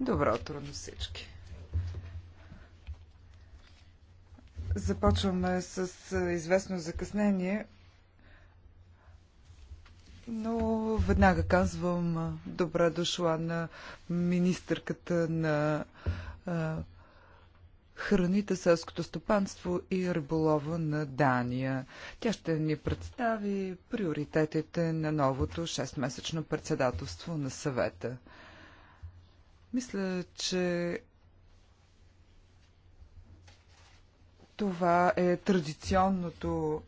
Добро утро на всички. Започваме с известно закъснение, но веднага казвам добре дошла на министърката на храните, селското стопанство и риболова на Дания. Тя ще ни представи приоритетите на новото 6-месечно председателство на съвета. Мисля, че това е традиционното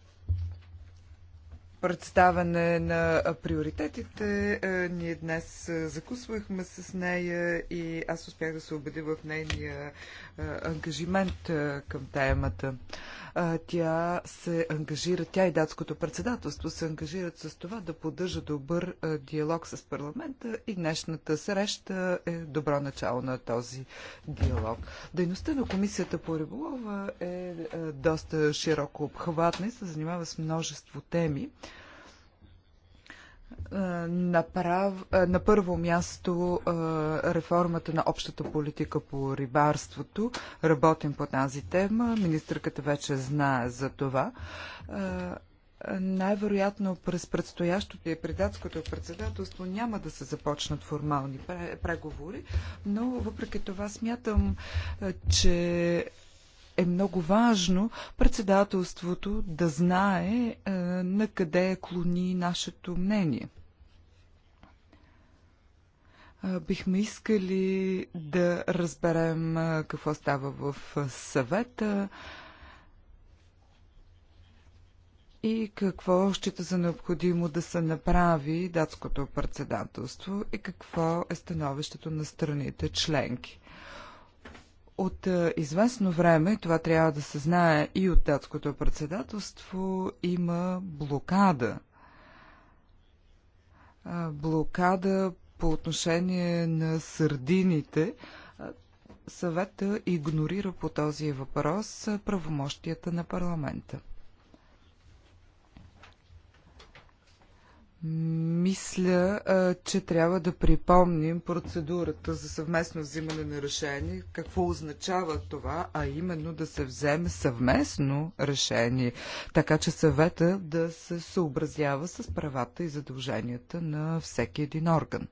представяне на приоритетите. Е, ние днес е, закусвахме с нея и аз успях да се убедя в нейния е, ангажимент към темата. Тя се ангажира, тя и датското председателство се ангажират с това да поддържа добър диалог с парламента и днешната среща е добро начало на този диалог. Дейността на Комисията по риболова е доста широко обхватна и се занимава с множество теми. Е, направ... Е, на първо място е, реформата на общата политика по рибарството. Работим по тази тема. Министърката вече знае за това. Най-вероятно през предстоящото и предатското председателство няма да се започнат формални преговори, но въпреки това смятам, че е много важно председателството да знае е, на къде е клони нашето мнение. Е, бихме искали да разберем е, какво става в съвета и какво счита за необходимо да се направи датското председателство и какво е становището на страните членки. От е, известно време, това трябва да се знае и от датското председателство, има блокада. Е, блокада по отношение на сърдините. Е, съвета игнорира по този въпрос правомощията на парламента. Мисля, че трябва да припомним процедурата за съвместно взимане на решение. Какво означава това, а именно да се вземе съвместно решение, така че съвета да се съобразява с правата и задълженията на всеки един орган.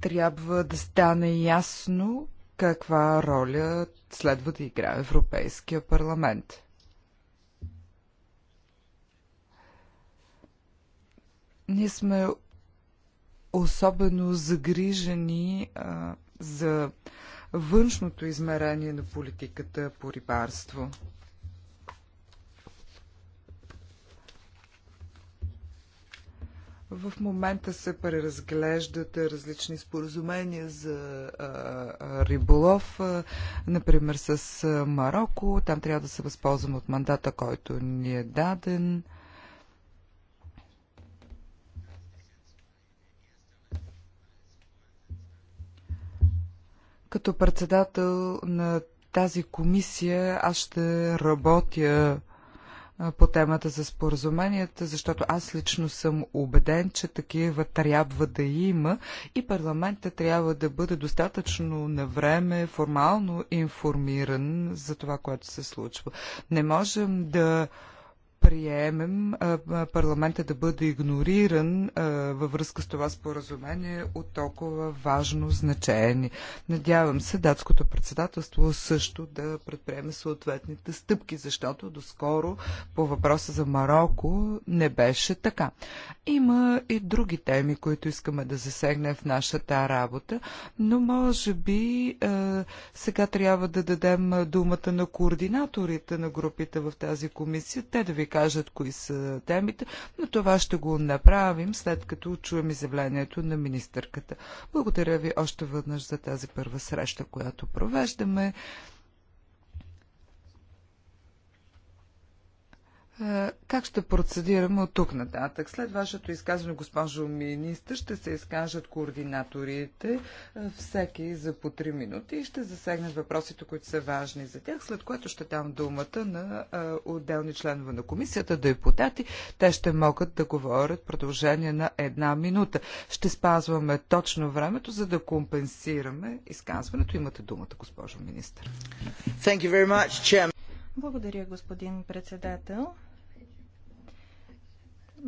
Трябва да стане ясно каква роля следва да играе Европейския парламент. Ние сме особено загрижени а, за външното измерение на политиката по рибарство. В момента се преразглеждат различни споразумения за а, риболов, а, например с Марокко. Там трябва да се възползваме от мандата, който ни е даден. А, Като председател на тази комисия аз ще работя по темата за споразуменията, защото аз лично съм убеден, че такива трябва да има и парламента трябва да бъде достатъчно на време формално информиран за това, което се случва. Не можем да приемем парламента да бъде игнориран във връзка с това споразумение от толкова важно значение. Надявам се датското председателство също да предприеме съответните стъпки, защото доскоро по въпроса за Марокко не беше така. Има и други теми, които искаме да засегнем в нашата работа, но може би сега трябва да дадем думата на координаторите на групите в тази комисия, те да ви кажат кои са темите, но това ще го направим след като чуем изявлението на министърката. Благодаря ви още веднъж за тази първа среща, която провеждаме. Как ще процедираме от тук нататък? След вашето изказване, госпожо министър, ще се изкажат координаторите, всеки за по 3 минути и ще засегнат въпросите, които са важни за тях, след което ще дам думата на отделни членове на комисията, депутати. Те ще могат да говорят продължение на една минута. Ще спазваме точно времето, за да компенсираме изказването. Имате думата, госпожо министър. Благодаря, господин председател.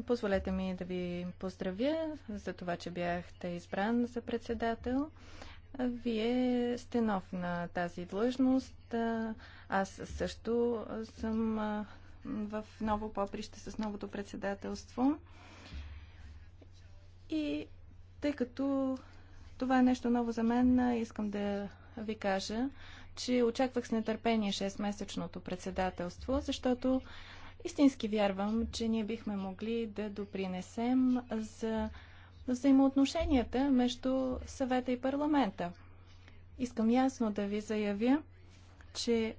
Позволете ми да ви поздравя за това, че бяхте избран за председател. Вие сте нов на тази длъжност. Аз също съм в ново поприще с новото председателство. И тъй като това е нещо ново за мен, искам да ви кажа, че очаквах с нетърпение 6-месечното председателство, защото Истински вярвам, че ние бихме могли да допринесем за взаимоотношенията между съвета и парламента. Искам ясно да ви заявя, че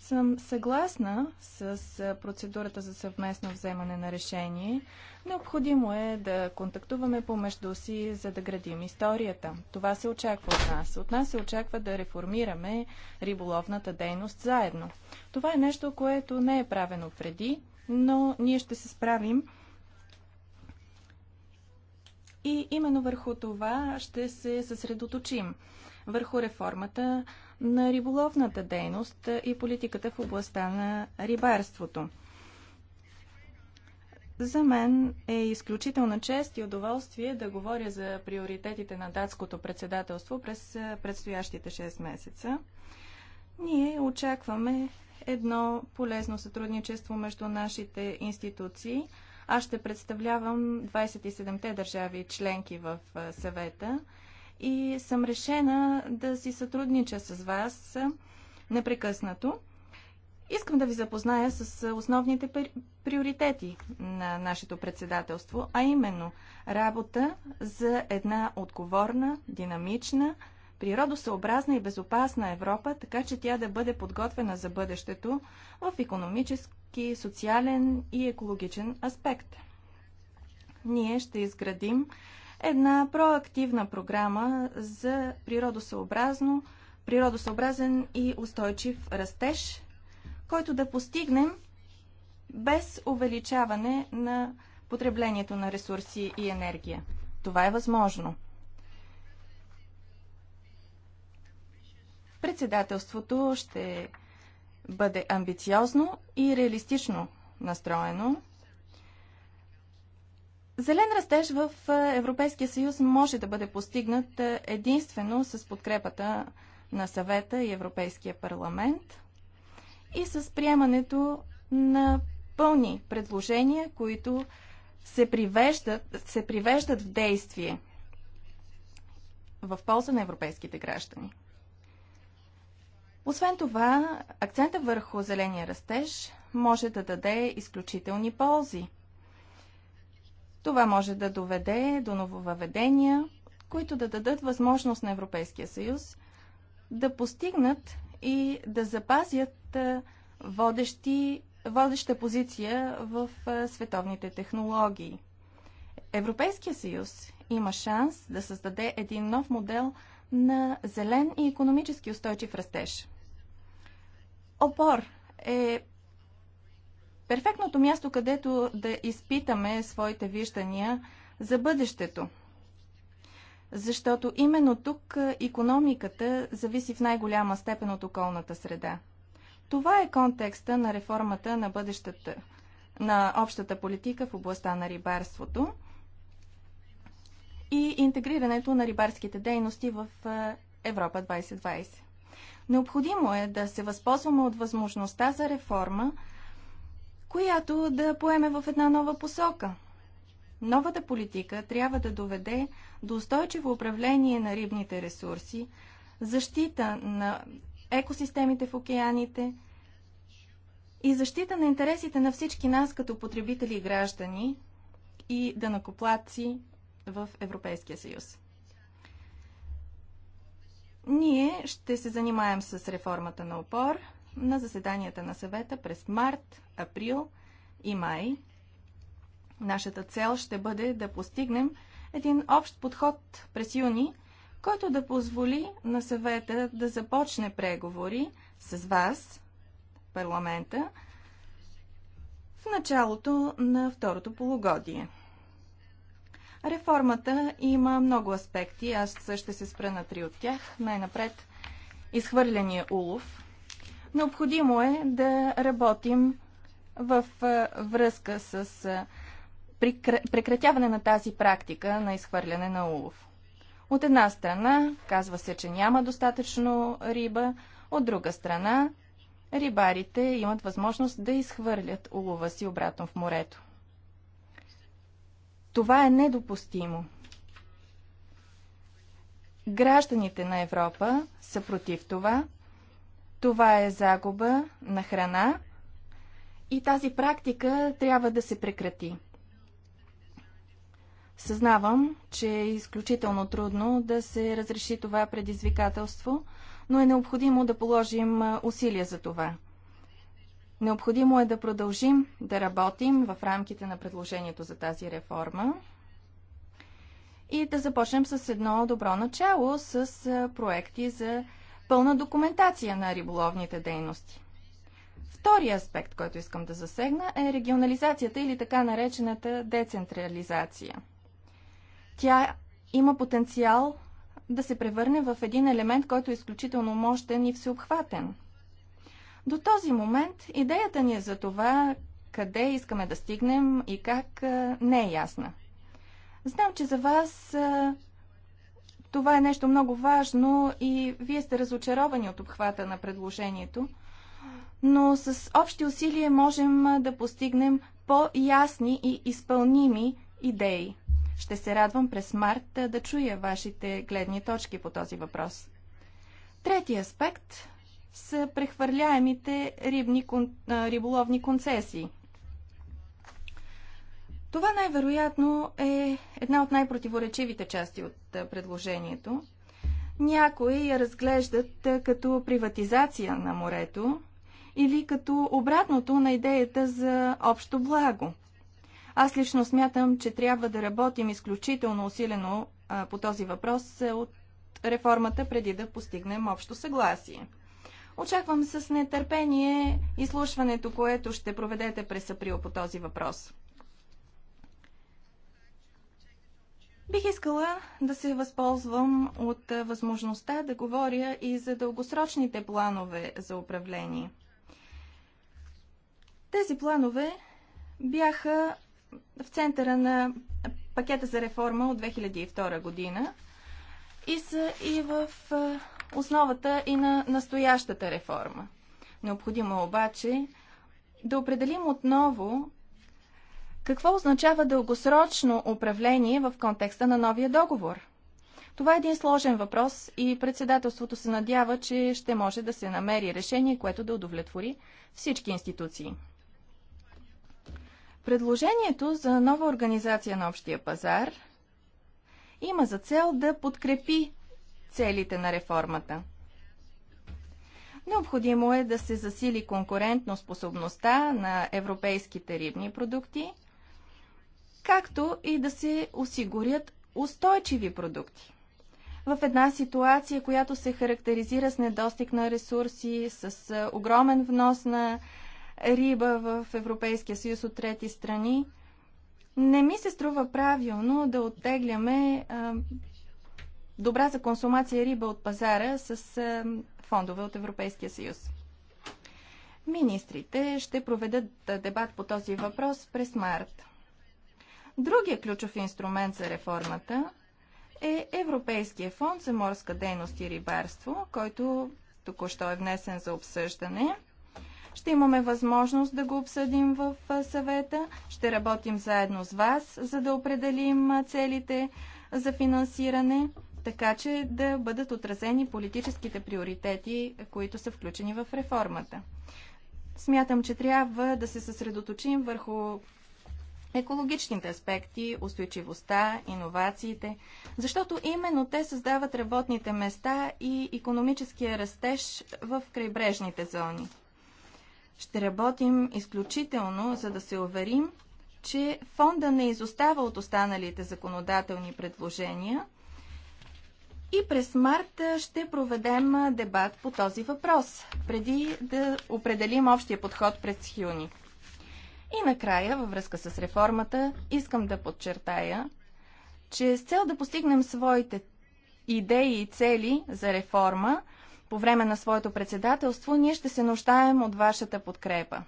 съм съгласна с процедурата за съвместно вземане на решение. Необходимо е да контактуваме помежду си, за да градим историята. Това се очаква от нас. От нас се очаква да реформираме риболовната дейност заедно. Това е нещо, което не е правено преди, но ние ще се справим. И именно върху това ще се съсредоточим върху реформата на риболовната дейност и политиката в областта на рибарството. За мен е изключителна чест и удоволствие да говоря за приоритетите на датското председателство през предстоящите 6 месеца. Ние очакваме едно полезно сътрудничество между нашите институции. Аз ще представлявам 27-те държави членки в съвета и съм решена да си сътруднича с вас непрекъснато. Искам да ви запозная с основните приоритети на нашето председателство, а именно работа за една отговорна, динамична, природосъобразна и безопасна Европа, така че тя да бъде подготвена за бъдещето в економически, социален и екологичен аспект. Ние ще изградим една проактивна програма за природосъобразно, природосъобразен и устойчив растеж, който да постигнем без увеличаване на потреблението на ресурси и енергия. Това е възможно. Председателството ще бъде амбициозно и реалистично настроено Зелен растеж в е, Европейския съюз може да бъде постигнат е, единствено с подкрепата на съвета и Европейския парламент и с приемането на пълни предложения, които се привеждат, се привеждат в действие в полза на европейските граждани. Освен това, акцента върху зеления растеж може да даде изключителни ползи – това може да доведе до нововъведения, които да дадат възможност на Европейския съюз да постигнат и да запазят водещи, водеща позиция в световните технологии. Европейския съюз има шанс да създаде един нов модел на зелен и економически устойчив растеж. Опор е перфектното място, където да изпитаме своите виждания за бъдещето. Защото именно тук економиката зависи в най-голяма степен от околната среда. Това е контекста на реформата на бъдещата, на общата политика в областта на рибарството и интегрирането на рибарските дейности в Европа 2020. Необходимо е да се възползваме от възможността за реформа, която да поеме в една нова посока. Новата политика трябва да доведе до устойчиво управление на рибните ресурси, защита на екосистемите в океаните и защита на интересите на всички нас като потребители и граждани и данакоплатци в Европейския съюз. Ние ще се занимаем с реформата на опор – на заседанията на съвета през март, април и май. Нашата цел ще бъде да постигнем един общ подход през юни, който да позволи на съвета да започне преговори с вас, парламента, в началото на второто полугодие. Реформата има много аспекти, аз ще се спра на три от тях. Най-напред изхвърления улов. Необходимо е да работим в връзка с прекратяване на тази практика на изхвърляне на улов. От една страна, казва се, че няма достатъчно риба, от друга страна, рибарите имат възможност да изхвърлят улова си обратно в морето. Това е недопустимо. Гражданите на Европа са против това това е загуба на храна и тази практика трябва да се прекрати. Съзнавам, че е изключително трудно да се разреши това предизвикателство, но е необходимо да положим усилия за това. Необходимо е да продължим да работим в рамките на предложението за тази реформа и да започнем с едно добро начало с проекти за пълна документация на риболовните дейности. Втория аспект, който искам да засегна, е регионализацията или така наречената децентрализация. Тя има потенциал да се превърне в един елемент, който е изключително мощен и всеобхватен. До този момент идеята ни е за това къде искаме да стигнем и как не е ясна. Знам, че за вас това е нещо много важно и вие сте разочаровани от обхвата на предложението, но с общи усилия можем да постигнем по-ясни и изпълними идеи. Ще се радвам през март да чуя вашите гледни точки по този въпрос. Трети аспект са прехвърляемите рибни, риболовни концесии. Това най-вероятно е една от най-противоречивите части от предложението. Някои я разглеждат като приватизация на морето или като обратното на идеята за общо благо. Аз лично смятам, че трябва да работим изключително усилено по този въпрос от реформата преди да постигнем общо съгласие. Очаквам с нетърпение изслушването, което ще проведете през април по този въпрос. Бих искала да се възползвам от възможността да говоря и за дългосрочните планове за управление. Тези планове бяха в центъра на пакета за реформа от 2002 година и са и в основата и на настоящата реформа. Необходимо обаче да определим отново какво означава дългосрочно управление в контекста на новия договор? Това е един сложен въпрос и председателството се надява, че ще може да се намери решение, което да удовлетвори всички институции. Предложението за нова организация на общия пазар има за цел да подкрепи целите на реформата. Необходимо е да се засили конкурентно способността на европейските рибни продукти – както и да се осигурят устойчиви продукти. В една ситуация, която се характеризира с недостиг на ресурси, с огромен внос на риба в Европейския съюз от трети страни, не ми се струва правилно да оттегляме а, добра за консумация риба от пазара с а, фондове от Европейския съюз. Министрите ще проведат дебат по този въпрос през март. Другия ключов инструмент за реформата е Европейския фонд за морска дейност и рибарство, който току-що е внесен за обсъждане. Ще имаме възможност да го обсъдим в съвета. Ще работим заедно с вас, за да определим целите за финансиране, така че да бъдат отразени политическите приоритети, които са включени в реформата. Смятам, че трябва да се съсредоточим върху екологичните аспекти, устойчивостта, иновациите, защото именно те създават работните места и економическия растеж в крайбрежните зони. Ще работим изключително, за да се уверим, че фонда не изостава от останалите законодателни предложения и през март ще проведем дебат по този въпрос, преди да определим общия подход през юни. И накрая, във връзка с реформата, искам да подчертая, че с цел да постигнем своите идеи и цели за реформа, по време на своето председателство, ние ще се нуждаем от вашата подкрепа.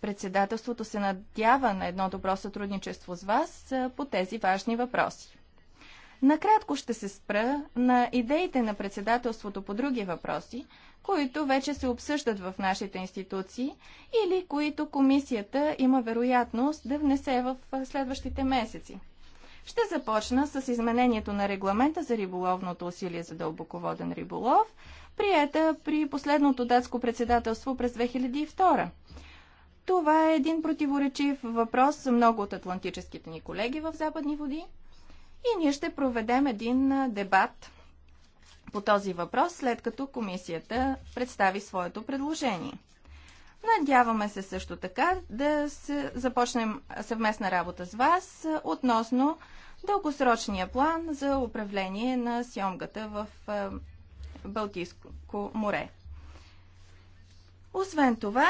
Председателството се надява на едно добро сътрудничество с вас по тези важни въпроси. Накратко ще се спра на идеите на председателството по други въпроси, които вече се обсъждат в нашите институции или които комисията има вероятност да внесе в следващите месеци. Ще започна с изменението на регламента за риболовното усилие за дълбоководен риболов, приета при последното датско председателство през 2002. Това е един противоречив въпрос за много от атлантическите ни колеги в Западни води и ние ще проведем един дебат – по този въпрос, след като комисията представи своето предложение. Надяваме се също така да се започнем съвместна работа с вас относно дългосрочния план за управление на сьомгата в е, Балтийско море. Освен това,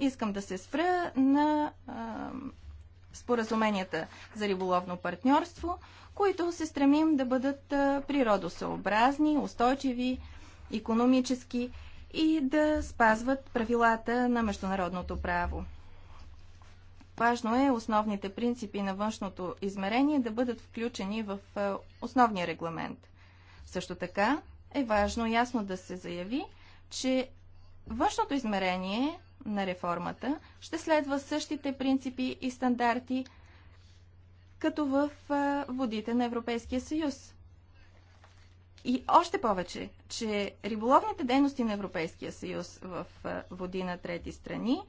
искам да се спра на а, е, споразуменията за риболовно партньорство, които се стремим да бъдат природосъобразни, устойчиви, економически и да спазват правилата на международното право. Важно е основните принципи на външното измерение да бъдат включени в основния регламент. Също така е важно ясно да се заяви, че външното измерение на реформата ще следва същите принципи и стандарти, като в водите на Европейския съюз. И още повече, че риболовните дейности на Европейския съюз в води на трети страни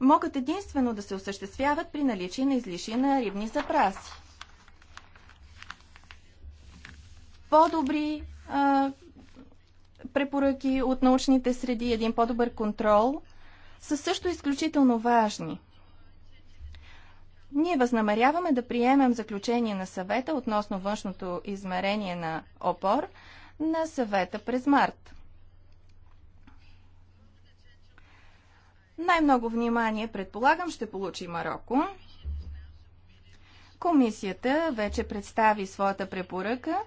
могат единствено да се осъществяват при наличие на излишие на рибни запраси. По-добри препоръки от научните среди, един по-добър контрол са също изключително важни – ние възнамеряваме да приемем заключение на съвета относно външното измерение на ОПОР на съвета през март. Най-много внимание, предполагам, ще получи Марокко. Комисията вече представи своята препоръка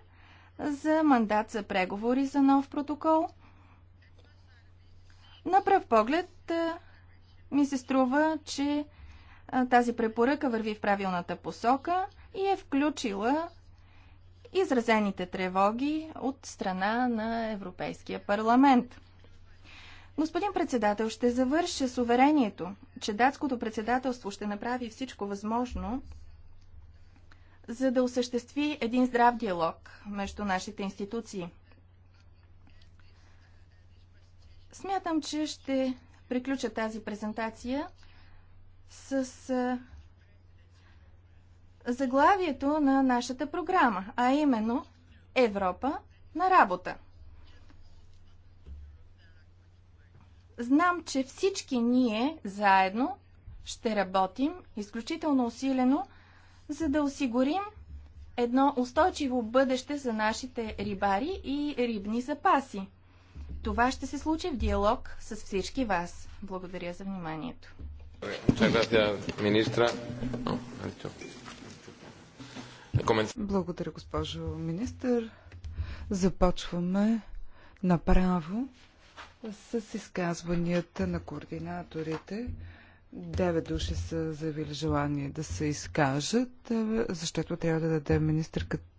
за мандат за преговори за нов протокол. На пръв поглед ми се струва, че тази препоръка върви в правилната посока и е включила изразените тревоги от страна на Европейския парламент. Господин председател, ще завърша с уверението, че датското председателство ще направи всичко възможно, за да осъществи един здрав диалог между нашите институции. Смятам, че ще приключа тази презентация с заглавието на нашата програма, а именно Европа на работа. Знам, че всички ние заедно ще работим изключително усилено, за да осигурим едно устойчиво бъдеще за нашите рибари и рибни запаси. Това ще се случи в диалог с всички вас. Благодаря за вниманието. Благодаря, госпожо министър. Започваме направо с изказванията на координаторите. Девет души са заявили желание да се изкажат, защото трябва да дадем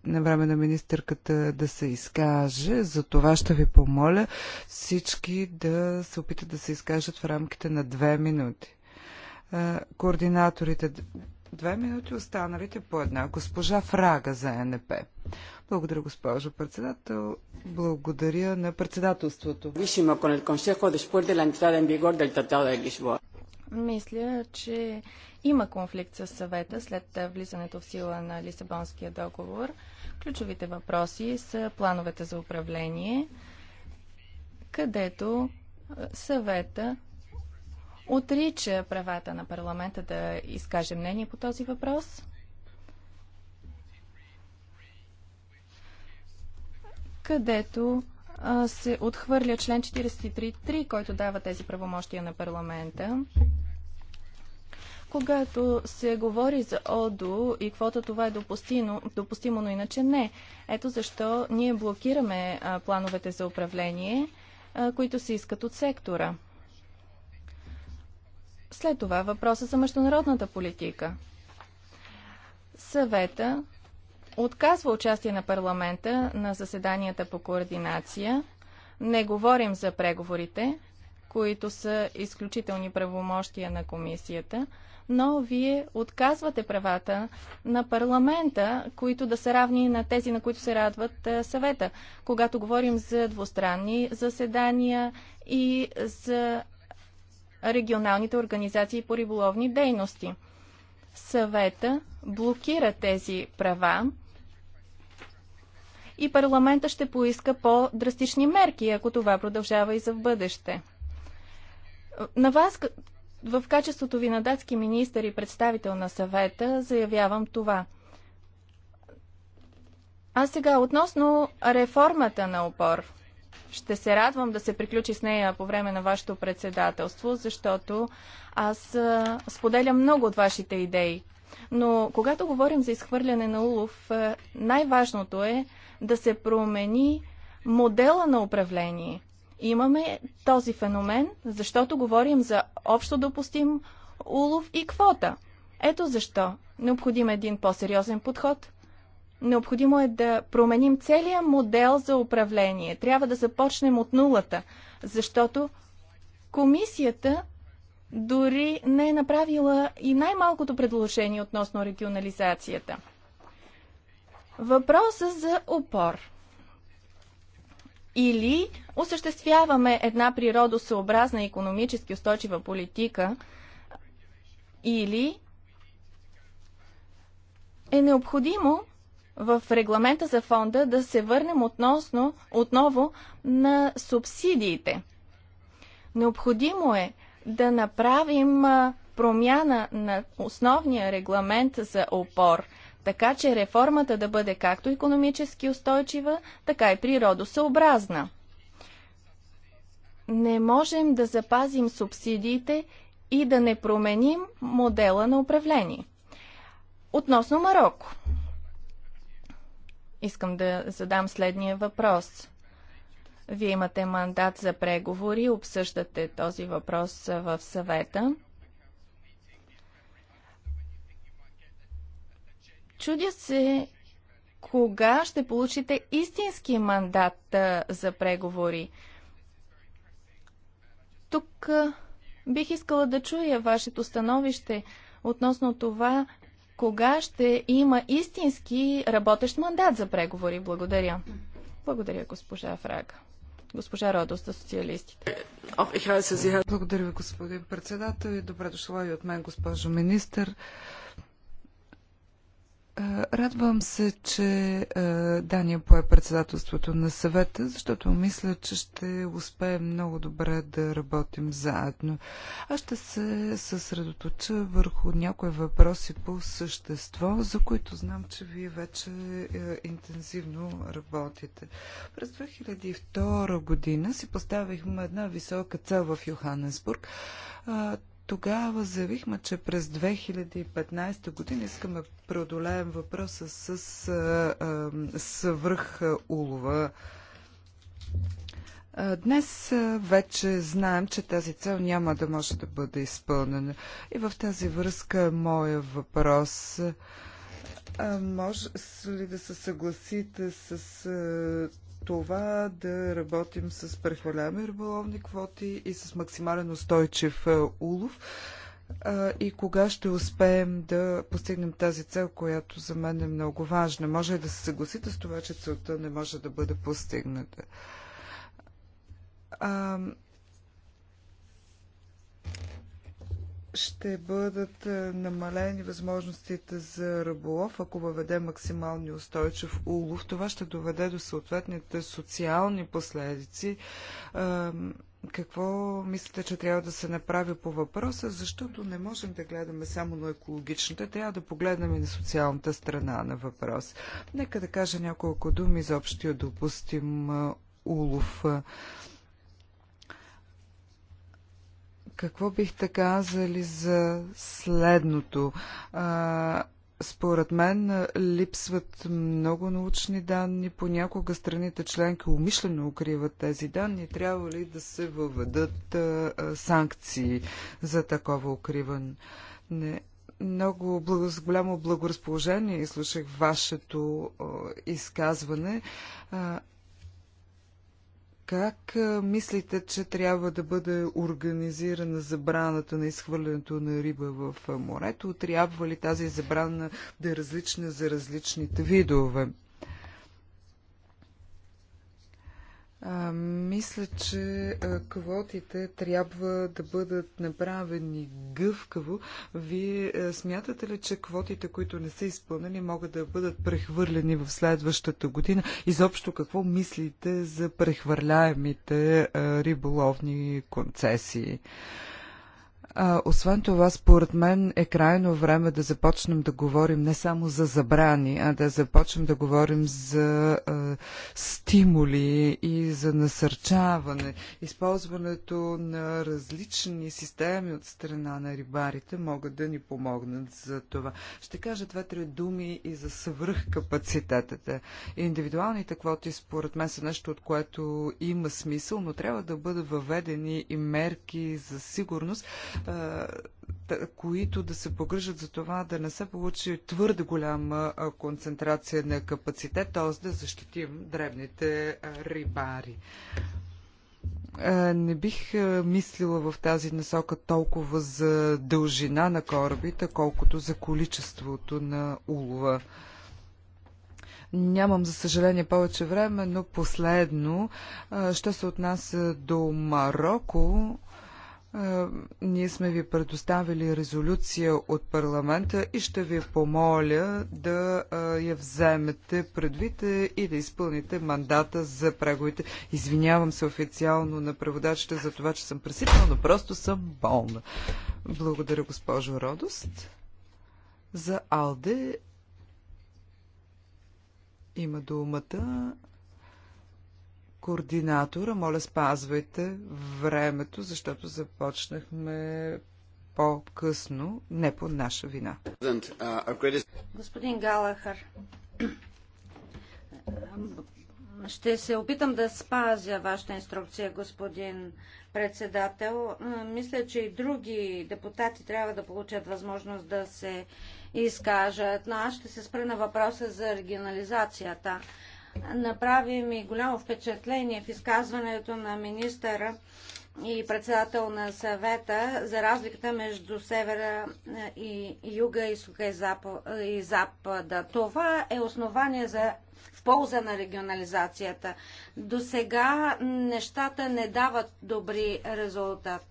на време на министърката да се изкаже. За това ще ви помоля всички да се опитат да се изкажат в рамките на две минути координаторите две минути, останалите по една. Госпожа Фрага за НП. Благодаря, госпожо председател. Благодаря на председателството. Мисля, че има конфликт с съвета след влизането в сила на Лисабонския договор. Ключовите въпроси са плановете за управление, където съвета отрича правата на парламента да изкаже мнение по този въпрос. където а, се отхвърля член 43.3, който дава тези правомощия на парламента. Когато се говори за ОДО и квота това е допустимо, допустимо но иначе не. Ето защо ние блокираме а, плановете за управление, а, които се искат от сектора. След това въпроса за международната политика. Съвета отказва участие на парламента на заседанията по координация. Не говорим за преговорите, които са изключителни правомощия на комисията, но вие отказвате правата на парламента, които да са равни на тези, на които се радват съвета. Когато говорим за двустранни заседания и за регионалните организации по риболовни дейности. Съвета блокира тези права и парламента ще поиска по-драстични мерки, ако това продължава и за в бъдеще. На вас, в качеството ви на датски министър и представител на съвета, заявявам това. А сега относно реформата на опор ще се радвам да се приключи с нея по време на вашето председателство, защото аз споделям много от вашите идеи. Но когато говорим за изхвърляне на улов, най-важното е да се промени модела на управление. Имаме този феномен, защото говорим за общо допустим улов и квота. Ето защо необходим е един по-сериозен подход, Необходимо е да променим целия модел за управление. Трябва да започнем от нулата, защото комисията дори не е направила и най-малкото предложение относно регионализацията. Въпроса за опор. Или осъществяваме една природосъобразна економически устойчива политика, или е необходимо в регламента за фонда да се върнем относно, отново на субсидиите. Необходимо е да направим промяна на основния регламент за опор, така че реформата да бъде както економически устойчива, така и природосъобразна. Не можем да запазим субсидиите и да не променим модела на управление. Относно Марокко. Искам да задам следния въпрос. Вие имате мандат за преговори, обсъждате този въпрос в съвета. Чудя се кога ще получите истински мандат за преговори. Тук бих искала да чуя вашето становище относно това кога ще има истински работещ мандат за преговори. Благодаря. Благодаря, госпожа Фрага. Госпожа Родост, социалистите. Благодаря ви, господин председател и добре дошла и от мен, госпожо министър. Радвам се, че Дания пое председателството на съвета, защото мисля, че ще успеем много добре да работим заедно. Аз ще се съсредоточа върху някои въпроси по същество, за които знам, че вие вече е, интензивно работите. През 2002 година си поставихме една висока цел в Йоханесбург тогава заявихме, че през 2015 година искаме да преодолеем въпроса с а, а, свръх улова. Днес вече знаем, че тази цел няма да може да бъде изпълнена. И в тази връзка е моя въпрос. може ли да се съгласите с това да работим с прехваляеми риболовни квоти и с максимален устойчив е, улов и кога ще успеем да постигнем тази цел, която за мен е много важна. Може и да се съгласите с това, че целта не може да бъде постигната. ще бъдат е, намалени възможностите за Ръболов. ако въведе максимални устойчив улов. Това ще доведе до съответните социални последици. Какво мислите, че трябва да се направи по въпроса? Защото не можем да гледаме само на екологичната, трябва да погледнем и на социалната страна на въпрос. Нека да кажа няколко думи за общия допустим е, улов. Какво бихте казали за следното? А, според мен липсват много научни данни. Понякога страните членки умишлено укриват тези данни. Трябва ли да се въведат а, а, санкции за такова укриване? Не. Много с голямо благоразположение слушах вашето а, изказване. А, как мислите, че трябва да бъде организирана забраната на изхвърлянето на риба в морето? Трябва ли тази забрана да е различна за различните видове? А, мисля, че а, квотите трябва да бъдат направени гъвкаво. Вие а, смятате ли, че квотите, които не са изпълнени, могат да бъдат прехвърлени в следващата година? Изобщо какво мислите за прехвърляемите а, риболовни концесии? А, а, освен това, според мен е крайно време да започнем да говорим не само за забрани, а да започнем да говорим за а, стимули и за насърчаване. Използването на различни системи от страна на рибарите могат да ни помогнат за това. Ще кажа две-три думи и за свръхкапацитетите. Индивидуалните квоти, според мен, са нещо, от което има смисъл, но трябва да бъдат въведени и мерки за сигурност, които да се погрижат за това да не се получи твърде голяма концентрация на капацитет, т.е. да защитим дребните рибари. Не бих мислила в тази насока толкова за дължина на корабите, колкото за количеството на улова. Нямам, за съжаление, повече време, но последно, що се отнася до Марокко, ние сме ви предоставили резолюция от парламента и ще ви помоля да я вземете предвид е, и да изпълните мандата за преговорите. Извинявам се официално на преводачите за това, че съм пресипнал, но просто съм болна. Благодаря, госпожо Родост. За Алде има думата координатора. Моля, спазвайте времето, защото започнахме по-късно, не по наша вина. Господин Галахар, ще се опитам да спазя вашата инструкция, господин председател. Мисля, че и други депутати трябва да получат възможност да се изкажат, но аз ще се спра на въпроса за регионализацията. Направи ми голямо впечатление в изказването на министъра и председател на съвета за разликата между севера е, и юга, изтока е, и запада. Това е основание за в полза на регионализацията. До сега нещата не дават добри резултат.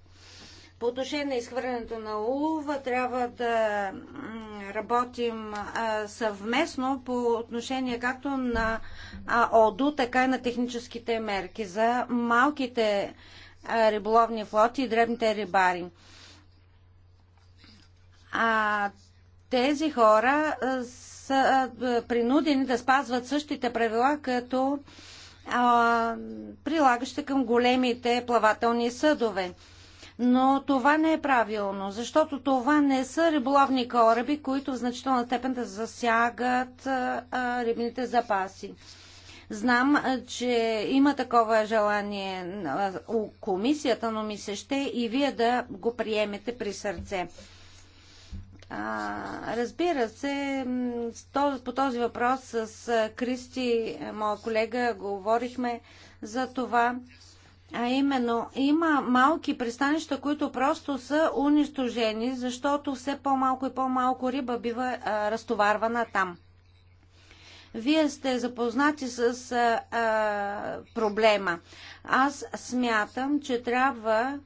По отношение на изхвърлянето на улова трябва да работим съвместно по отношение както на ОДУ, така и на техническите мерки за малките риболовни флоти и дребните рибари. А тези хора са принудени да спазват същите правила, като прилагащи към големите плавателни съдове но това не е правилно, защото това не са риболовни кораби, които в значителна степен да засягат рибните запаси. Знам, че има такова желание у комисията, но ми се ще и вие да го приемете при сърце. А, разбира се, по този въпрос с Кристи, моя колега, говорихме за това. А именно, има малки пристанища, които просто са унищожени, защото все по-малко и по-малко риба бива а, разтоварвана там. Вие сте запознати с а, а, проблема. Аз смятам, че трябва а,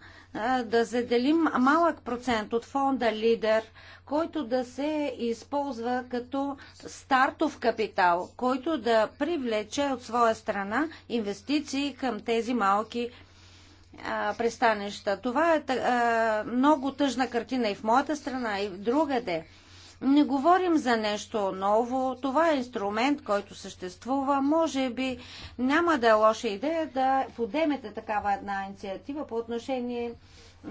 да заделим малък процент от фонда Лидер, който да се използва като стартов капитал, който да привлече от своя страна инвестиции към тези малки пристанища. Това е много тъжна картина и в моята страна, и в другаде. Не говорим за нещо ново. Това е инструмент, който съществува. Може би няма да е лоша идея да подемете такава една инициатива по отношение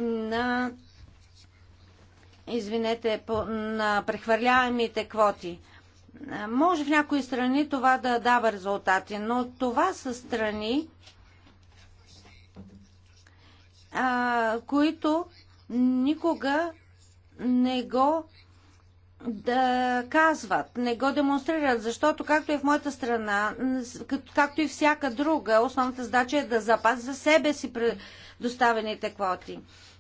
на извинете, на прехвърляемите квоти. Може в някои страни това да дава резултати, но това са страни, а, които никога не го да казват, не го демонстрират, защото както и е в моята страна, както и всяка друга, основната задача е да запази за себе си предоставените квоти.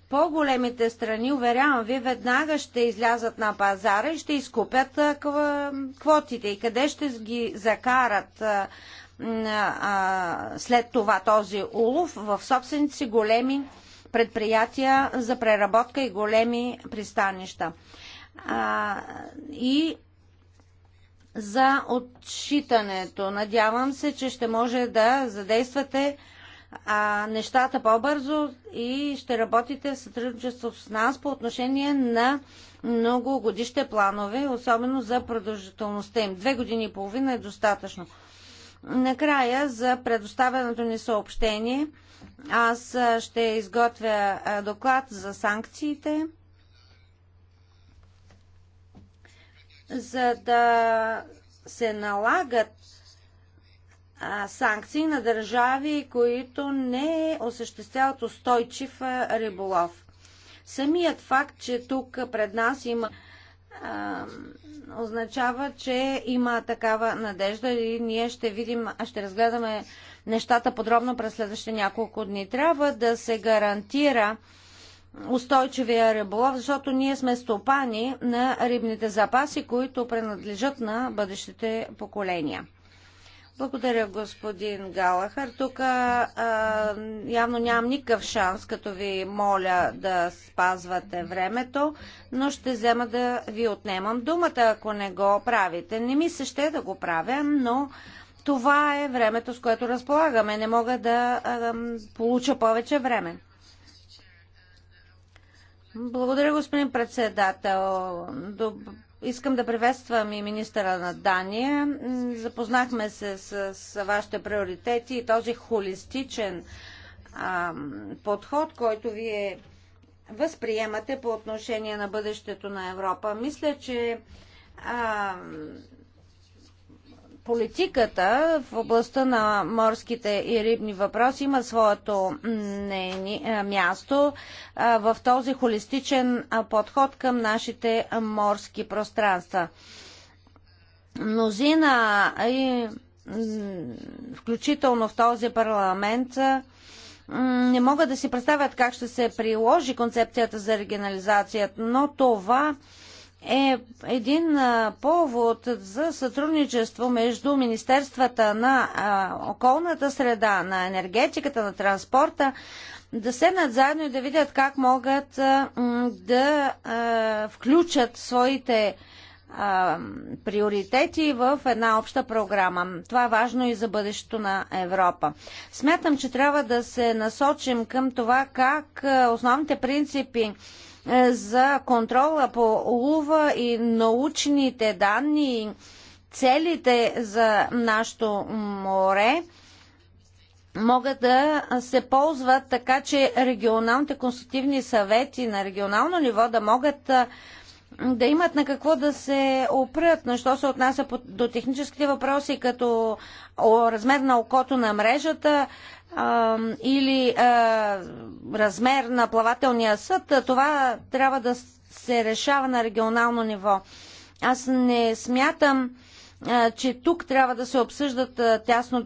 По-големите страни, уверявам ви, веднага ще излязат на пазара и ще изкупят квотите. И къде ще ги закарат след това този улов? В собствените си големи предприятия за преработка и големи пристанища а, и за отчитането. Надявам се, че ще може да задействате а, нещата по-бързо и ще работите в сътрудничество с нас по отношение на многогодишните планове, особено за продължителността им. Две години и половина е достатъчно. Накрая за предоставеното ни съобщение аз ще изготвя доклад за санкциите. за да се налагат а, санкции на държави, които не осъществяват устойчив риболов. Самият факт, че тук пред нас има а, означава, че има такава надежда и ние ще видим, ще разгледаме нещата подробно през следващите няколко дни. Трябва да се гарантира а, устойчивия риболов, защото ние сме стопани на рибните запаси, които принадлежат на бъдещите поколения. Благодаря, господин Галахар. Тук явно нямам никакъв шанс, като ви моля да спазвате времето, но ще взема да ви отнемам думата, ако не го правите. Не ми се ще да го правя, но това е времето, с което разполагаме. Не мога да а, получа повече време. Благодаря, господин председател. Доб... Искам да приветствам и министъра на Дания. Запознахме се с, с вашите приоритети и този холистичен а, подход, който вие възприемате по отношение на бъдещето на Европа. Мисля, че а, Политиката в областта на морските и рибни въпроси има своето е, място е, в този холистичен е, подход към нашите морски пространства. Мнозина, и, включително в този парламент, не могат да си представят как ще се приложи концепцията за регионализацията, но това е един повод за сътрудничество между Министерствата на околната среда, на енергетиката, на транспорта, да седнат заедно и да видят как могат да включат своите приоритети в една обща програма. Това е важно и за бъдещето на Европа. Смятам, че трябва да се насочим към това как основните принципи е, за контрола по улова и научните данни и целите за нашето море могат да се ползват така, че регионалните консултативни съвети на регионално ниво да могат е, да имат на какво да се опрят, на що се отнася до техническите въпроси, като размер на окото на мрежата, или размер на плавателния съд, това трябва да се решава на регионално ниво. Аз не смятам, че тук трябва да се обсъждат тясно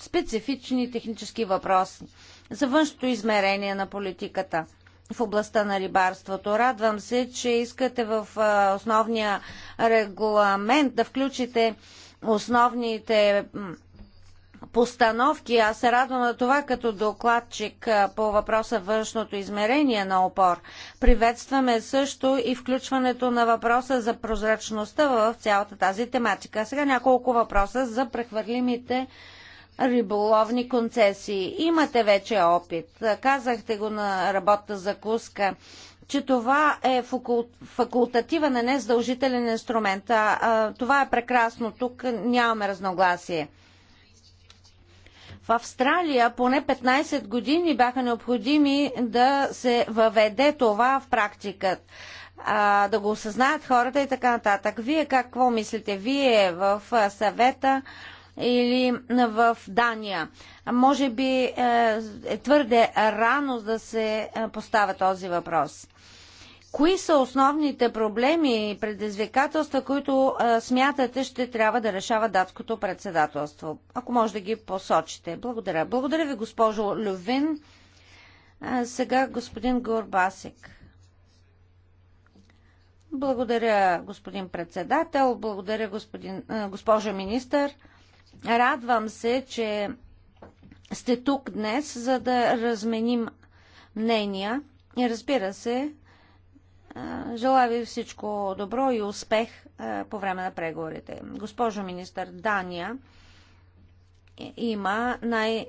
специфични технически въпроси за външното измерение на политиката в областта на рибарството. Радвам се, че искате в основния регламент да включите основните постановки. Аз се радвам на това като докладчик по въпроса външното измерение на опор. Приветстваме също и включването на въпроса за прозрачността в цялата тази тематика. Сега няколко въпроса за прехвърлимите риболовни концесии. Имате вече опит. Казахте го на работа закуска че това е факултативен, а не задължителен инструмент. А, а, това е прекрасно. Тук нямаме разногласие. В Австралия поне 15 години бяха необходими да се въведе това в практиката да го осъзнаят хората и така нататък. Вие какво мислите? Вие в съвета или в Дания? Може би е, е твърде рано да се е, поставя този въпрос. Кои са основните проблеми и предизвикателства, които а, смятате ще трябва да решава датското председателство? Ако може да ги посочите. Благодаря. Благодаря ви, госпожо Лювин. А, сега господин Горбасик. Благодаря, господин председател. Благодаря, господин, а, госпожа министър. Радвам се, че сте тук днес, за да разменим мнения. И разбира се, Желая ви всичко добро и успех по време на преговорите. Госпожо министър, Дания е, има най-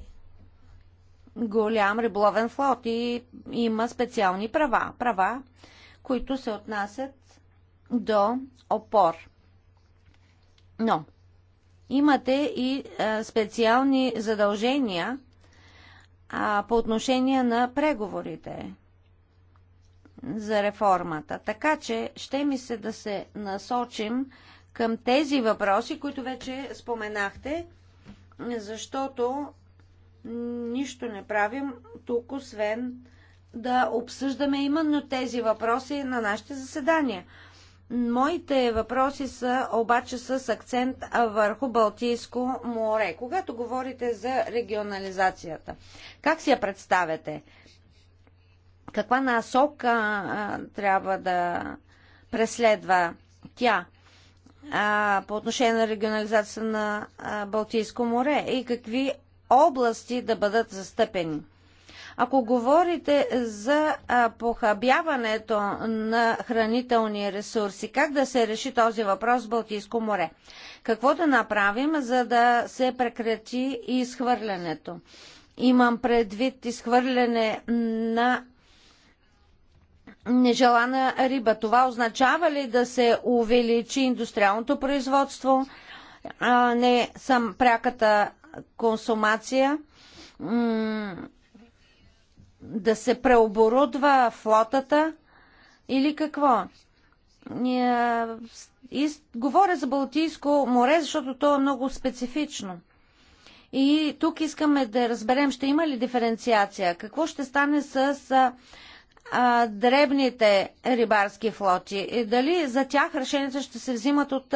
голям риболовен флот и има специални права. Права, които се отнасят до опор. Но имате и специални задължения по отношение на преговорите за реформата. Така че ще ми се да се насочим към тези въпроси, които вече споменахте, защото нищо не правим тук, освен да обсъждаме именно тези въпроси на нашите заседания. Моите въпроси са обаче с акцент върху Балтийско море. Когато говорите за регионализацията, как си я представяте? каква насока а, трябва да преследва тя а, по отношение на регионализация на а, Балтийско море и какви области да бъдат застъпени. Ако говорите за а, похабяването на хранителни ресурси, как да се реши този въпрос в Балтийско море? Какво да направим, за да се прекрати изхвърлянето? Имам предвид изхвърляне на нежелана риба. Това означава ли да се увеличи индустриалното производство, а не сам пряката консумация, да се преоборудва флотата или какво? И говоря за Балтийско море, защото то е много специфично. И тук искаме да разберем, ще има ли диференциация? Какво ще стане с а, дребните рибарски флоти. И дали за тях решенията ще се взимат от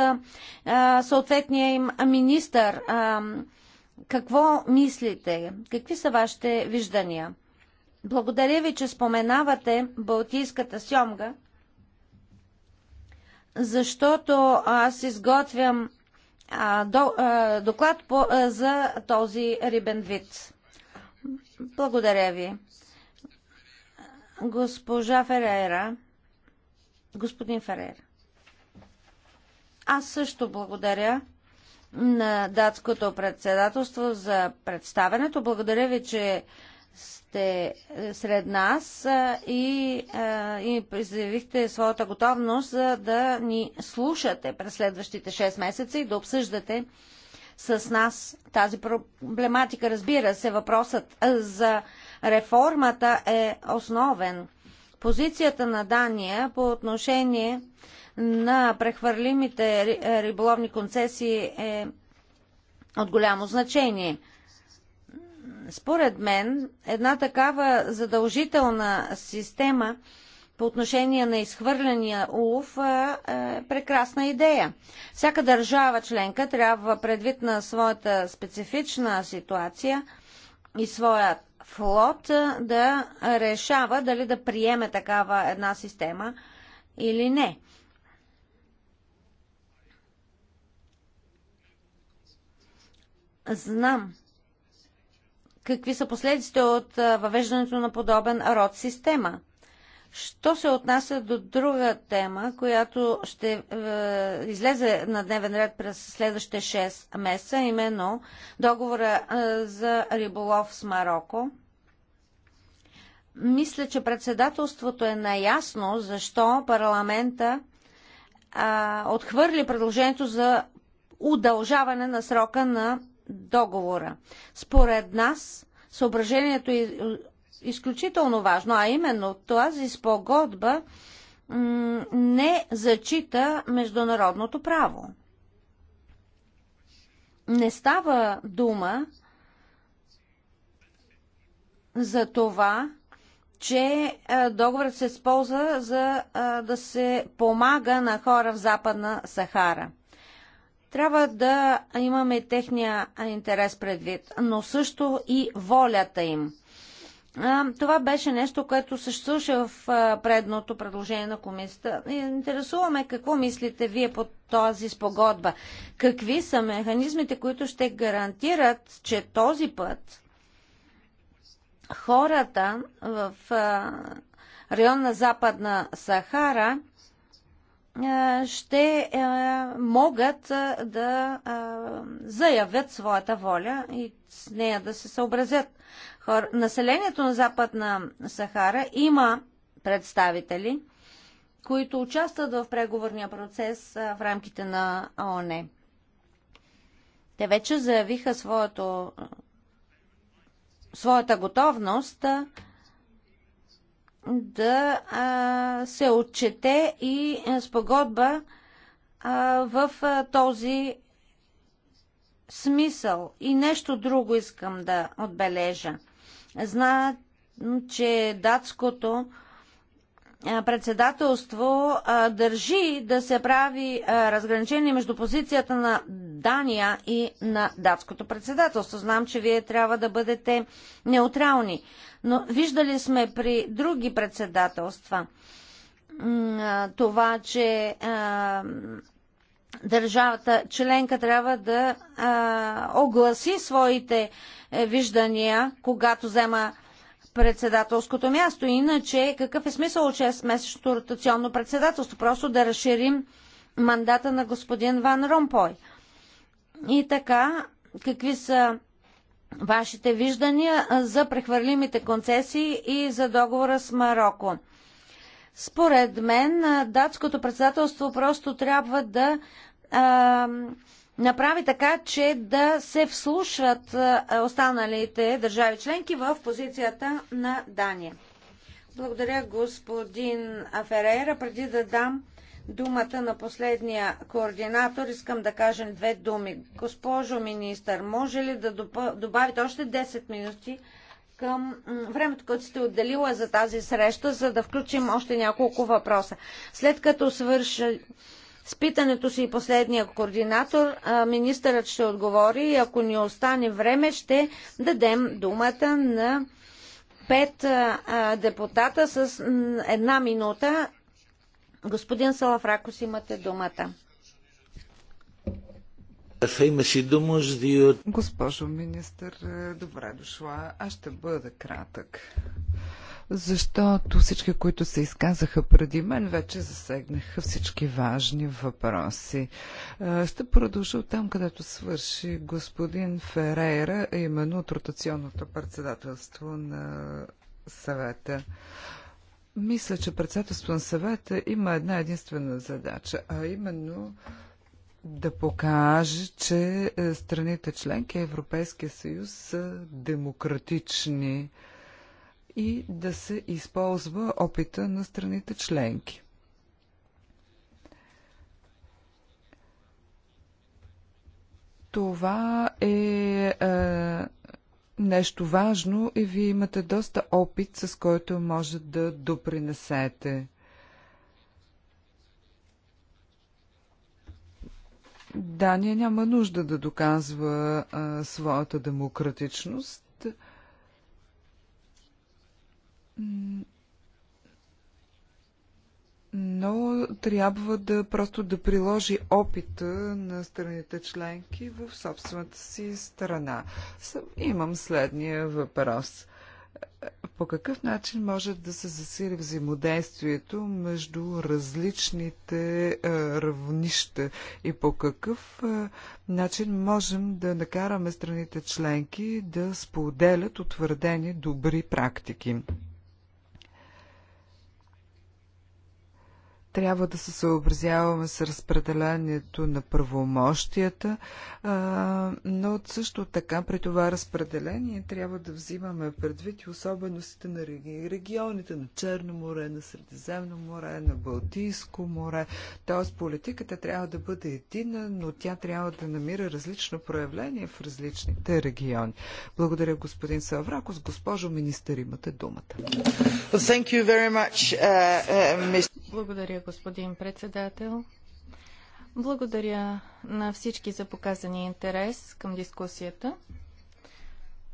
а, съответния им министър? А, какво мислите? Какви са вашите виждания? Благодаря ви, че споменавате Балтийската сьомга, защото аз изготвям а, до, а, доклад по, а, за този рибен вид. Благодаря ви. Госпожа Ферера, господин Ферера, аз също благодаря на датското председателство за представенето. Благодаря ви, че сте сред нас и, и заявихте своята готовност за да ни слушате през следващите 6 месеца и да обсъждате с нас тази проблематика. Разбира се, въпросът за реформата е основен. Позицията на Дания по отношение на прехвърлимите риболовни концесии е от голямо значение. Според мен, една такава задължителна система по отношение на изхвърляния улов е, е прекрасна идея. Всяка държава членка трябва предвид на своята специфична ситуация и своят флот да решава дали да приеме такава една система или не. Знам какви са последиците от въвеждането на подобен род система – Що се отнася до друга тема, която ще е, излезе на дневен ред през следващите 6 месеца, именно договора е, за риболов с Марокко. Мисля, че председателството е наясно защо парламента е, отхвърли предложението за удължаване на срока на договора. Според нас, съображението и изключително важно, а именно тази спогодба не зачита международното право. Не става дума за това, че договорът се използва за да се помага на хора в Западна Сахара. Трябва да имаме техния интерес предвид, но също и волята им – това беше нещо, което съществуваше в предното предложение на комисията. Интересуваме какво мислите вие по този спогодба. Какви са механизмите, които ще гарантират, че този път хората в район на Западна Сахара ще могат да заявят своята воля и с нея да се съобразят хор... Населението на Западна Сахара има представители, които участват в преговорния процес в рамките на ООН. Те вече заявиха своето, своята готовност да се отчете и спогодба в този смисъл. И нещо друго искам да отбележа. Знаят, че датското председателство държи да се прави разграничение между позицията на Дания и на датското председателство. Знам, че вие трябва да бъдете неутрални, но виждали сме при други председателства това, че държавата членка трябва да а, огласи своите е, виждания, когато взема председателското място. Иначе, какъв е смисъл от 6-месечното ротационно председателство? Просто да разширим мандата на господин Ван Ромпой. И така, какви са вашите виждания за прехвърлимите концесии и за договора с Марокко? Според мен, датското председателство просто трябва да а, направи така, че да се вслушат останалите държави членки в позицията на Дания. Благодаря, господин Аферера, Преди да дам думата на последния координатор, искам да кажем две думи. Госпожо министър, може ли да добавите още 10 минути към времето, което сте отделила за тази среща, за да включим още няколко въпроса. След като свърши с питането си последния координатор, министърът ще отговори и ако ни остане време, ще дадем думата на пет депутата с една минута. Господин Салафракос, имате думата. Госпожо министър, добре дошла. Аз ще бъда кратък. Защото всички, които се изказаха преди мен, вече засегнаха всички важни въпроси. Ще продължа там, където свърши господин Ферейра, именно от ротационното председателство на съвета. Мисля, че председателство на съвета има една единствена задача, а именно да покаже, че е, страните членки Европейския съюз са демократични и да се използва опита на страните членки. Това е, е нещо важно и вие имате доста опит, с който може да допринесете. Дания няма нужда да доказва а, своята демократичност. Но трябва да просто да приложи опита на страните членки в собствената си страна. Имам следния въпрос. По какъв начин може да се засили взаимодействието между различните равнища и по какъв начин можем да накараме страните членки да споделят утвърдени добри практики? Трябва да се съобразяваме с разпределението на правомощията, но също така при това разпределение трябва да взимаме предвид и особеностите на регионите на Черно море, на Средиземно море, на Балтийско море. Тоест политиката трябва да бъде едина, но тя трябва да намира различно проявление в различните региони. Благодаря господин С Госпожо министър, имате думата. Uh, uh, Благодаря, господин председател. Благодаря на всички за показания интерес към дискусията.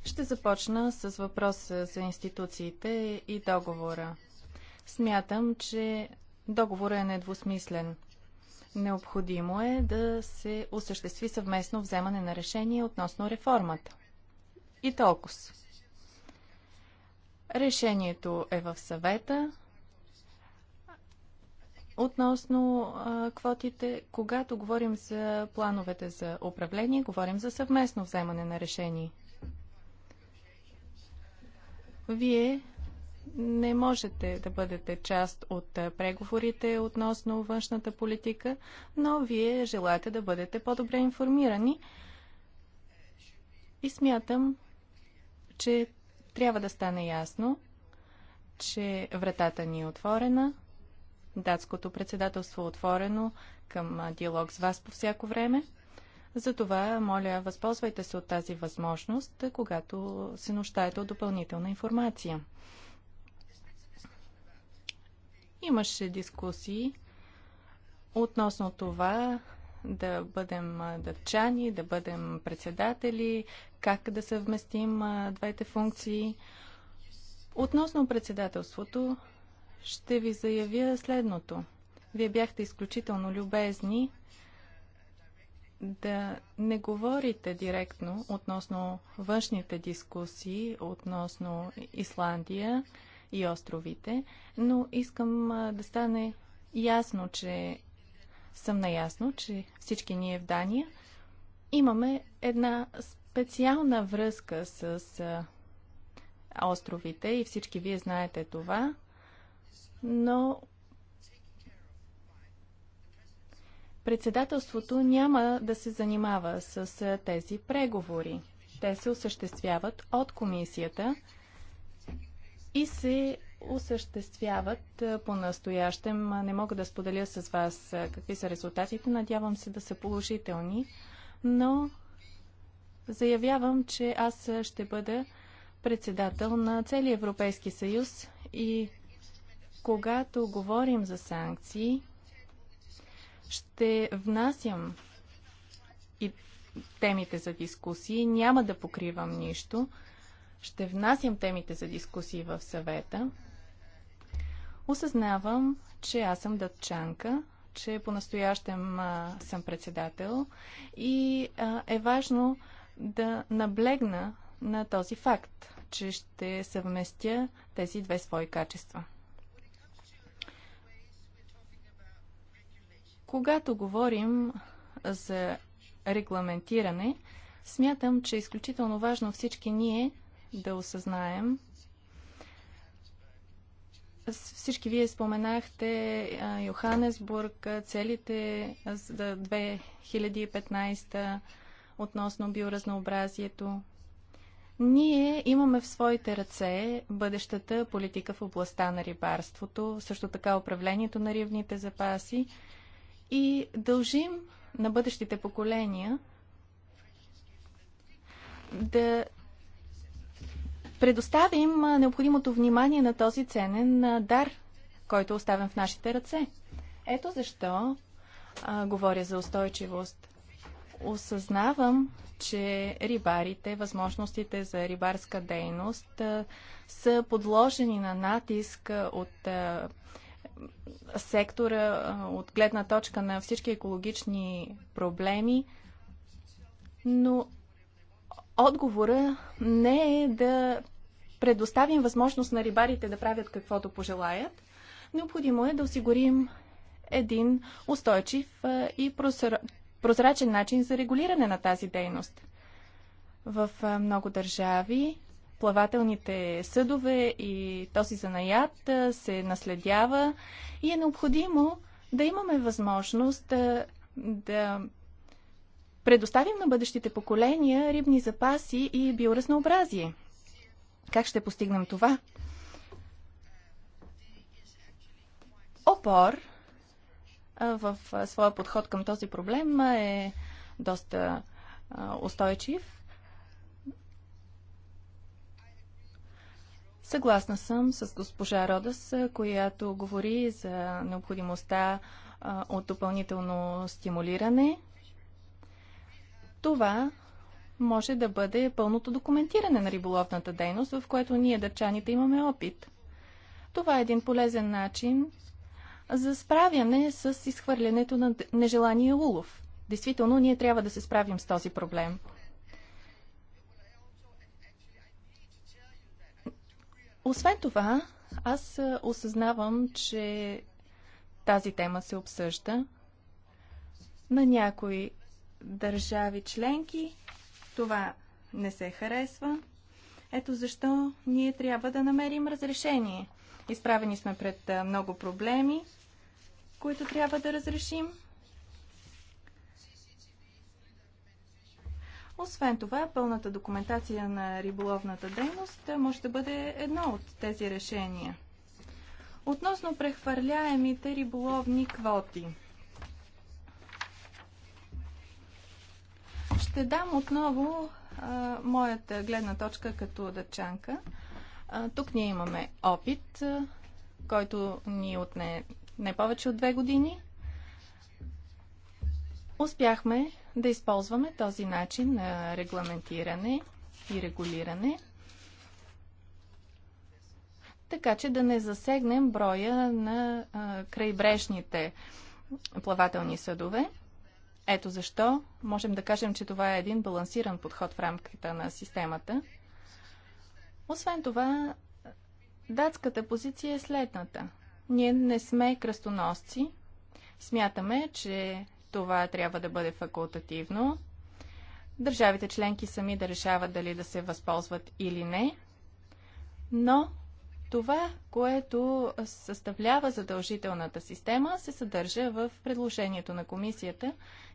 Ще започна с въпроса за институциите и договора. Смятам, че договорът е недвусмислен. Необходимо е да се осъществи съвместно вземане на решение относно реформата. И толкова. Решението е в съвета, Относно а, квотите, когато говорим за плановете за управление, говорим за съвместно вземане на решение. Вие не можете да бъдете част от преговорите относно външната политика, но вие желаете да бъдете по-добре информирани и смятам, че трябва да стане ясно, че вратата ни е отворена датското председателство отворено към диалог с вас по всяко време. Затова, моля, възползвайте се от тази възможност, когато се нуждаете от допълнителна информация. Имаше дискусии относно това да бъдем дъвчани, да бъдем председатели, как да съвместим двете функции. Относно председателството, ще ви заявя следното. Вие бяхте изключително любезни да не говорите директно относно външните дискусии, относно Исландия и островите, но искам да стане ясно, че съм наясно, че всички ние в Дания имаме една специална връзка с островите и всички вие знаете това но председателството няма да се занимава с тези преговори. Те се осъществяват от комисията и се осъществяват по-настоящем. Не мога да споделя с вас какви са резултатите. Надявам се да са положителни, но заявявам, че аз ще бъда председател на целия Европейски съюз и когато говорим за санкции, ще внасям и темите за дискусии. Няма да покривам нищо. Ще внасям темите за дискусии в съвета. Осъзнавам, че аз съм датчанка, че по-настоящем съм председател и а, е важно да наблегна на този факт, че ще съвместя тези две свои качества. Когато говорим за регламентиране, смятам, че е изключително важно всички ние да осъзнаем. Всички вие споменахте Йоханесбург, целите за 2015 относно биоразнообразието. Ние имаме в своите ръце бъдещата политика в областта на рибарството, също така управлението на ривните запаси и дължим на бъдещите поколения да предоставим необходимото внимание на този ценен дар, който е оставен в нашите ръце. Ето защо а, говоря за устойчивост. Осъзнавам, че рибарите, възможностите за рибарска дейност а, са подложени на натиск от а, сектора от гледна точка на всички екологични проблеми, но отговора не е да предоставим възможност на рибарите да правят каквото пожелаят. Необходимо е да осигурим един устойчив и прозрачен начин за регулиране на тази дейност. В много държави плавателните съдове и този занаят се наследява и е необходимо да имаме възможност да, да предоставим на бъдещите поколения рибни запаси и биоразнообразие. Как ще постигнем това? Опор в своя подход към този проблем е доста устойчив Съгласна съм с госпожа Родас, която говори за необходимостта от допълнително стимулиране. Това може да бъде пълното документиране на риболовната дейност, в което ние, дърчаните, имаме опит. Това е един полезен начин за справяне с изхвърлянето на нежелания улов. Действително, ние трябва да се справим с този проблем. Освен това, аз осъзнавам, че тази тема се обсъжда на някои държави членки. Това не се харесва. Ето защо ние трябва да намерим разрешение. Изправени сме пред много проблеми, които трябва да разрешим. Освен това, пълната документация на риболовната дейност може да бъде едно от тези решения. Относно прехвърляемите риболовни квоти. Ще дам отново а, моята гледна точка като дъчанка. А, тук ние имаме опит, а, който ни отне не повече от две години успяхме да използваме този начин на регламентиране и регулиране, така че да не засегнем броя на а, крайбрежните плавателни съдове. Ето защо можем да кажем, че това е един балансиран подход в рамката на системата. Освен това, датската позиция е следната. Ние не сме кръстоносци. Смятаме, че това трябва да бъде факултативно. Държавите членки сами да решават дали да се възползват или не. Но това, което съставлява задължителната система, се съдържа в предложението на комисията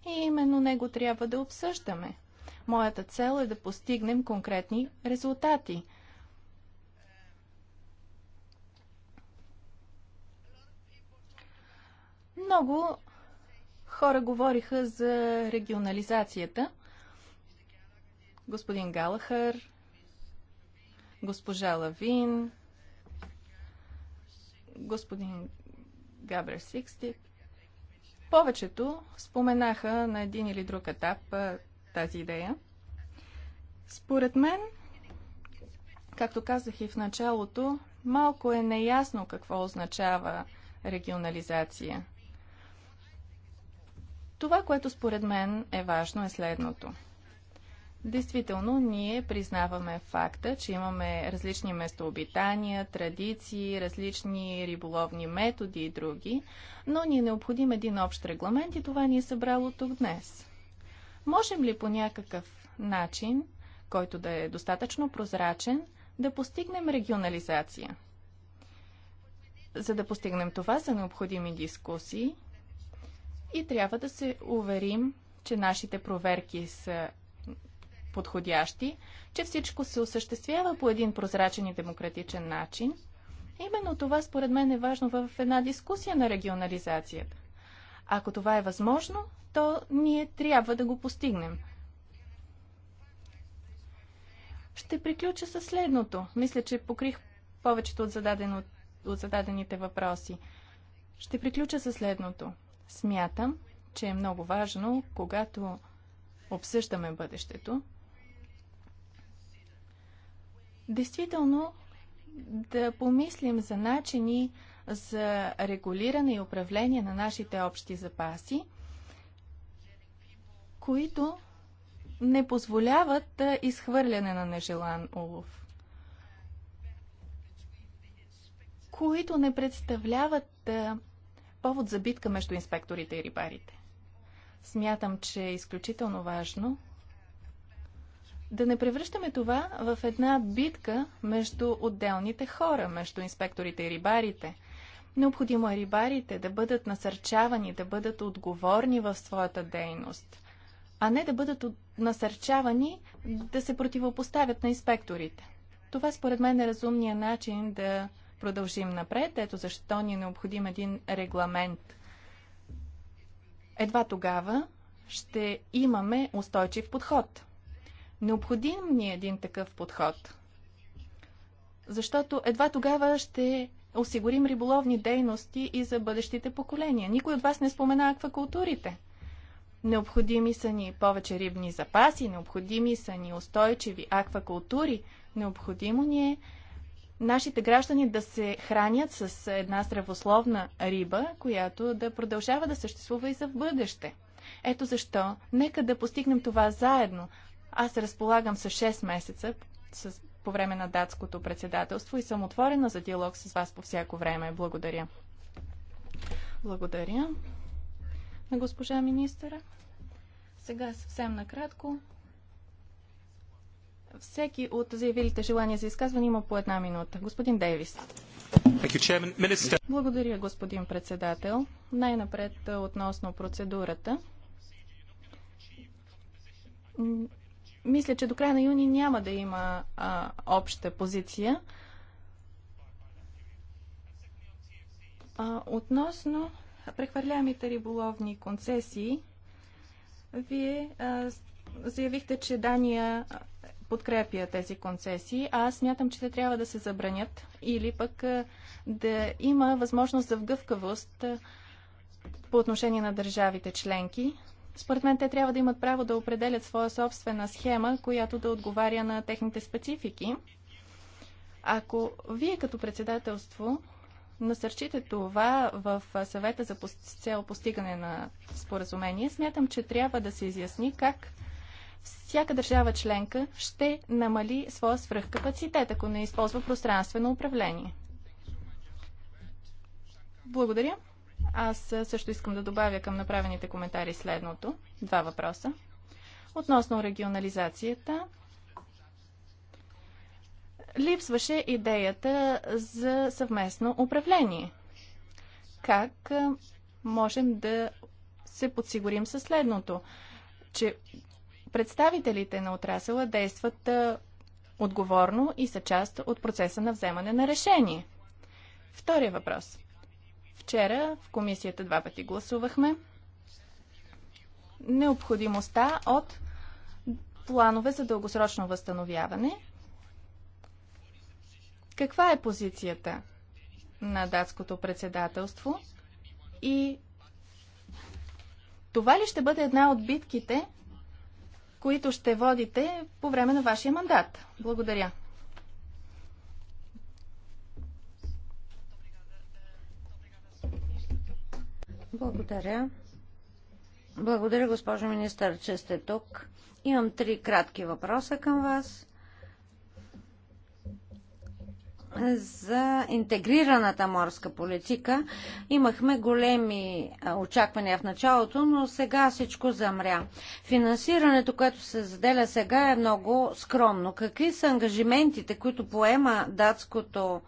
и именно него трябва да обсъждаме. Моята цел е да постигнем конкретни резултати. Много хора говориха за регионализацията. Господин Галахър, госпожа Лавин, господин Габре Сиксти. Повечето споменаха на един или друг етап тази идея. Според мен, както казах и в началото, малко е неясно какво означава регионализация – това, което според мен е важно, е следното. Действително, ние признаваме факта, че имаме различни местообитания, традиции, различни риболовни методи и други, но ни е необходим един общ регламент и това ни е събрало тук днес. Можем ли по някакъв начин, който да е достатъчно прозрачен, да постигнем регионализация? За да постигнем това са необходими дискусии, и трябва да се уверим, че нашите проверки са подходящи, че всичко се осъществява по един прозрачен и демократичен начин. Именно това според мен е важно в една дискусия на регионализацията. Ако това е възможно, то ние трябва да го постигнем. Ще приключа със следното. Мисля, че покрих повечето от, от зададените въпроси. Ще приключа със следното. Смятам, че е много важно, когато обсъждаме бъдещето, действително да помислим за начини за регулиране и управление на нашите общи запаси, които не позволяват изхвърляне на нежелан улов, които не представляват повод за битка между инспекторите и рибарите. Смятам, че е изключително важно да не превръщаме това в една битка между отделните хора, между инспекторите и рибарите. Необходимо е рибарите да бъдат насърчавани, да бъдат отговорни в своята дейност, а не да бъдат насърчавани да се противопоставят на инспекторите. Това според мен е разумният начин да продължим напред. Ето защо ни е необходим един регламент. Едва тогава ще имаме устойчив подход. Необходим ни е един такъв подход, защото едва тогава ще осигурим риболовни дейности и за бъдещите поколения. Никой от вас не спомена аквакултурите. Необходими са ни повече рибни запаси, необходими са ни устойчиви аквакултури, необходимо ни е нашите граждани да се хранят с една здравословна риба, която да продължава да съществува и за в бъдеще. Ето защо, нека да постигнем това заедно. Аз разполагам с 6 месеца с, по време на датското председателство и съм отворена за диалог с вас по всяко време. Благодаря. Благодаря на госпожа министъра. Сега съвсем накратко всеки от заявилите желания за изказване има по една минута. Господин Дейвис. Благодаря, господин председател. Най-напред относно процедурата. Мисля, че до края на юни няма да има а, обща позиция. А, относно прехвърляемите риболовни концесии, вие а, заявихте, че Дания подкрепя тези концесии, а аз смятам, че те трябва да се забранят или пък да има възможност за вгъвкавост по отношение на държавите членки. Според мен те трябва да имат право да определят своя собствена схема, която да отговаря на техните специфики. Ако вие като председателство насърчите това в съвета за цел постигане на споразумение, смятам, че трябва да се изясни как всяка държава членка ще намали своя свръхкапацитет, ако не използва пространствено управление. Благодаря. Аз също искам да добавя към направените коментари следното. Два въпроса. Относно регионализацията, липсваше идеята за съвместно управление. Как можем да се подсигурим със следното, че Представителите на отрасъла действат отговорно и са част от процеса на вземане на решение. Втория въпрос. Вчера в комисията два пъти гласувахме необходимостта от планове за дългосрочно възстановяване. Каква е позицията на датското председателство и това ли ще бъде една от битките, които ще водите по време на вашия мандат. Благодаря. Благодаря. Благодаря, госпожо министър, че сте тук. Имам три кратки въпроса към вас за интегрираната морска политика. Имахме големи очаквания в началото, но сега всичко замря. Финансирането, което се заделя сега е много скромно. Какви са ангажиментите, които поема датското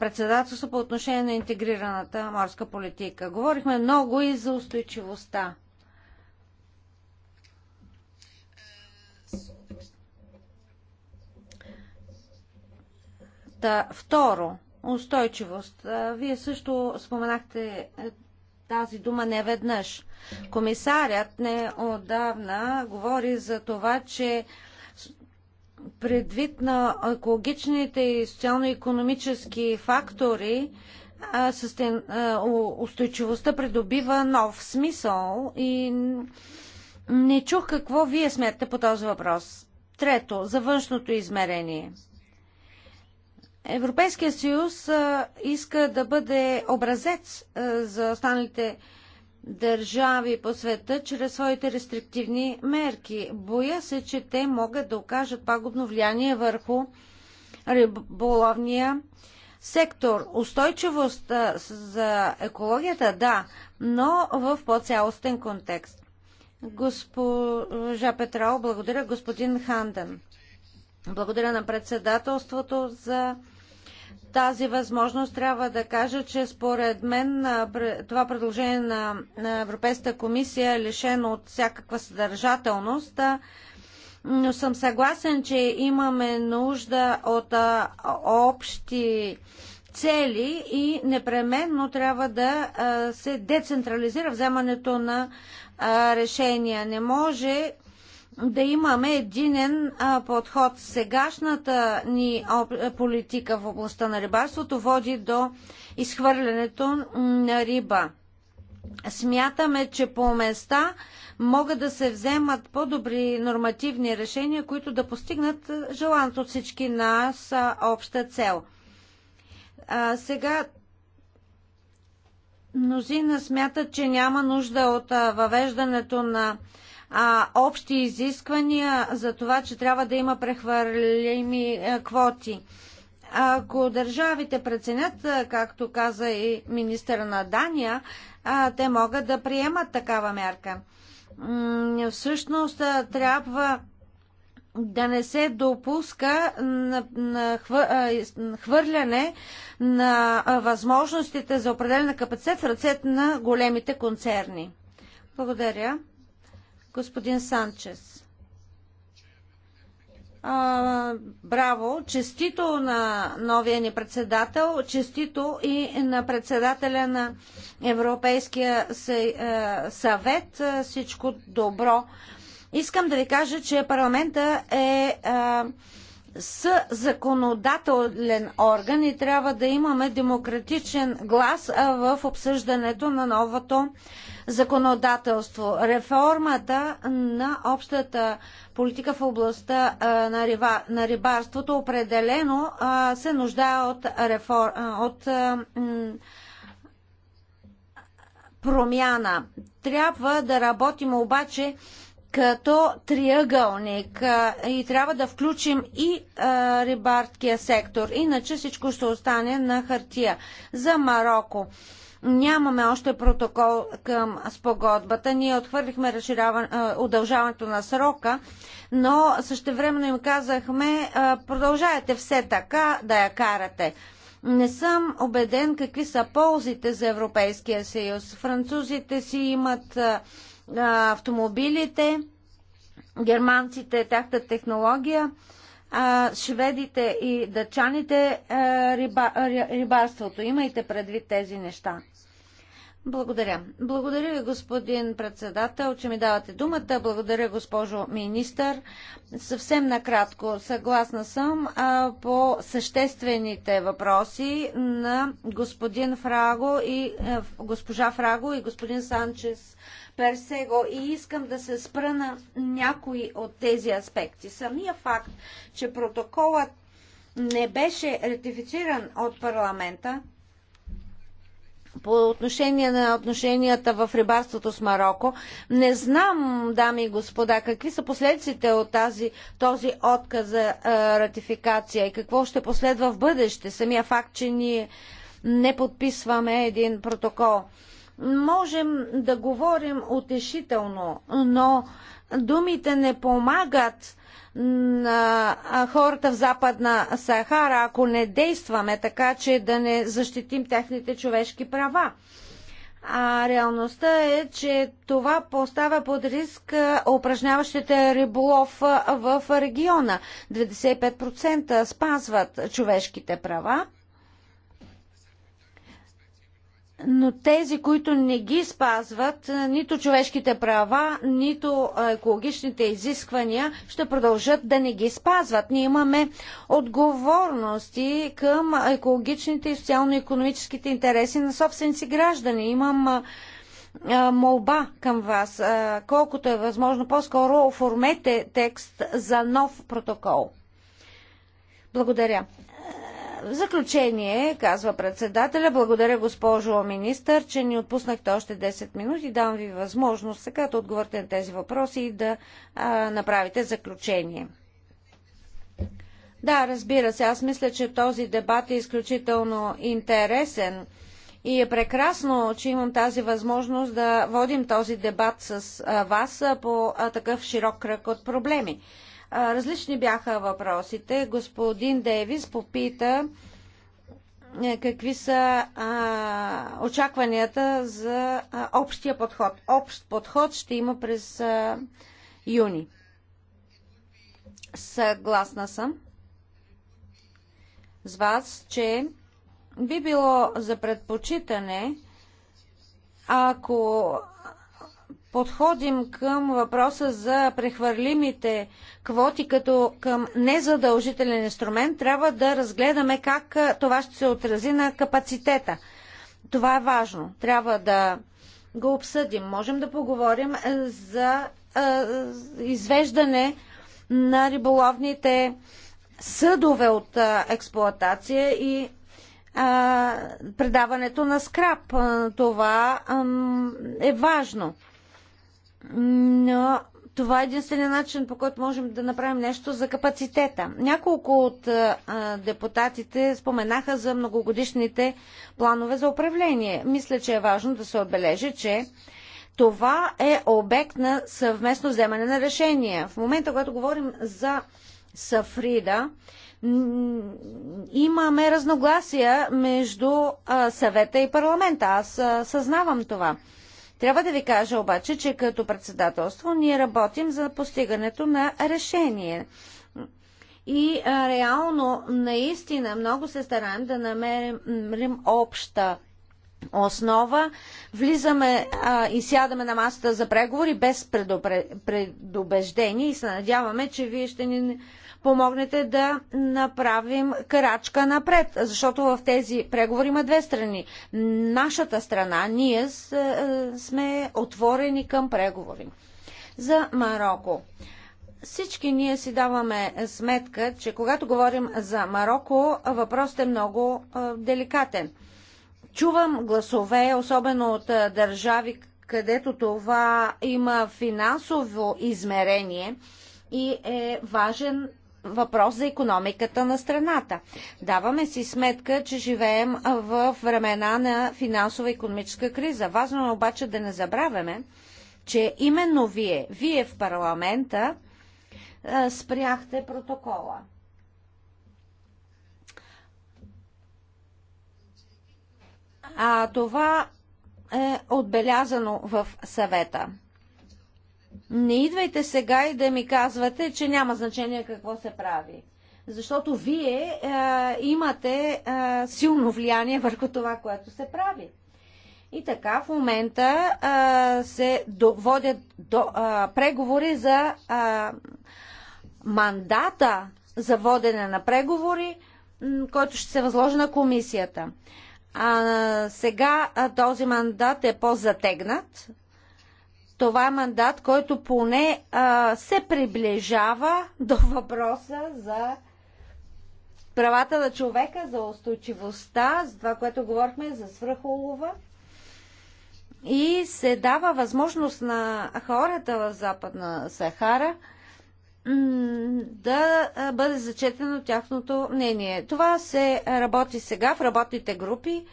председателство по отношение на интегрираната морска политика? Говорихме много и за устойчивостта. Та, второ, устойчивост. Вие също споменахте е, тази дума не веднъж. Комисарят не отдавна говори за това, че предвид на екологичните и социално-економически фактори, устойчивостта придобива нов смисъл и не чух какво вие смятате по този въпрос. Трето, за външното измерение – Европейския съюз иска да бъде образец за останалите държави по света чрез своите рестриктивни мерки. Боя се, че те могат да окажат пагубно влияние върху риболовния сектор. Устойчивост за екологията, да, но в по-цялостен контекст. Госпожа Петрао, благодаря господин Ханден. Благодаря на председателството за тази възможност, трябва да кажа, че според мен това предложение на, Европейската комисия е лишено от всякаква съдържателност, но съм съгласен, че имаме нужда от общи цели и непременно трябва да се децентрализира вземането на решения. Не може да имаме единен подход. Сегашната ни политика в областта на рибарството води до изхвърлянето на риба. Смятаме, че по места могат да се вземат по-добри нормативни решения, които да постигнат желаното от всички нас обща цел. А, сега мнозина смятат, че няма нужда от въвеждането на а, общи изисквания за това, че трябва да има прехвърлими е, квоти. Ако държавите преценят, е, както каза и министър на Дания, те могат да приемат такава мярка. Всъщност е, трябва да не се допуска на, на хвърляне на възможностите за определена капацитет в ръцете на големите концерни. Благодаря господин Санчес. А, браво! Честито на новия ни председател, честито и на председателя на Европейския е, съвет. Е, всичко добро. Искам да ви кажа, че парламента е а, е, с законодателен орган и трябва да имаме демократичен глас в обсъждането на новото законодателство. Реформата на общата политика в областта на, рибарството определено се нуждае от, реформ, от промяна. Трябва да работим обаче като триъгълник и трябва да включим и рибарския сектор, иначе всичко ще остане на хартия. За Марокко. Нямаме още протокол към спогодбата. Ние отхвърлихме удължаването на срока, но същевременно им казахме продължавайте все така да я карате. Не съм убеден какви са ползите за Европейския съюз. Французите си имат автомобилите, германците тяхта технология, а, шведите и дъчаните рибарството. Имайте предвид тези неща. Благодаря. Благодаря ви, господин председател, че ми давате думата. Благодаря, госпожо министър. Съвсем накратко, съгласна съм а, по съществените въпроси на господин Фраго и а, е, госпожа Фраго и господин Санчес Персего и искам да се спра на някои от тези аспекти. Самия факт, че протоколът не беше ратифициран от парламента, по отношение на отношенията в рибарството с Марокко. Не знам, дами и господа, какви са последиците от тази, този отказ за ратификация и какво ще последва в бъдеще. Самия факт, че ние не подписваме един протокол. Можем да говорим утешително, но думите не помагат на хората в Западна Сахара, ако не действаме така, че да не защитим техните човешки права. А реалността е, че това поставя под риск упражняващите риболов в региона. 95% спазват човешките права но тези, които не ги спазват, нито човешките права, нито екологичните изисквания, ще продължат да не ги спазват. Ние имаме отговорности към екологичните и социално-економическите интереси на собственици граждани. Имам молба към вас. Колкото е възможно по-скоро оформете текст за нов протокол. Благодаря. В заключение, казва председателя, благодаря госпожо министър, че ни отпуснахте още 10 минути. Давам ви възможност сега да отговорите на тези въпроси и да а, направите заключение. Да, разбира се, аз мисля, че този дебат е изключително интересен и е прекрасно, че имам тази възможност да водим този дебат с вас по такъв широк кръг от проблеми. Различни бяха въпросите. Господин Дейвис попита е, какви са а, очакванията за а, общия подход. Общ подход ще има през а, юни. Съгласна съм с вас, че би било за предпочитане, ако подходим към въпроса за прехвърлимите квоти като към незадължителен инструмент, трябва да разгледаме как това ще се отрази на капацитета. Това е важно. Трябва да го обсъдим. Можем да поговорим за извеждане на риболовните съдове от експлоатация и предаването на скраб. Това е важно но това е единствения начин, по който можем да направим нещо за капацитета. Няколко от а, депутатите споменаха за многогодишните планове за управление. Мисля, че е важно да се отбележи, че това е обект на съвместно вземане на решения. В момента, когато говорим за Сафрида, имаме разногласия между а, съвета и парламента. Аз а, съзнавам това. Трябва да ви кажа обаче, че като председателство ние работим за постигането на решение. И а, реално, наистина, много се стараем да намерим обща основа. Влизаме а, и сядаме на масата за преговори без предупреждение и се надяваме, че вие ще ни помогнете да направим крачка напред, защото в тези преговори има две страни. Нашата страна, ние е, сме отворени към преговори. За Марокко всички ние си даваме сметка, че когато говорим за Марокко, въпросът е много е, деликатен. Чувам гласове, особено от е, държави, където това има финансово измерение и е важен въпрос за економиката на страната. Даваме си сметка, че живеем в времена на финансова и економическа криза. Важно е обаче да не забравяме, че именно вие, вие в парламента, спряхте протокола. А това е отбелязано в съвета не идвайте сега и да ми казвате, че няма значение какво се прави. Защото вие е, имате е, силно влияние върху това, което се прави. И така в момента е, се водят до, е, преговори за е, мандата за водене на преговори, който ще се възложи на комисията. А, сега е, този мандат е по-затегнат това е мандат, който поне а, се приближава до въпроса за правата на човека, за устойчивостта, за това, което говорихме, за свръхолова. И се дава възможност на хората в Западна Сахара да бъде зачетено тяхното мнение. Това се работи сега в работните групи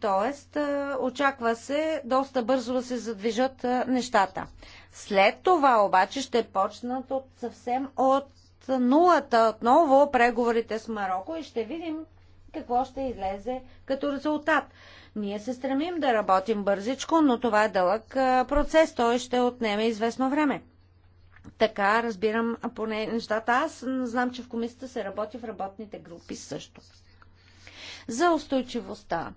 Тоест, очаква се доста бързо да се задвижат нещата. След това обаче ще почнат от съвсем от нулата отново преговорите с Марокко и ще видим какво ще излезе като резултат. Ние се стремим да работим бързичко, но това е дълъг процес, той ще отнеме известно време. Така разбирам поне нещата. Аз знам, че в комисията се работи в работните групи също. За устойчивостта.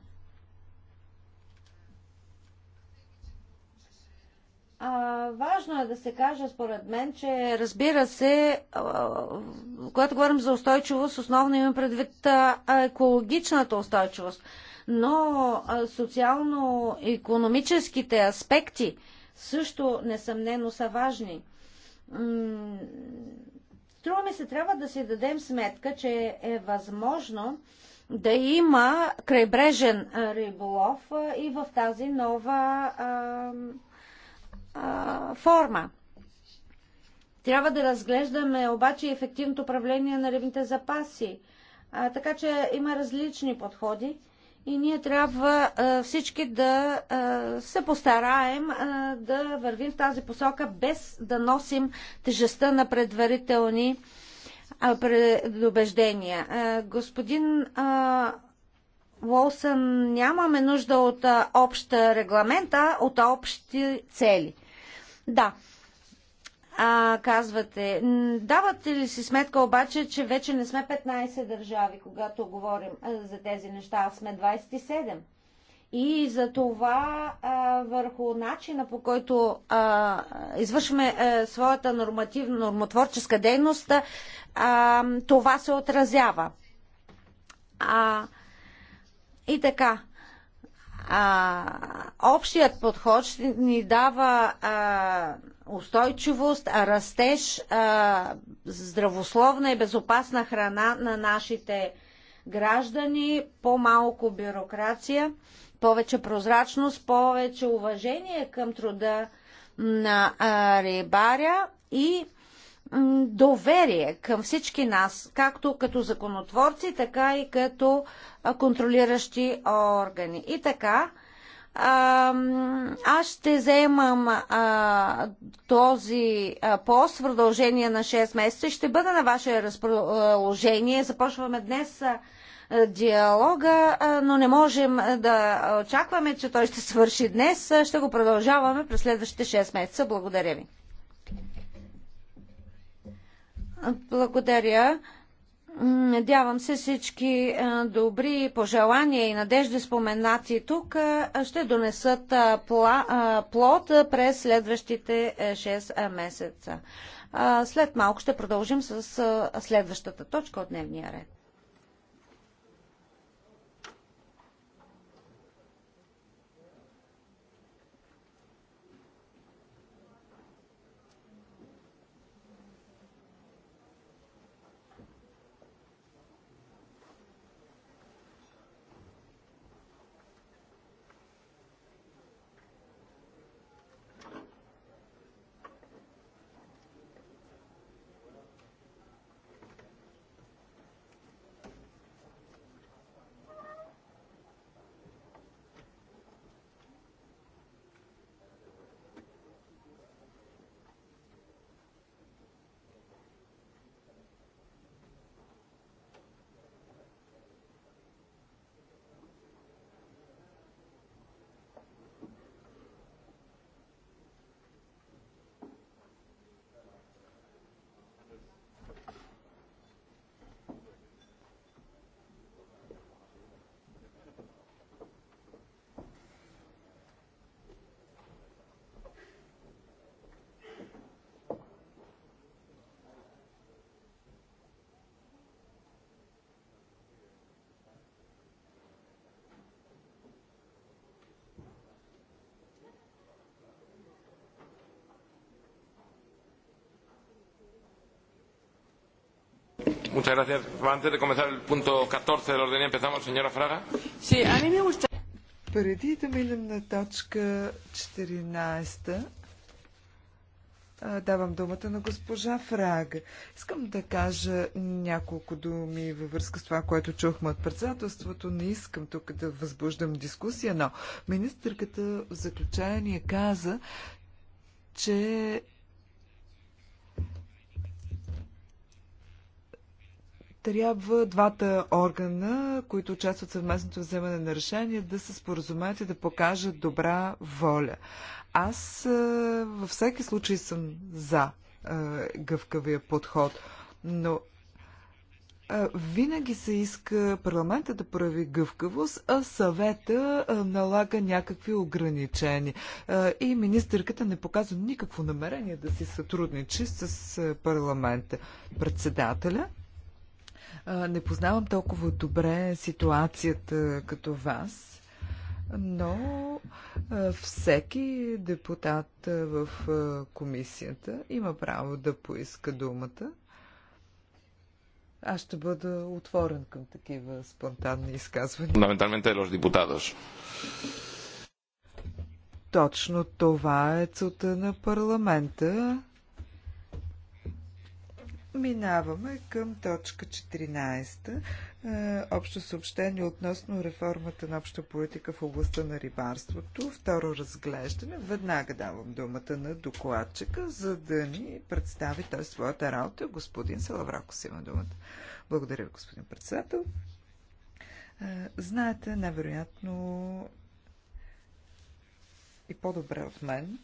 А, важно е да се каже, според мен, че разбира се, а, когато говорим за устойчивост, основно имам предвид а, екологичната устойчивост, но социално-економическите аспекти също несъмнено са важни. Струва ми се, трябва да си дадем сметка, че е възможно да има крайбрежен риболов и в тази нова а, форма. Трябва да разглеждаме обаче ефективното управление на ревните запаси. А, така че има различни подходи и ние трябва а, всички да а, се постараем а, да вървим в тази посока, без да носим тежестта на предварителни а, предубеждения. А, господин а, Волсън, нямаме нужда от а, обща регламента, от общи цели. Да. А, казвате, давате ли си сметка обаче, че вече не сме 15 държави, когато говорим за тези неща, а сме 27? И за това а, върху начина по който а, извършваме а, своята нормативна, нормотворческа дейност, а, това се отразява. А, и така, а, общият подход ще ни дава а, устойчивост, растеж, а, здравословна и безопасна храна на нашите граждани, по-малко бюрокрация, повече прозрачност, повече уважение към труда на а, рибаря и доверие към всички нас, както като законотворци, така и като контролиращи органи. И така, аз ще вземам а, този а, пост в продължение на 6 месеца и ще бъда на ваше разположение. Започваме днес а, диалога, а, но не можем да очакваме, че той ще свърши днес. Ще го продължаваме през следващите 6 месеца. Благодаря ви. Благодаря. Надявам се всички добри пожелания и надежди споменати тук ще донесат плод през следващите 6 е, месеца. След малко ще продължим с следващата точка от дневния ред. Muchas gracias. Antes de comenzar el punto 14 del orden, empezamos, señora Fraga. Sí, a mí me gusta. Преди да минем на точка 14, давам думата на госпожа Фрага. Искам да кажа няколко думи във връзка с това, което чухме от председателството. Не искам тук да възбуждам дискусия, но министърката в заключение каза, че трябва двата органа, които участват в съвместното вземане на решение, да се споразумеят и да покажат добра воля. Аз е, във всеки случай съм за е, гъвкавия подход, но е, винаги се иска парламента да прави гъвкавост, а съвета налага някакви ограничения. И министърката не показва никакво намерение да си сътрудничи с парламента. Председателя не познавам толкова добре ситуацията като вас, но всеки депутат в комисията има право да поиска думата. Аз ще бъда отворен към такива спонтанни изказвания. е лош diputados. Точно това е целта на парламента Минаваме към точка 14. Е, общо съобщение относно реформата на обща политика в областта на рибарството. Второ разглеждане. Веднага давам думата на докладчика, за да ни представи той своята работа. Господин си има думата. Благодаря, господин председател. Е, знаете, невероятно и по-добре от мен,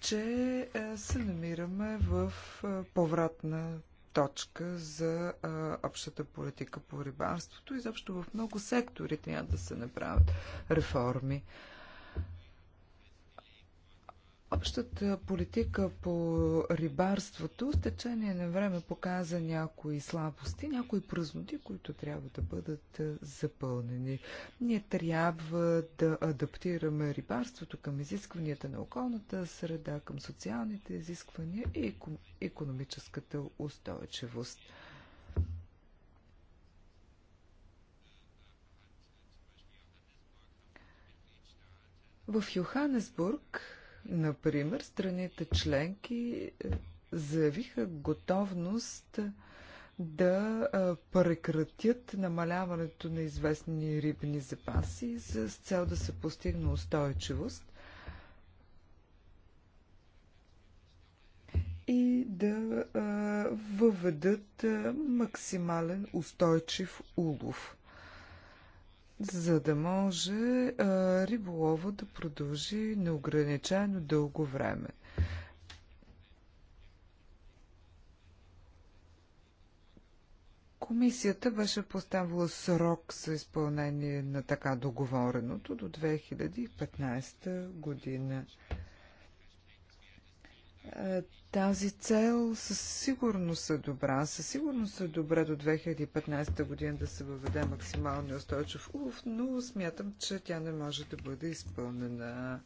че е, се намираме в е, повратна точка за е, общата политика по рибарството. Изобщо в много сектори трябва да се направят реформи. Общата политика по рибарството с течение на време показа някои слабости, някои празноти, които трябва да бъдат е, запълнени. Ние трябва да адаптираме рибарството към изискванията на околната среда, към социалните изисквания и економическата устойчивост. В Йоханесбург Например, страните членки е, заявиха готовност да е, прекратят намаляването на известни рибни запаси с цел да се постигне устойчивост и да е, въведат максимален устойчив улов за да може а, риболова да продължи неограничено дълго време. Комисията беше поставила срок за изпълнение на така договореното до 2015 година. Е, тази цел със сигурност е добра. Със сигурност е добре до 2015 година да се въведе максимално устойчив улов, но смятам, че тя не може да бъде изпълнена.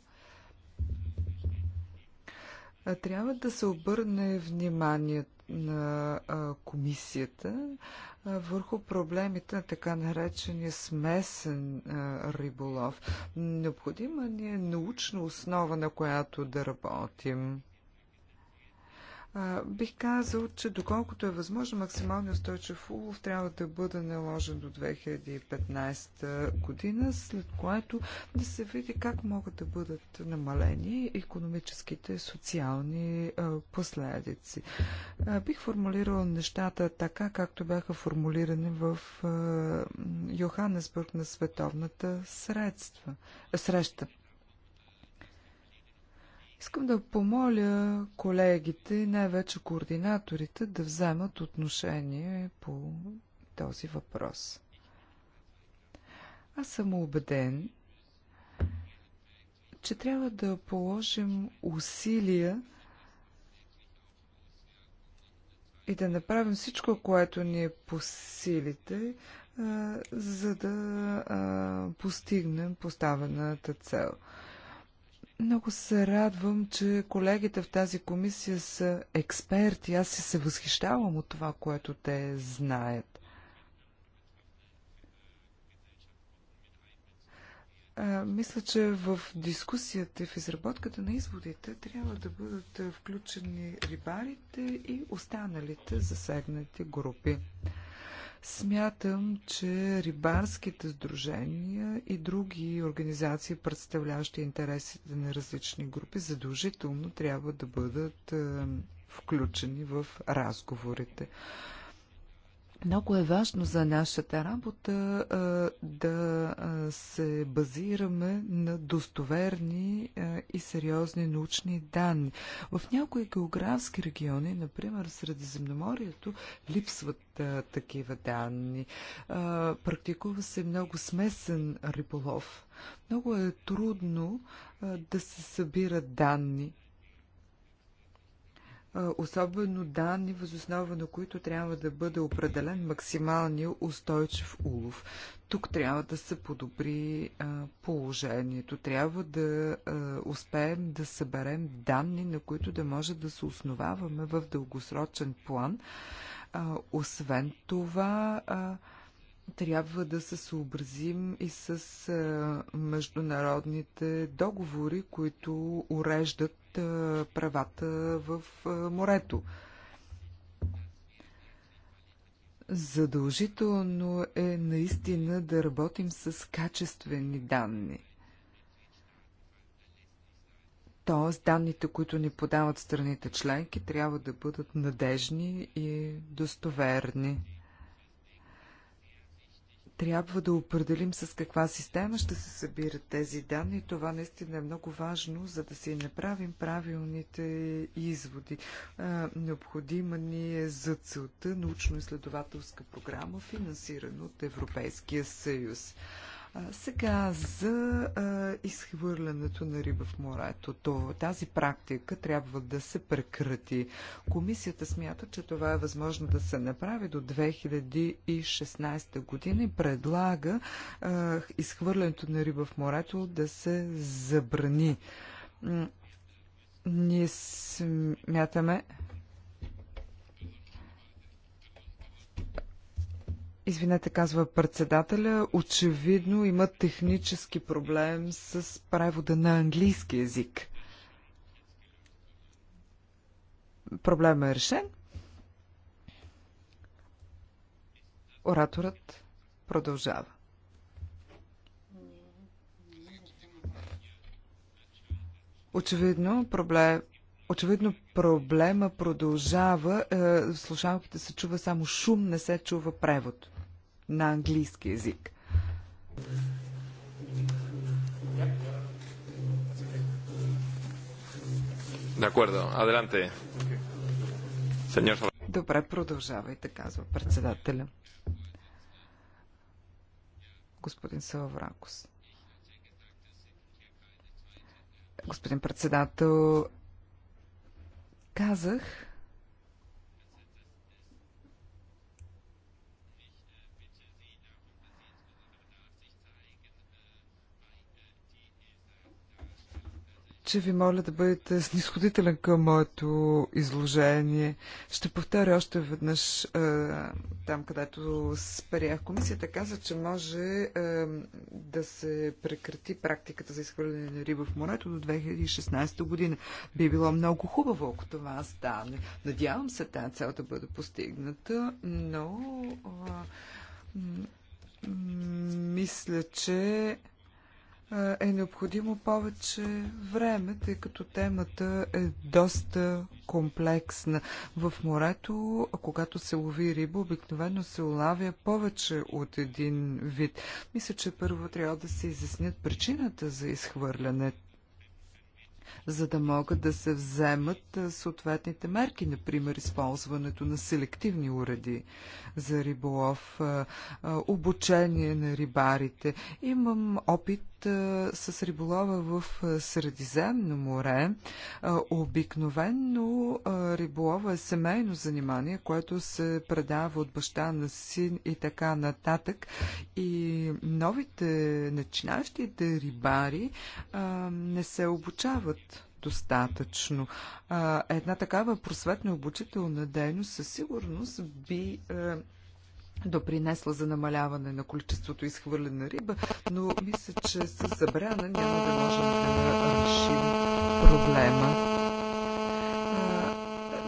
Е, трябва да се обърне внимание на комисията върху проблемите на така наречения смесен риболов. Необходима ни е научна основа, на която да работим. Бих казал, че доколкото е възможно, максимално устойчив улов трябва да бъде наложен до 2015 година, след което да се види как могат да бъдат намалени економическите и социални последици. Бих формулирал нещата така, както бяха формулирани в Йоханесбург на световната средства, среща. Искам да помоля колегите, най-вече координаторите, да вземат отношение по този въпрос. Аз съм убеден, че трябва да положим усилия и да направим всичко, което ни е по силите, за да постигнем поставената цел. Много се радвам, че колегите в тази комисия са експерти. Аз си се възхищавам от това, което те знаят. А, мисля, че в дискусията и в изработката на изводите трябва да бъдат включени рибарите и останалите засегнати групи. Смятам, че рибарските сдружения и други организации, представляващи интересите на различни групи, задължително трябва да бъдат е, включени в разговорите. Много е важно за нашата работа да се базираме на достоверни и сериозни научни данни. В някои географски региони, например Средиземноморието, липсват такива данни. практикува се много смесен риболов. Много е трудно да се събират данни особено данни, възоснова на които трябва да бъде определен максималния устойчив улов. Тук трябва да се подобри положението. Трябва да успеем да съберем данни, на които да може да се основаваме в дългосрочен план. Освен това, трябва да се съобразим и с международните договори, които уреждат правата в морето. Задължително е наистина да работим с качествени данни. Тоест, данните, които ни подават страните членки, трябва да бъдат надежни и достоверни трябва да определим с каква система ще се събират тези данни. Това наистина е много важно, за да си направим правилните изводи. Необходима ни е за целта научно-изследователска програма, финансирана от Европейския съюз. Сега за а, изхвърлянето на риба в морето. То, тази практика трябва да се прекрати. Комисията смята, че това е възможно да се направи до 2016 година и предлага а, изхвърлянето на риба в морето да се забрани. Ние смятаме. Извинете, казва председателя, очевидно има технически проблем с превода на английски язик. Проблемът е решен. Ораторът продължава. Очевидно, проблем, очевидно проблема продължава. Е, слушалките се чува само шум, не се чува превод на английски язик. Добре, продължавайте, казва председателя. Господин Салавракос. Господин председател, казах, че ви моля да бъдете снисходителен към моето изложение. Ще повторя още веднъж е, там, където спрях. Комисията каза, че може е, да се прекрати практиката за изхвърляне на риба в морето до 2016 година. Би било много хубаво, ако това стане. Надявам се тази цел да бъде постигната, но е, мисля, че е, е необходимо повече време, тъй като темата е доста комплексна. В морето, когато се лови риба, обикновено се улавя повече от един вид. Мисля, че първо трябва да се изяснят причината за изхвърляне за да могат да се вземат е, съответните мерки, например използването на селективни уреди за риболов, е, обучение на рибарите. Имам опит с риболова в Средиземно море. Обикновенно риболова е семейно занимание, което се предава от баща на син и така нататък. И новите начинащите рибари не се обучават достатъчно. Една такава просветно-обучителна дейност със сигурност би допринесла за намаляване на количеството изхвърлена риба, но мисля, че с забрана няма да можем да решим проблема.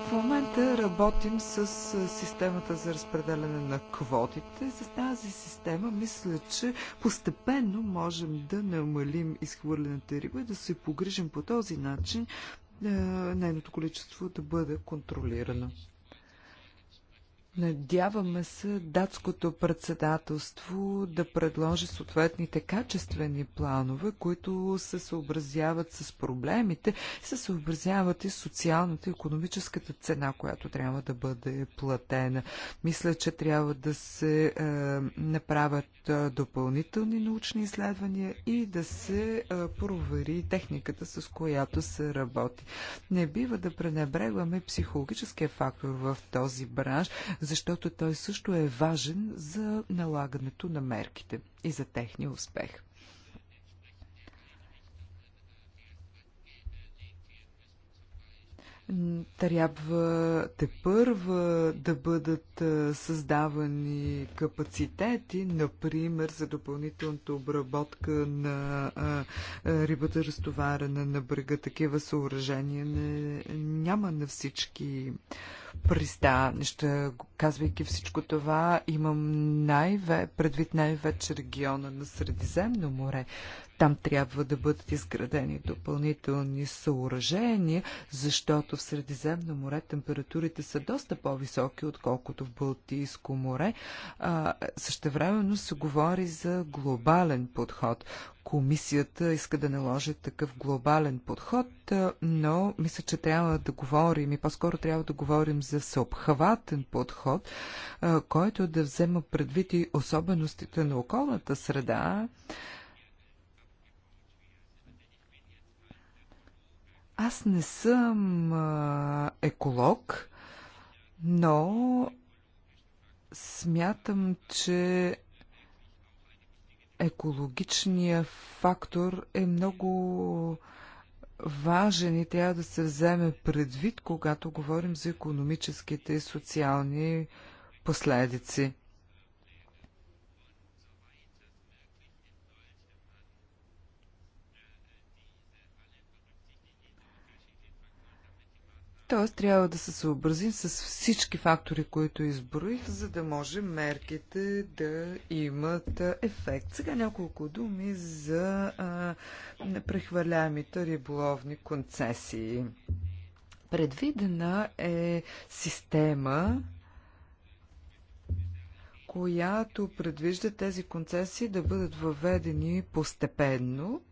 В момента работим с системата за разпределяне на квотите. С тази система мисля, че постепенно можем да намалим изхвърлената риба и да се погрижим по този начин нейното количество да бъде контролирано. Надяваме се датското председателство да предложи съответните качествени планове, които се съобразяват с проблемите, се съобразяват и социалната и економическата цена, която трябва да бъде платена. Мисля, че трябва да се е, направят е, допълнителни научни изследвания и да се е, провери техниката, с която се работи. Не бива да пренебрегваме психологическия фактор в този бранш, защото той също е важен за налагането на мерките и за техния успех. Трябва те първа да бъдат създавани капацитети, например за допълнителната обработка на рибата, разтоварена на брега. Такива съоръжения не, няма на всички пристанища. Казвайки всичко това, имам най-ве, предвид най-вече региона на Средиземно море. Там трябва да бъдат изградени допълнителни съоръжения, защото в Средиземно море температурите са доста по-високи, отколкото в Балтийско море. А, същевременно се говори за глобален подход. Комисията иска да наложи такъв глобален подход, но мисля, че трябва да говорим и по-скоро трябва да говорим за съобхватен подход, който да взема предвид и особеностите на околната среда, Аз не съм а, еколог, но смятам, че екологичният фактор е много важен и трябва да се вземе предвид, когато говорим за економическите и социални последици. Тоест трябва да се съобразим с всички фактори, които изброих, за да може мерките да имат ефект. Сега няколко думи за а, прехвърляемите риболовни концесии. Предвидена е система, която предвижда тези концесии да бъдат въведени постепенно –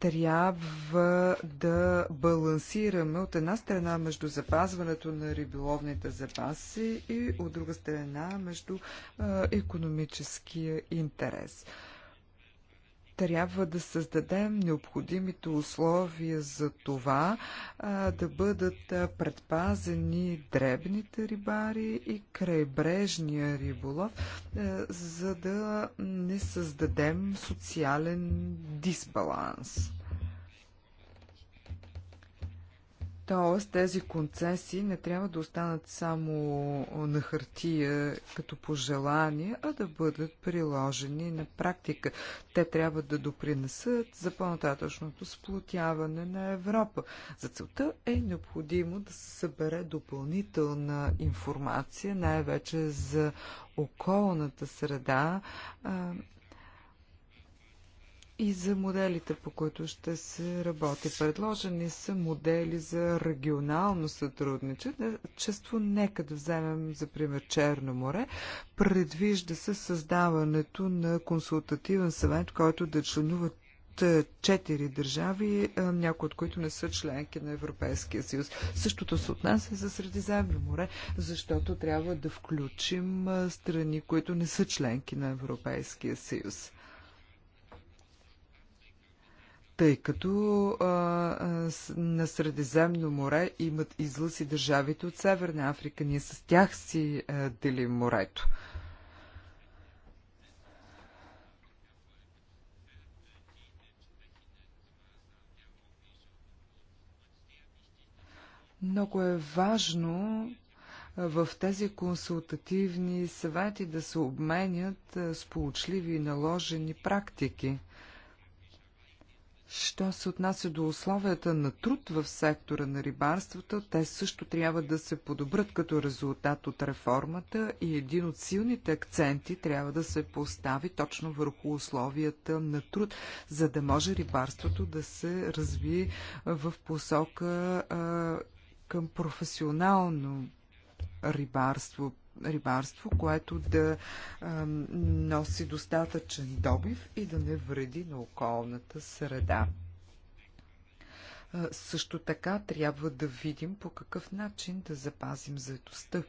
трябва да балансираме от една страна между запазването на риболовните запаси и от друга страна между а, економическия интерес трябва да създадем необходимите условия за това а, да бъдат предпазени дребните рибари и крайбрежния риболов, а, за да не създадем социален дисбаланс. Тоест, тези концесии не трябва да останат само на хартия като пожелание, а да бъдат приложени на практика. Те трябва да допринесат за по-нататъчното сплотяване на Европа. За целта е необходимо да се събере допълнителна информация, най-вече за околната среда и за моделите, по които ще се работи. Предложени са модели за регионално сътрудничество. Нека да вземем, за пример, Черно море. Предвижда се създаването на консултативен съвет, който да членуват е, четири държави, е, някои от които не са членки на Европейския съюз. Същото се отнася за Средиземно море, защото трябва да включим е, страни, които не са членки на Европейския съюз тъй като а, а, на Средиземно море имат излъз и държавите от Северна Африка. Ние с тях си а, делим морето. Много е важно в тези консултативни съвети да се обменят сполучливи и наложени практики. Що се отнася до условията на труд в сектора на рибарството, те също трябва да се подобрят като резултат от реформата и един от силните акценти трябва да се постави точно върху условията на труд, за да може рибарството да се развие в посока а, към професионално рибарство рибарство, което да носи достатъчен добив и да не вреди на околната среда. Също така трябва да видим по какъв начин да запазим заедостта.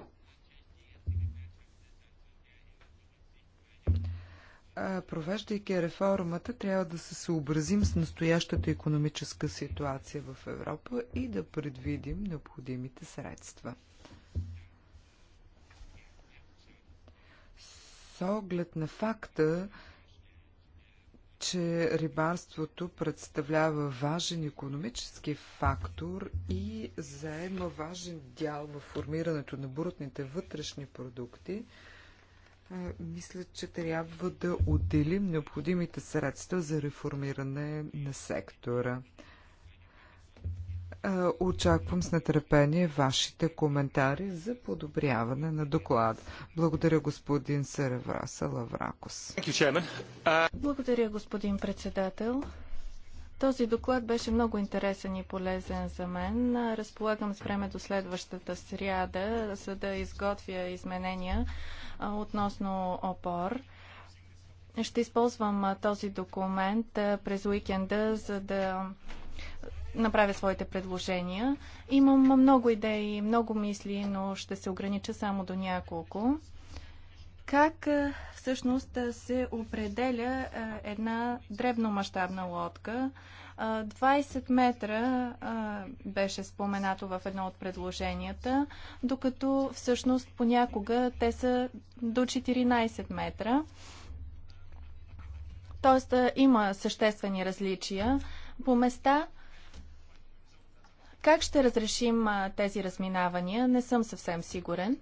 провеждайки реформата, трябва да се съобразим с настоящата економическа ситуация в Европа и да предвидим необходимите средства. оглед на факта, че рибарството представлява важен економически фактор и заема важен дял в формирането на брутните вътрешни продукти, е, мисля, че трябва да отделим необходимите средства за реформиране на сектора. Е, очаквам с нетърпение вашите коментари за подобряване на доклада. Благодаря господин Серевраса Лавракос. Благодаря господин председател. Този доклад беше много интересен и полезен за мен. Разполагам с време до следващата сряда, за да изготвя изменения относно опор. Ще използвам този документ през уикенда, за да направя своите предложения. Имам много идеи, много мисли, но ще се огранича само до няколко. Как всъщност се определя една дребномащабна лодка? 20 метра беше споменато в едно от предложенията, докато всъщност понякога те са до 14 метра. Тоест има съществени различия. По места как ще разрешим а, тези разминавания? Не съм съвсем сигурен.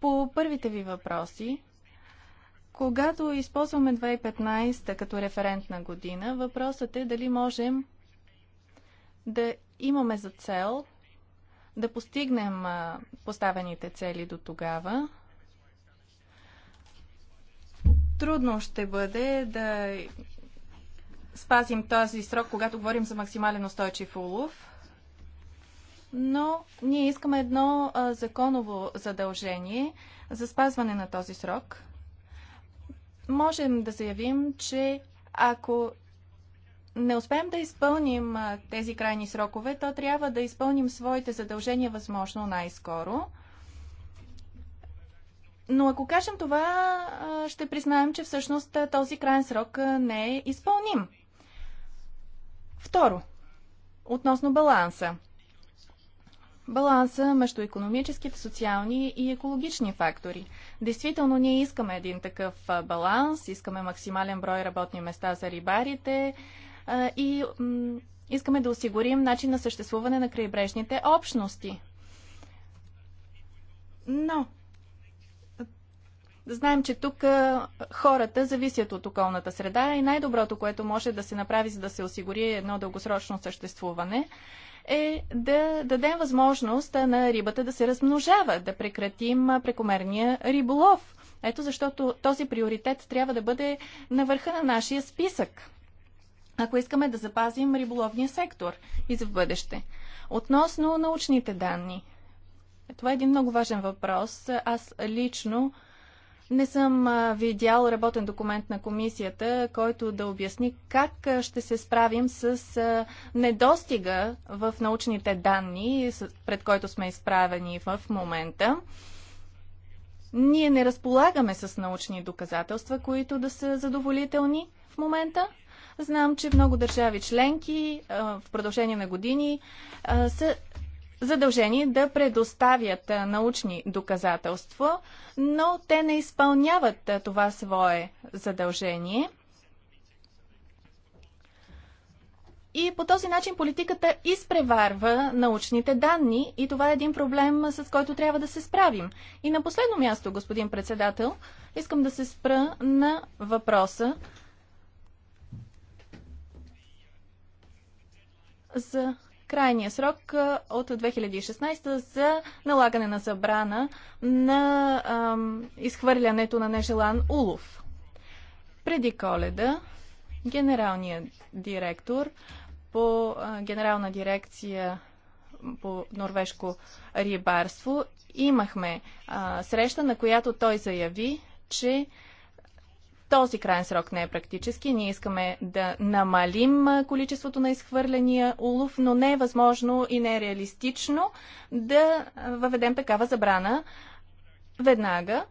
По първите ви въпроси, когато използваме 2015 като референтна година, въпросът е дали можем да имаме за цел да постигнем поставените цели до тогава. Трудно ще бъде да спазим този срок, когато говорим за максимален устойчив улов. Но ние искаме едно а, законово задължение за спазване на този срок. Можем да заявим, че ако не успеем да изпълним а, тези крайни срокове, то трябва да изпълним своите задължения възможно най-скоро. Но ако кажем това, ще признаем, че всъщност този крайен срок не е изпълним. Второ, относно баланса. Баланса между економическите, социални и екологични фактори. Действително, ние искаме един такъв баланс, искаме максимален брой работни места за рибарите и искаме да осигурим начин на съществуване на крайбрежните общности. Но да знаем, че тук хората зависят от околната среда и най-доброто, което може да се направи, за да се осигури едно дългосрочно съществуване, е да дадем възможност на рибата да се размножава, да прекратим прекомерния риболов. Ето защото този приоритет трябва да бъде на върха на нашия списък, ако искаме да запазим риболовния сектор и за в бъдеще. Относно научните данни. Това е един много важен въпрос. Аз лично не съм видял работен документ на комисията, който да обясни как ще се справим с недостига в научните данни, пред който сме изправени в момента. Ние не разполагаме с научни доказателства, които да са задоволителни в момента. Знам, че много държави членки в продължение на години са задължени да предоставят научни доказателства, но те не изпълняват това свое задължение. И по този начин политиката изпреварва научните данни и това е един проблем, с който трябва да се справим. И на последно място, господин председател, искам да се спра на въпроса за крайния срок от 2016 за налагане на забрана на ам, изхвърлянето на нежелан улов. Преди коледа генералният директор по а, генерална дирекция по норвежко рибарство имахме а, среща, на която той заяви, че този крайен срок не е практически. Ние искаме да намалим количеството на изхвърления улов, но не е възможно и не е реалистично да въведем такава забрана веднага.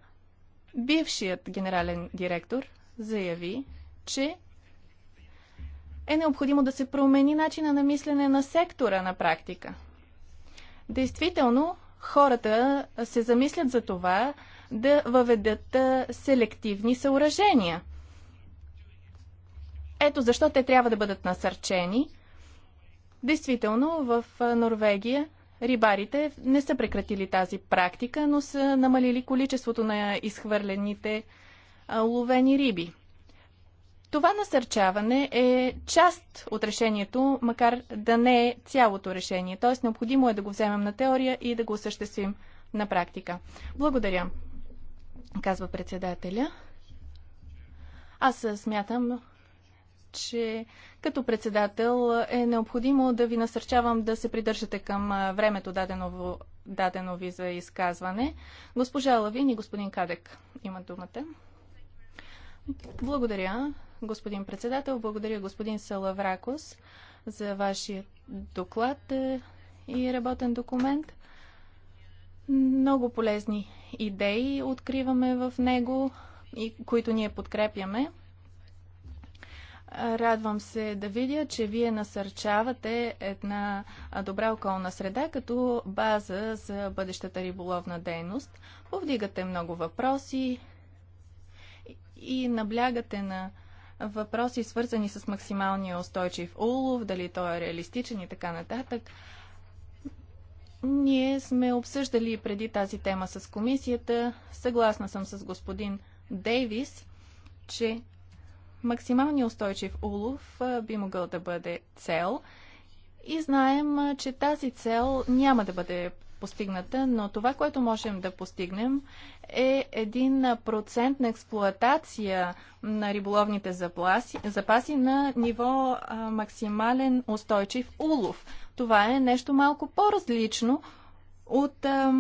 Бившият генерален директор заяви, че е необходимо да се промени начина на мислене на сектора на практика. Действително, хората се замислят за това, да въведат селективни съоръжения. Ето защо те трябва да бъдат насърчени. Действително, в Норвегия рибарите не са прекратили тази практика, но са намалили количеството на изхвърлените ловени риби. Това насърчаване е част от решението, макар да не е цялото решение. Тоест, необходимо е да го вземем на теория и да го осъществим на практика. Благодаря казва председателя. Аз смятам, че като председател е необходимо да ви насърчавам да се придържате към времето дадено, дадено ви за изказване. Госпожа Лавин и господин Кадек имат думата. Благодаря, господин председател. Благодаря, господин Салавракос, за вашия доклад е, и работен документ. Много полезни идеи откриваме в него и които ние подкрепяме. Радвам се да видя, че вие насърчавате една добра околна среда като база за бъдещата риболовна дейност. Повдигате много въпроси и наблягате на въпроси, свързани с максималния устойчив улов, дали той е реалистичен и така нататък. Ние сме обсъждали преди тази тема с комисията. Съгласна съм с господин Дейвис, че максималният устойчив улов би могъл да бъде цел. И знаем, че тази цел няма да бъде постигната, но това, което можем да постигнем е един процент на експлоатация на риболовните запаси, запаси на ниво а, максимален устойчив улов. Това е нещо малко по-различно от а,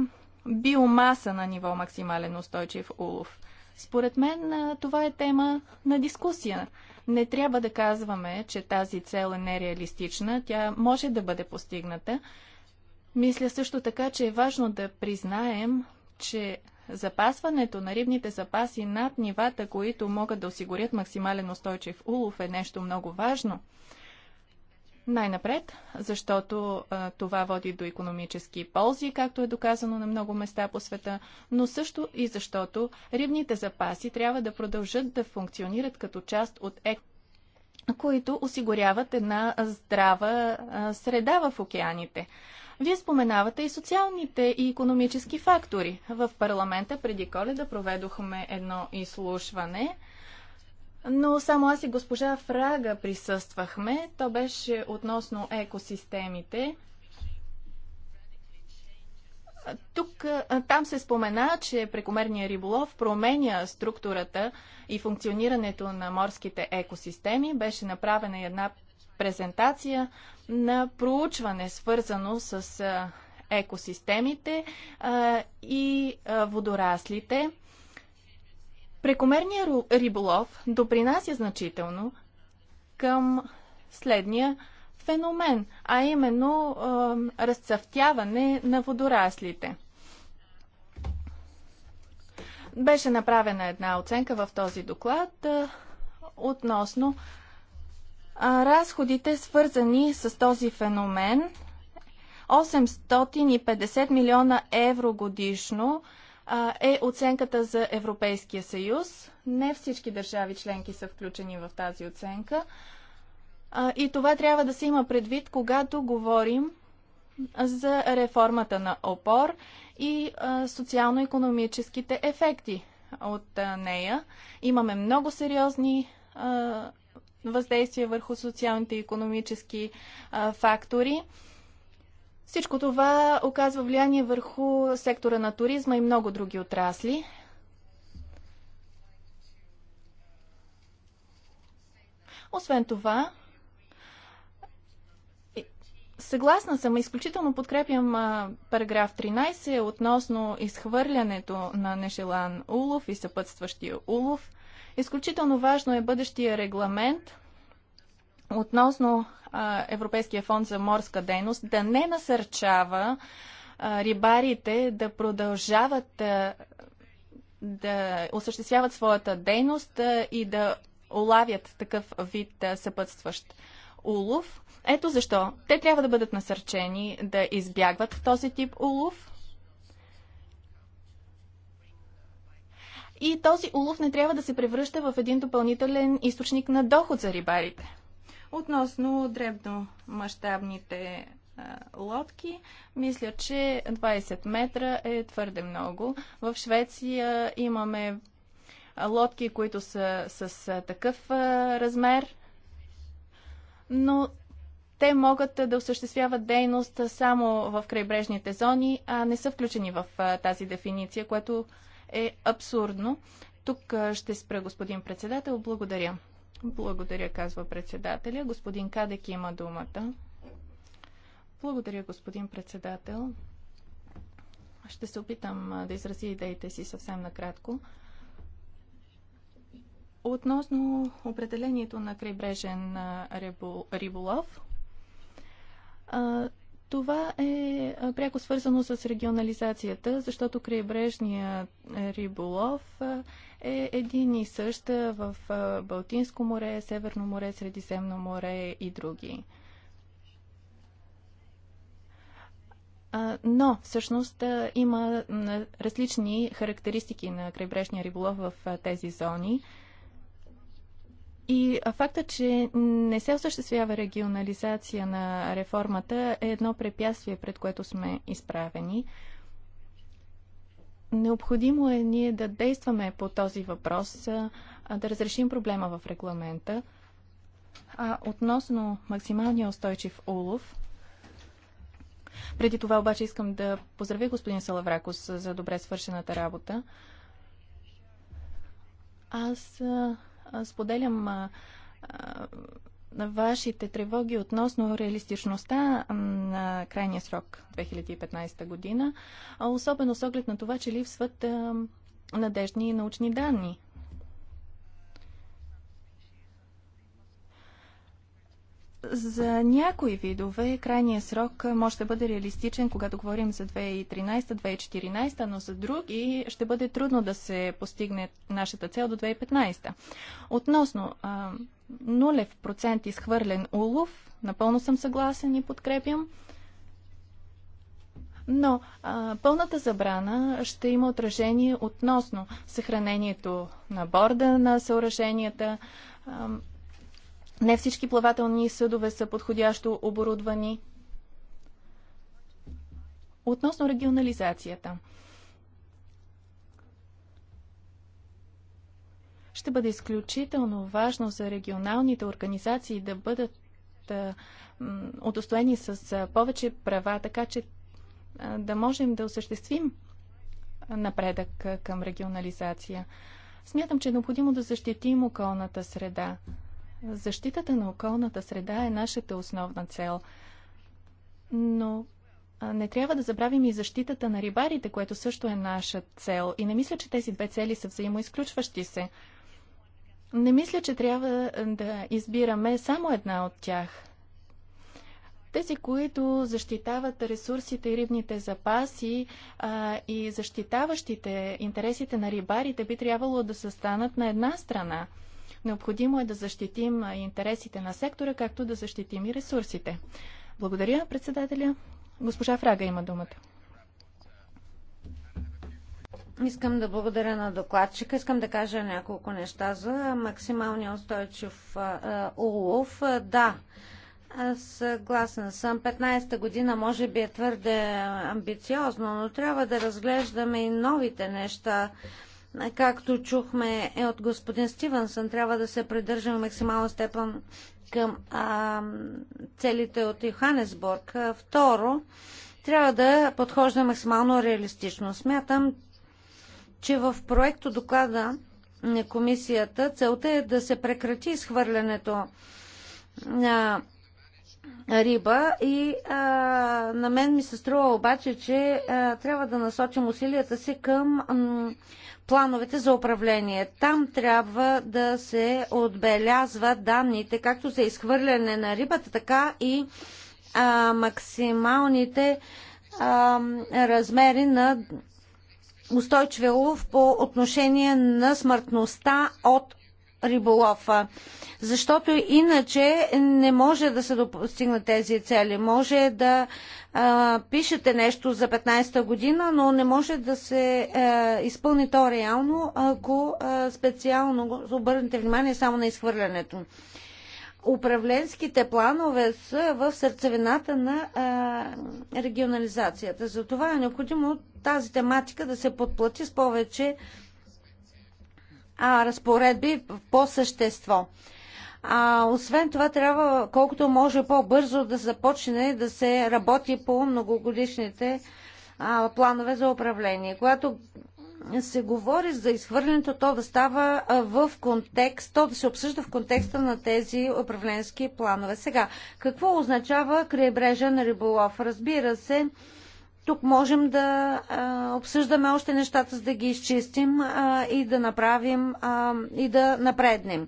биомаса на ниво максимален устойчив улов. Според мен а, това е тема на дискусия. Не трябва да казваме, че тази цел е нереалистична. Тя може да бъде постигната, мисля също така, че е важно да признаем, че запасването на рибните запаси над нивата, които могат да осигурят максимален устойчив улов, е нещо много важно. Най-напред, защото а, това води до економически ползи, както е доказано на много места по света, но също и защото рибните запаси трябва да продължат да функционират като част от ек които осигуряват една здрава а, среда в океаните. Вие споменавате и социалните и економически фактори. В парламента преди коледа проведохме едно изслушване, но само аз и госпожа Фрага присъствахме. То беше относно екосистемите. Тук, там се спомена, че прекомерният риболов променя структурата и функционирането на морските екосистеми. Беше направена една презентация на проучване, свързано с екосистемите и водораслите. Прекомерният риболов допринася значително към следния феномен, а именно а, разцъфтяване на водораслите. Беше направена една оценка в този доклад а, относно Разходите, свързани с този феномен, 850 милиона евро годишно е оценката за Европейския съюз. Не всички държави членки са включени в тази оценка. И това трябва да се има предвид, когато говорим за реформата на ОПОР и социално-економическите ефекти от нея. Имаме много сериозни въздействие върху социалните и економически а, фактори. Всичко това оказва влияние върху сектора на туризма и много други отрасли. Освен това, съгласна съм, изключително подкрепям параграф 13 относно изхвърлянето на нежелан улов и съпътстващия улов. Изключително важно е бъдещия регламент относно а, Европейския фонд за морска дейност да не насърчава а, рибарите да продължават а, да осъществяват своята дейност и да улавят такъв вид съпътстващ улов. Ето защо те трябва да бъдат насърчени да избягват този тип улов И този улов не трябва да се превръща в един допълнителен източник на доход за рибарите. Относно дребно мащабните лодки. Мисля, че 20 метра е твърде много. В Швеция имаме лодки, които са с такъв размер, но те могат да осъществяват дейност само в крайбрежните зони, а не са включени в тази дефиниция, което е абсурдно. Тук ще спра, господин председател. Благодаря. Благодаря, казва председателя. Господин Кадек има думата. Благодаря, господин председател. Ще се опитам да изрази идеите си съвсем накратко. Относно определението на крайбрежен риболов, това е пряко свързано с регионализацията, защото крайбрежния е, риболов е един и същ в Балтинско море, Северно море, Средиземно море и други. Но всъщност има различни характеристики на крайбрежния риболов в тези зони. И факта, че не се осъществява регионализация на реформата е едно препятствие, пред което сме изправени. Необходимо е ние да действаме по този въпрос, да разрешим проблема в регламента. А относно максималния устойчив улов, преди това обаче искам да поздравя господин Салавракос за добре свършената работа. Аз Споделям вашите тревоги относно реалистичността на крайния срок 2015 година, особено с оглед на това, че липсват надежни научни данни За някои видове крайният срок може да бъде реалистичен, когато говорим за 2013-2014, но за други ще бъде трудно да се постигне нашата цел до 2015. Относно нулев процент изхвърлен улов, напълно съм съгласен и подкрепям. Но а, пълната забрана ще има отражение относно съхранението на борда на съоръженията, а, не всички плавателни съдове са подходящо оборудвани. Относно регионализацията. Ще бъде изключително важно за регионалните организации да бъдат удостоени с повече права, така че да можем да осъществим напредък към регионализация. Смятам, че е необходимо да защитим околната среда. Защитата на околната среда е нашата основна цел. Но не трябва да забравим и защитата на рибарите, което също е наша цел. И не мисля, че тези две цели са взаимоизключващи се. Не мисля, че трябва да избираме само една от тях. Тези, които защитават ресурсите и рибните запаси а, и защитаващите интересите на рибарите, би трябвало да се станат на една страна – Необходимо е да защитим интересите на сектора, както да защитим и ресурсите. Благодаря, председателя. Госпожа Фрага има думата. Искам да благодаря на докладчика. Искам да кажа няколко неща за максималния устойчив улов. Да, съгласна съм. 15-та година може би е твърде амбициозно, но трябва да разглеждаме и новите неща, Както чухме е от господин Стивенсън, трябва да се придържаме максимална степен към а, целите от Йоханесбург. Второ, трябва да подхожда максимално реалистично. Смятам, че в проекто доклада на комисията целта е да се прекрати изхвърлянето на риба и а, на мен ми се струва обаче, че а, трябва да насочим усилията си към плановете за управление. Там трябва да се отбелязват данните, както за изхвърляне на рибата, така и а, максималните а, размери на устойчивия лов по отношение на смъртността от риболова. Защото иначе не може да се достигнат тези цели. Може да а, пишете нещо за 15-та година, но не може да се а, изпълни то реално, ако а, специално обърнете внимание само на изхвърлянето. Управленските планове са в сърцевината на а, регионализацията. Затова е необходимо тази тематика да се подплати с повече а, разпоредби по същество. А, освен това, трябва колкото може по-бързо да започне да се работи по многогодишните а, планове за управление. Когато се говори за изхвърлянето, то да става в контекст, то да се обсъжда в контекста на тези управленски планове. Сега, какво означава крайбрежен риболов? Разбира се, тук можем да а, обсъждаме още нещата, за да ги изчистим а, и да направим а, и да напреднем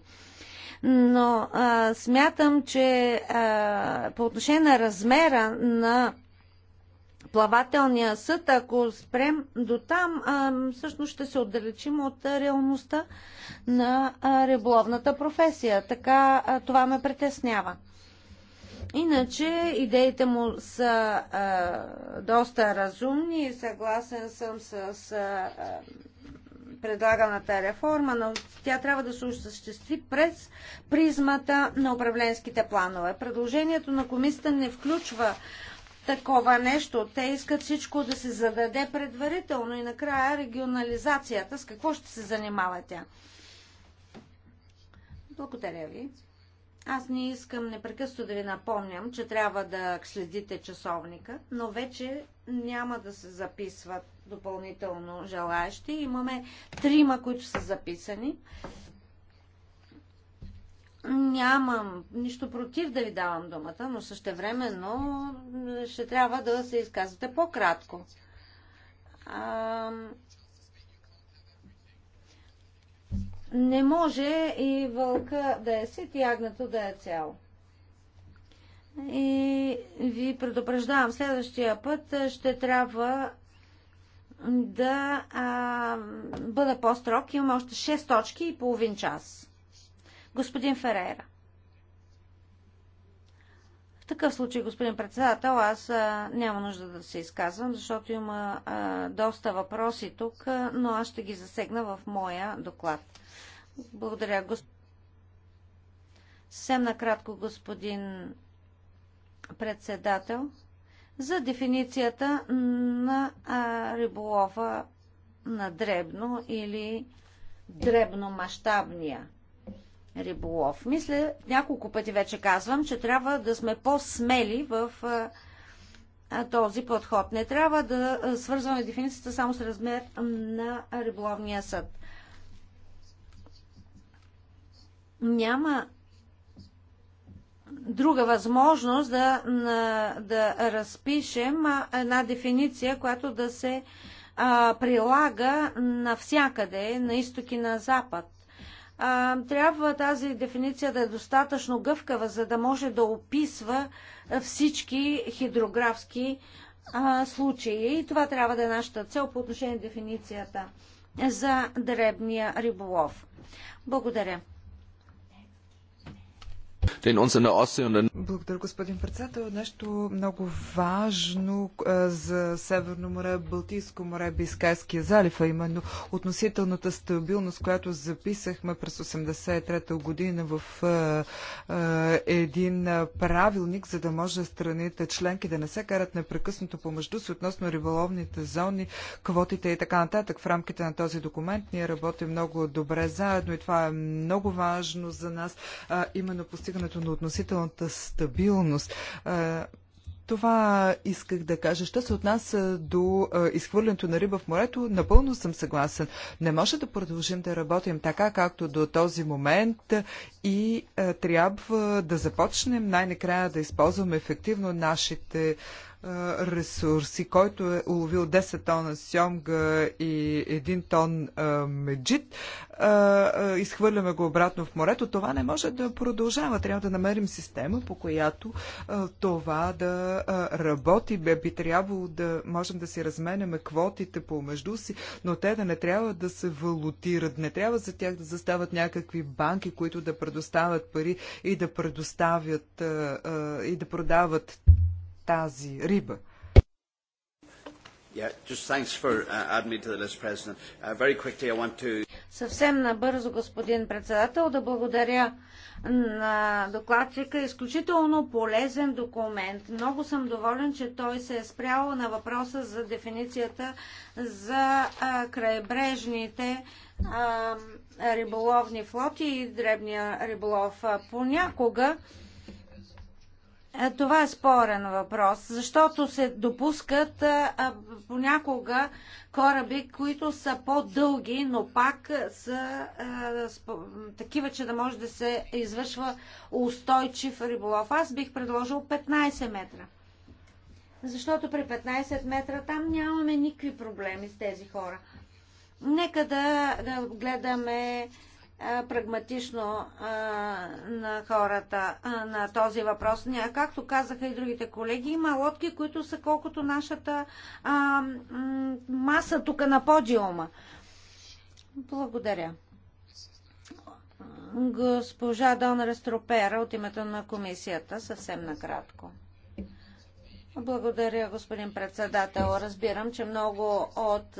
но а, смятам, че а, по отношение на размера на плавателния съд, ако спрем до там, а, всъщност ще се отдалечим от реалността на а, риболовната професия. Така а, това ме притеснява. Иначе идеите му са а, доста разумни и съгласен съм с а, предлаганата реформа, но тя трябва да се осъществи през призмата на управленските планове. Предложението на комисията не включва такова нещо. Те искат всичко да се зададе предварително и накрая регионализацията. С какво ще се занимава тя? Благодаря ви. Аз не искам непрекъсто да ви напомням, че трябва да следите часовника, но вече няма да се записват допълнително желаящи. Имаме трима, които са записани. Нямам нищо против да ви давам думата, но същевременно ще трябва да се изказвате по-кратко. Не може и вълка да е сит и агнето да е цяло. И ви предупреждавам, следващия път ще трябва да а, бъда по-строг. Имам още 6 точки и половин час. Господин Ферейра. В такъв случай, господин председател, аз а, няма нужда да се изказвам, защото има а, доста въпроси тук, а, но аз ще ги засегна в моя доклад. Благодаря. господин. Съвсем накратко, господин председател, за дефиницията на а, риболова на дребно или дребномащабния риболов. Мисля, няколко пъти вече казвам, че трябва да сме по-смели в а, този подход. Не трябва да свързваме дефиницията само с размер на риболовния съд. Няма друга възможност да, на, да разпишем една дефиниция, която да се а, прилага навсякъде, на изток и на запад. А, трябва тази дефиниция да е достатъчно гъвкава, за да може да описва всички хидрографски а, случаи. И това трябва да е нашата цел по отношение на дефиницията за дребния риболов. Благодаря. Благодаря, господин председател. Нещо много важно за Северно море, Балтийско море, Бискайския залив, а именно относителната стабилност, която записахме през 83-та година в един правилник, за да може страните членки да не се карат непрекъснато помежду си относно риболовните зони, квотите и така нататък. В рамките на този документ ние работим много добре заедно и това е много важно за нас, именно постигането постигането на относителната стабилност. Това исках да кажа. Що се отнася до изхвърлянето на риба в морето, напълно съм съгласен. Не може да продължим да работим така, както до този момент и трябва да започнем най-накрая да използваме ефективно нашите ресурси, който е уловил 10 тона сьомга и 1 тон меджит, изхвърляме го обратно в морето. Това не може да продължава. Трябва да намерим система, по която това да работи. Би трябвало да можем да си разменяме квотите помежду си, но те да не трябва да се валутират. Не трябва за тях да застават някакви банки, които да предоставят пари и да предоставят и да продават тази риба. Uh, uh, Съвсем набързо, господин председател, да благодаря на докладчика. Изключително полезен документ. Много съм доволен, че той се е спрял на въпроса за дефиницията за а, крайбрежните а, риболовни флоти и дребния риболов. Понякога е, това е спорен въпрос, защото се допускат е, понякога кораби, които са по-дълги, но пак са е, такива, че да може да се извършва устойчив риболов. Аз бих предложил 15 метра. Защото при 15 метра там нямаме никакви проблеми с тези хора. Нека да гледаме е, прагматично е, на хората е, на този въпрос. Както казаха и другите колеги, има лодки, които са колкото нашата маса тук на подиума. Благодаря. Госпожа Дон Реструпера от името на комисията, съвсем накратко. Благодаря, господин председател. Разбирам, че много от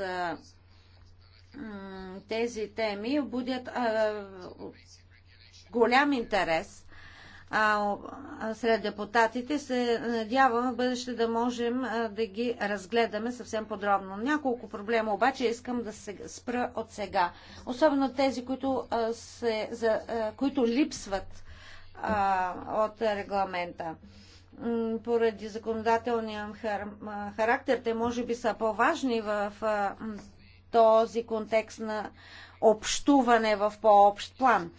тези теми будят а, голям интерес а, сред депутатите. Се надявам в бъдеще да можем а, да ги разгледаме съвсем подробно. Няколко проблема обаче искам да се спра от сега. Особено тези, които, а, се, за, а, които липсват а, от регламента поради законодателния характер, те може би са по-важни в този контекст на общуване в по-общ план.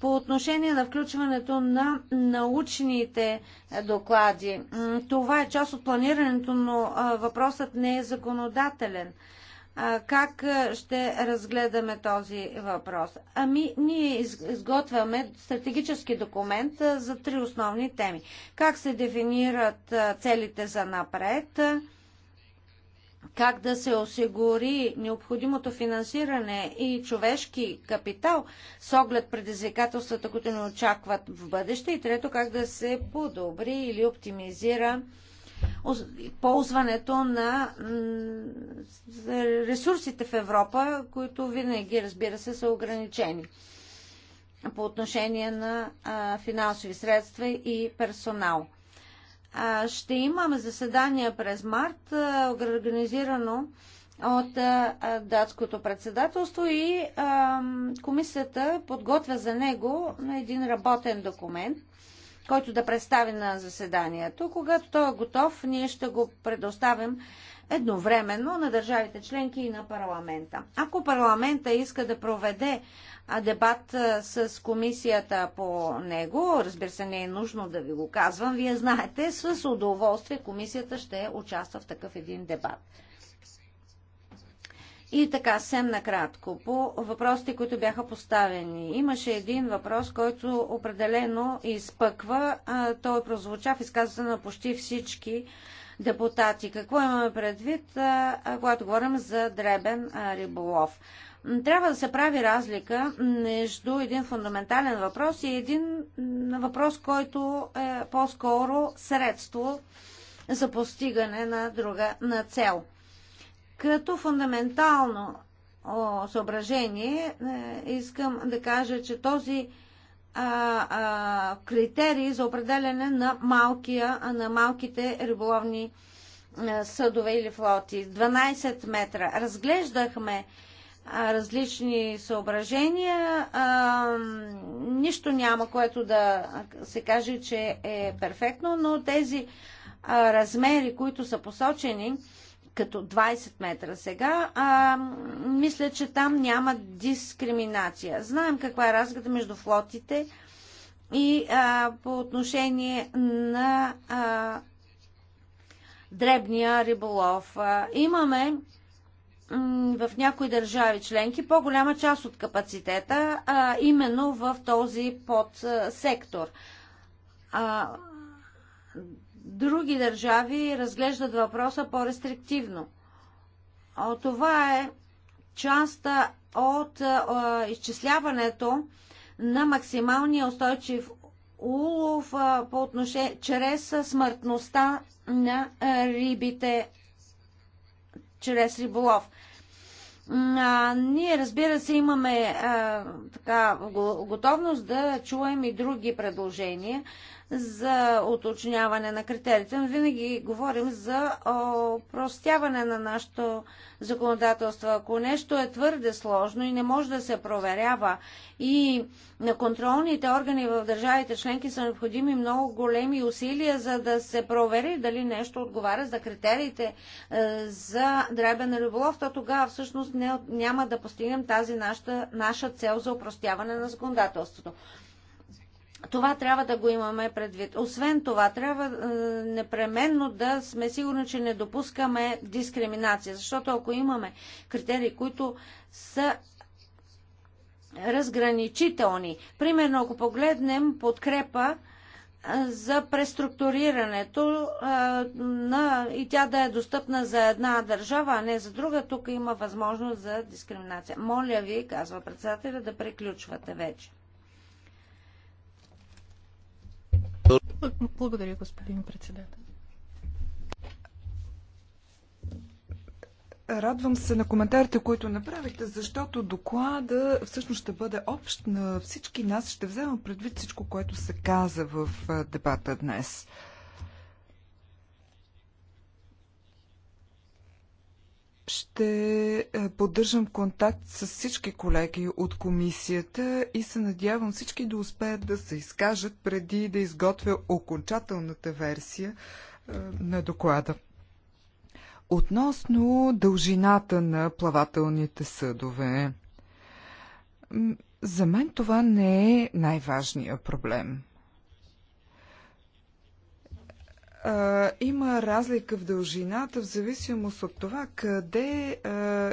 По отношение на включването на научните доклади, това е част от планирането, но въпросът не е законодателен. Как ще разгледаме този въпрос? Ами, ние изготвяме стратегически документ за три основни теми. Как се дефинират целите за напред? как да се осигури необходимото финансиране и човешки капитал с оглед предизвикателствата, които ни очакват в бъдеще и трето как да се подобри или оптимизира ползването на ресурсите в Европа, които винаги, разбира се, са ограничени по отношение на финансови средства и персонал ще имаме заседание през март, организирано от датското председателство и комисията подготвя за него един работен документ, който да представи на заседанието. Когато той е готов, ние ще го предоставим едновременно на държавите членки и на парламента. Ако парламента иска да проведе дебат с комисията по него. Разбира се, не е нужно да ви го казвам. Вие знаете, с удоволствие комисията ще участва в такъв един дебат. И така, съвсем накратко, по въпросите, които бяха поставени. Имаше един въпрос, който определено изпъква. Той прозвуча в изказване на почти всички депутати. Какво имаме предвид, когато говорим за дребен риболов? Трябва да се прави разлика между един фундаментален въпрос и един въпрос, който е по-скоро средство за постигане на друга на цел. Като фундаментално съображение е, искам да кажа, че този а, а, критерий за определяне на, малкия, на малките риболовни е, съдове или флоти. 12 метра. Разглеждахме различни съображения. А, нищо няма, което да се каже, че е перфектно, но тези а, размери, които са посочени, като 20 метра сега, а, мисля, че там няма дискриминация. Знаем каква е разликата между флотите и а, по отношение на а, дребния риболов. А, имаме в някои държави членки по-голяма част от капацитета, а, именно в този подсектор. А, други държави разглеждат въпроса по-рестриктивно. Това е част от а, изчисляването на максималния устойчив улов а, по отношение, чрез смъртността на а, рибите чрез риболов. А, ние, разбира се, имаме а, така, готовност да чуем и други предложения за уточняване на критериите, но винаги говорим за простяване на нашето законодателство. Ако нещо е твърде сложно и не може да се проверява и на контролните органи в държавите членки са необходими много големи усилия, за да се провери дали нещо отговаря за критериите е, за дребен риболов, то тогава всъщност не, няма да постигнем тази наша, наша цел за упростяване на законодателството. Това трябва да го имаме предвид. Освен това, трябва е, непременно да сме сигурни, че не допускаме дискриминация, защото ако имаме критерии, които са разграничителни, примерно ако погледнем подкрепа е, за преструктурирането е, на, и тя да е достъпна за една държава, а не за друга, тук има възможност за дискриминация. Моля ви, казва председателя, да приключвате вече. Благодаря, господин председател. Радвам се на коментарите, които направите, защото доклада всъщност ще бъде общ на всички нас. Ще взема предвид всичко, което се каза в дебата днес. Ще е, поддържам контакт с всички колеги от комисията и се надявам всички да успеят да се изкажат преди да изготвя окончателната версия е, на доклада. Относно дължината на плавателните съдове, за мен това не е най-важният проблем. а, има разлика в дължината в зависимост от това къде а,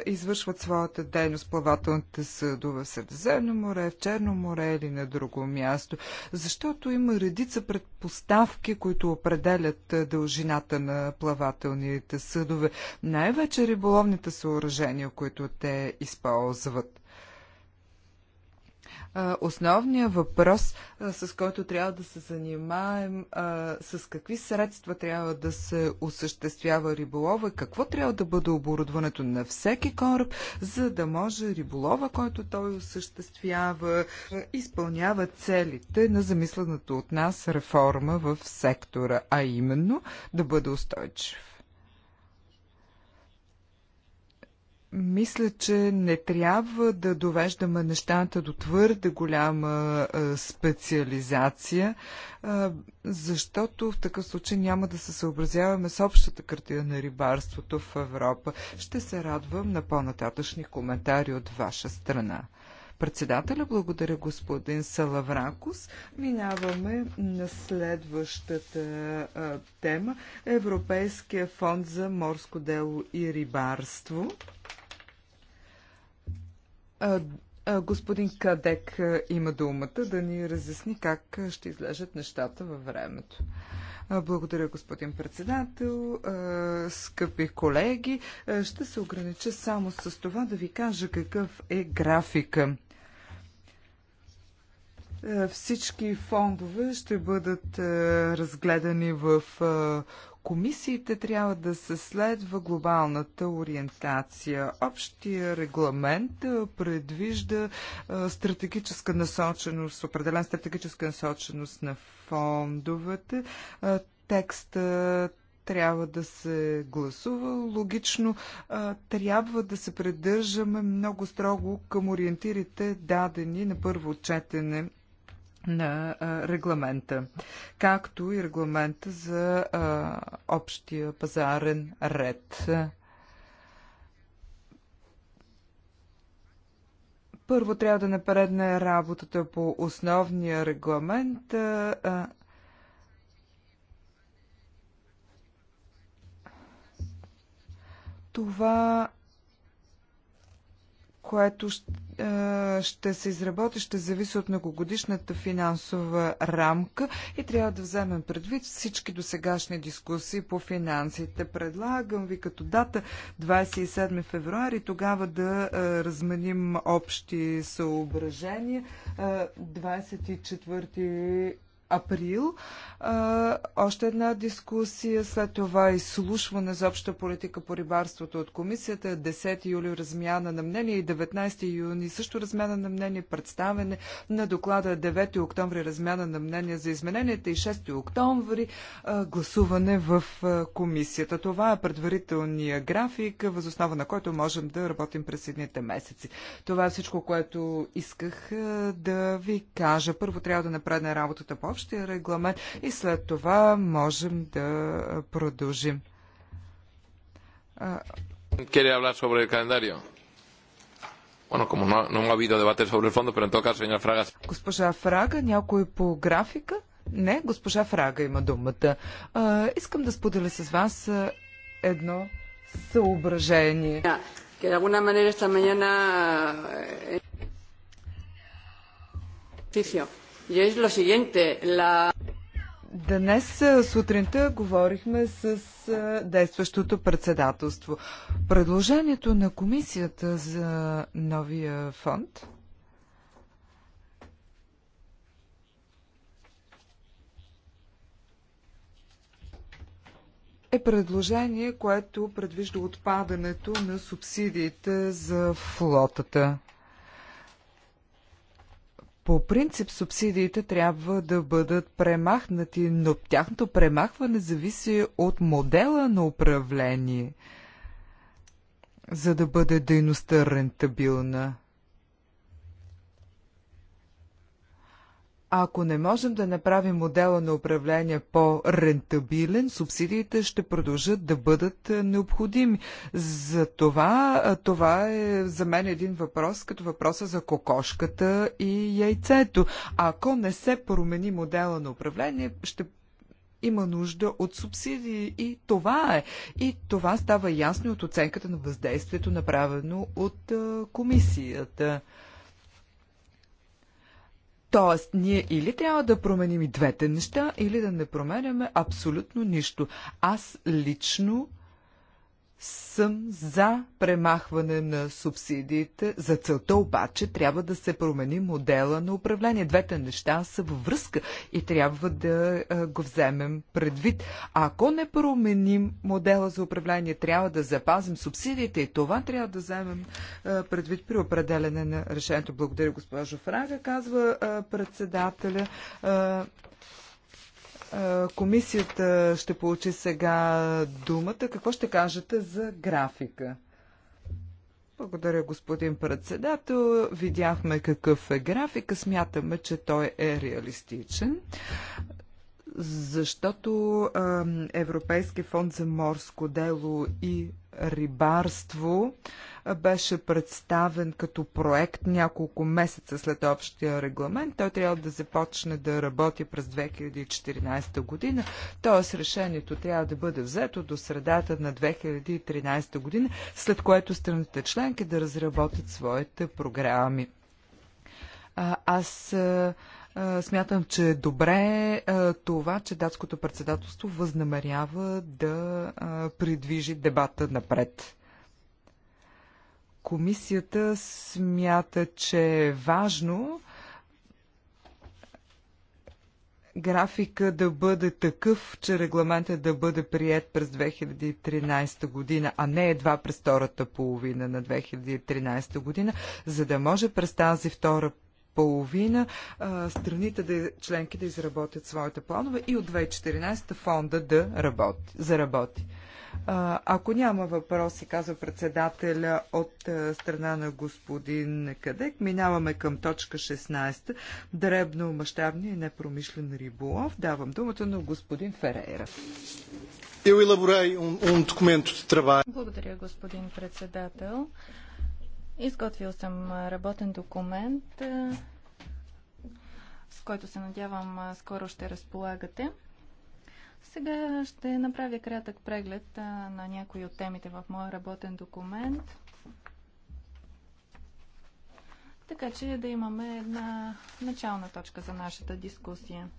извършват своята дейност плавателните съдове в Средиземно море, в Черно море или на друго място. Защото има редица предпоставки, които определят дължината на плавателните съдове. Най-вече риболовните съоръжения, които те използват. Основният въпрос, с който трябва да се занимаем, с какви средства трябва да се осъществява риболова, какво трябва да бъде оборудването на всеки кораб, за да може риболова, който той осъществява, изпълнява целите на замисленото от нас реформа в сектора, а именно да бъде устойчив. Мисля, че не трябва да довеждаме нещата до твърде голяма специализация, защото в такъв случай няма да се съобразяваме с общата картина на рибарството в Европа. Ще се радвам на по-нататъчни коментари от ваша страна председателя. Благодаря господин Салавракус. Минаваме на следващата а, тема Европейския фонд за морско дело и рибарство. Господин Кадек има думата да ни разясни как ще излежат нещата във времето. Благодаря, господин председател. Скъпи колеги, ще се огранича само с това да ви кажа какъв е графика. Всички фондове ще бъдат разгледани в комисиите трябва да се следва глобалната ориентация. Общия регламент предвижда стратегическа насоченост, определен стратегическа насоченост на фондовете. Текста трябва да се гласува логично, трябва да се придържаме много строго към ориентирите дадени на първо четене на регламента, както и регламента за общия пазарен ред. Първо трябва да напредне работата по основния регламент. А, това което е, ще се изработи, ще зависи от многогодишната финансова рамка и трябва да вземем предвид всички досегашни дискусии по финансите. Предлагам ви като дата 27 февруари, тогава да е, разменим общи съображения. 24 е, април. А, още една дискусия, след това изслушване за обща политика по рибарството от комисията, 10 юли размяна на мнение и 19 юни също размяна на мнение, представене на доклада 9 октомври размяна на мнение за измененията и 6 октомври а, гласуване в а, комисията. Това е предварителния график, възоснова на който можем да работим през едните месеци. Това е всичко, което исках а, да ви кажа. Първо трябва да направя работата по общия регламент и след това можем да продължим. Госпожа Фрага, някой по графика? Не, госпожа Фрага има думата. искам да споделя с вас едно съображение. Que Днес е, сутринта говорихме с е, действащото председателство. Предложението на комисията за новия фонд е предложение, което предвижда отпадането на субсидиите за флотата. По принцип субсидиите трябва да бъдат премахнати, но тяхното премахване зависи от модела на управление, за да бъде дейността рентабилна. Ако не можем да направим модела на управление по-рентабилен, субсидиите ще продължат да бъдат е, необходими. За това, е, това е за мен един въпрос, като въпроса за кокошката и яйцето. Ако не се промени модела на управление, ще има нужда от субсидии и това е. И това става ясно от оценката на въздействието, направено от е, комисията. Тоест, ние или трябва да променим и двете неща, или да не променяме абсолютно нищо. Аз лично съм за премахване на субсидиите. За целта обаче трябва да се промени модела на управление. Двете неща са във връзка и трябва да го вземем предвид. А ако не променим модела за управление, трябва да запазим субсидиите и това трябва да вземем предвид при определене на решението. Благодаря, госпожо Фрага, казва председателя. Комисията ще получи сега думата. Какво ще кажете за графика? Благодаря, господин председател. Видяхме какъв е графика. Смятаме, че той е реалистичен защото Европейски фонд за морско дело и рибарство беше представен като проект няколко месеца след общия регламент. Той трябва да започне да работи през 2014 година, т.е. решението трябва да бъде взето до средата на 2013 година, след което страните членки да разработят своите програми. Аз Смятам, че е добре това, че датското председателство възнамерява да придвижи дебата напред. Комисията смята, че е важно графика да бъде такъв, че регламентът да бъде прият през 2013 година, а не едва през втората половина на 2013 година, за да може през тази втора половина страните да, членки да изработят своите планове и от 2014 фонда да работи, заработи. Ако няма въпроси, казва председателя от страна на господин Кадек, минаваме към точка 16. Дребно, мащабния и непромишлен риболов. Давам думата на господин Ферейра. Um, um Благодаря, господин председател. Изготвил съм работен документ, с който се надявам скоро ще разполагате. Сега ще направя кратък преглед на някои от темите в моя работен документ. Така че да имаме една начална точка за нашата дискусия.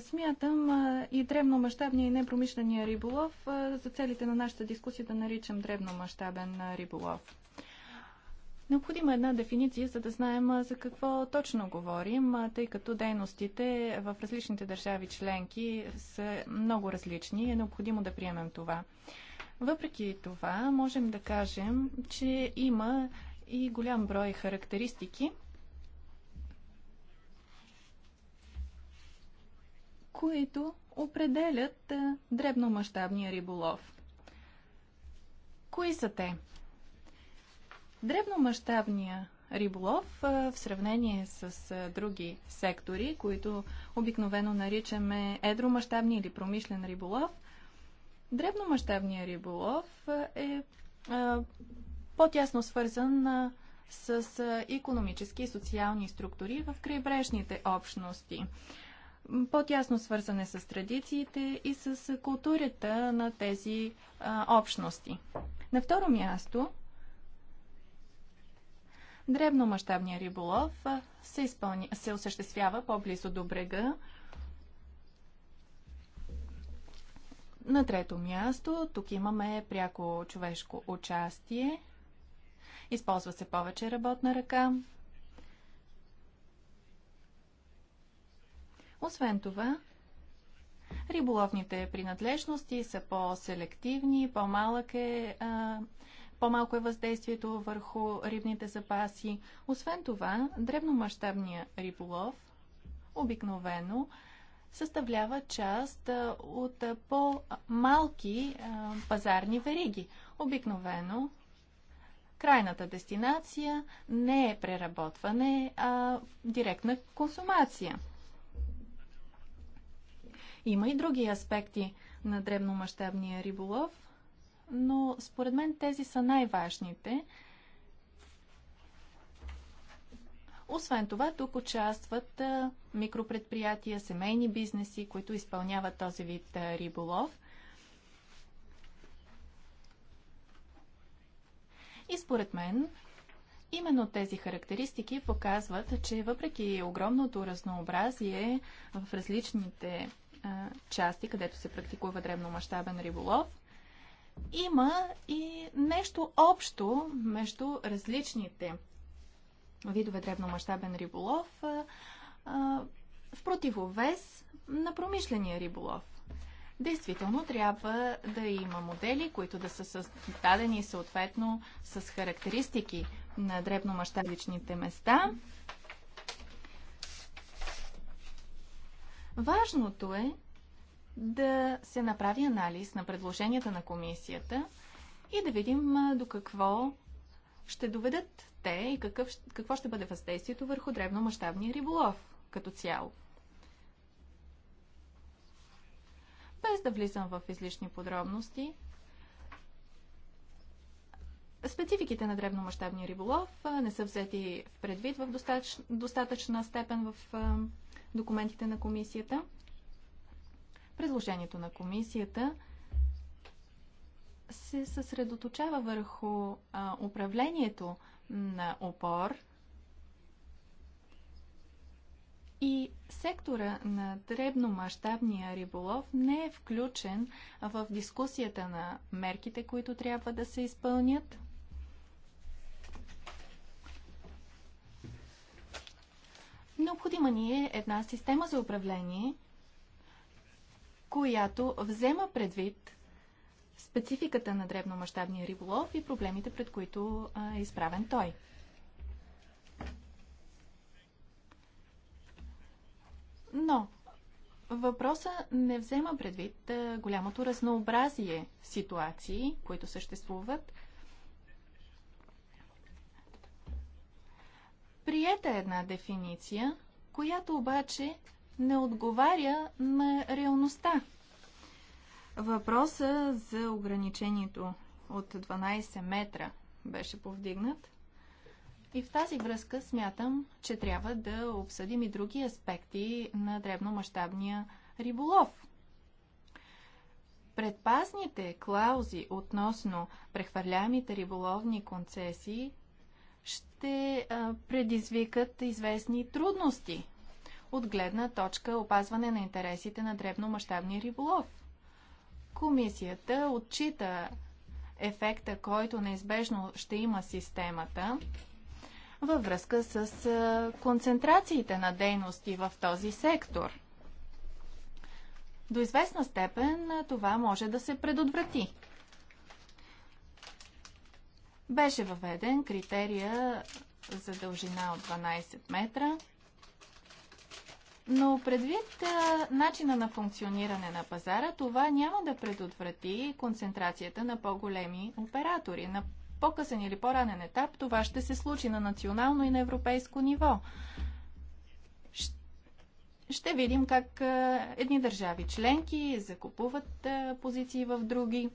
Смятам и дребномащабния и непромишления риболов за целите на нашата дискусия да наричам дребномащабен риболов. Необходима е една дефиниция, за да знаем за какво точно говорим, тъй като дейностите в различните държави членки са много различни и е необходимо да приемем това. Въпреки това, можем да кажем, че има и голям брой характеристики, които определят дребномащабния риболов. Кои са те? Дребномащабния риболов в сравнение с други сектори, които обикновено наричаме едромащабни или промишлен риболов, дребномащабния риболов е по-тясно свързан с економически и социални структури в крайбрежните общности. По-тясно свързане с традициите и с културата на тези а, общности. На второ място, Дребномащабният риболов се, изпълни... се осъществява по-близо до брега. На трето място, тук имаме пряко човешко участие. Използва се повече работна ръка. Освен това, риболовните принадлежности са по-селективни, по-малък е а, по-малко е въздействието върху рибните запаси. Освен това, древномащабния риболов обикновено съставлява част от по-малки пазарни вериги. Обикновено крайната дестинация не е преработване, а директна консумация. Има и други аспекти на дребномащабния риболов, но според мен тези са най-важните. Освен това, тук участват микропредприятия, семейни бизнеси, които изпълняват този вид риболов. И според мен, именно тези характеристики показват, че въпреки огромното разнообразие в различните части, където се практикува древномащабен риболов, има и нещо общо между различните видове дребномащабен риболов а, а, в противовес на промишления риболов. Действително трябва да има модели, които да са създадени съответно с характеристики на дребномащабичните места. Важното е да се направи анализ на предложенията на комисията и да видим до какво ще доведат те и какъв, какво ще бъде въздействието върху древномащабния риболов като цяло. Без да влизам в излишни подробности, спецификите на древномащабния риболов не са взети в предвид в достатъчна степен в документите на комисията – Предложението на комисията се съсредоточава върху а, управлението на опор и сектора на дребномащабния риболов не е включен в дискусията на мерките, които трябва да се изпълнят. Необходима ни е една система за управление, която взема предвид спецификата на дребномащабния риболов и проблемите, пред които е изправен той. Но въпроса не взема предвид голямото разнообразие ситуации, които съществуват. Приета е една дефиниция, която обаче не отговаря на реалността. Въпроса за ограничението от 12 метра беше повдигнат. И в тази връзка смятам, че трябва да обсъдим и други аспекти на дребномащабния риболов. Предпазните клаузи относно прехвърляемите риболовни концесии ще предизвикат известни трудности от гледна точка опазване на интересите на дребномащабния риболов. Комисията отчита ефекта, който неизбежно ще има системата във връзка с концентрациите на дейности в този сектор. До известна степен това може да се предотврати. Беше въведен критерия за дължина от 12 метра – но предвид а, начина на функциониране на пазара, това няма да предотврати концентрацията на по-големи оператори. На по-късен или по-ранен етап това ще се случи на национално и на европейско ниво. Ще видим как а, едни държави членки закупуват а, позиции в други.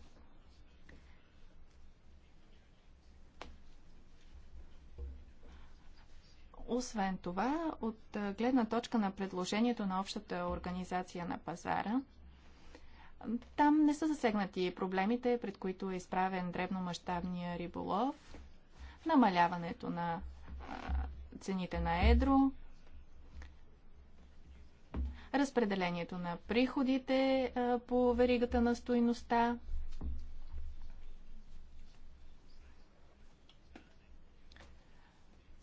Освен това, от гледна точка на предложението на общата организация на пазара, там не са засегнати проблемите, пред които е изправен дребномащабния риболов, намаляването на цените на едро, разпределението на приходите по веригата на стойността,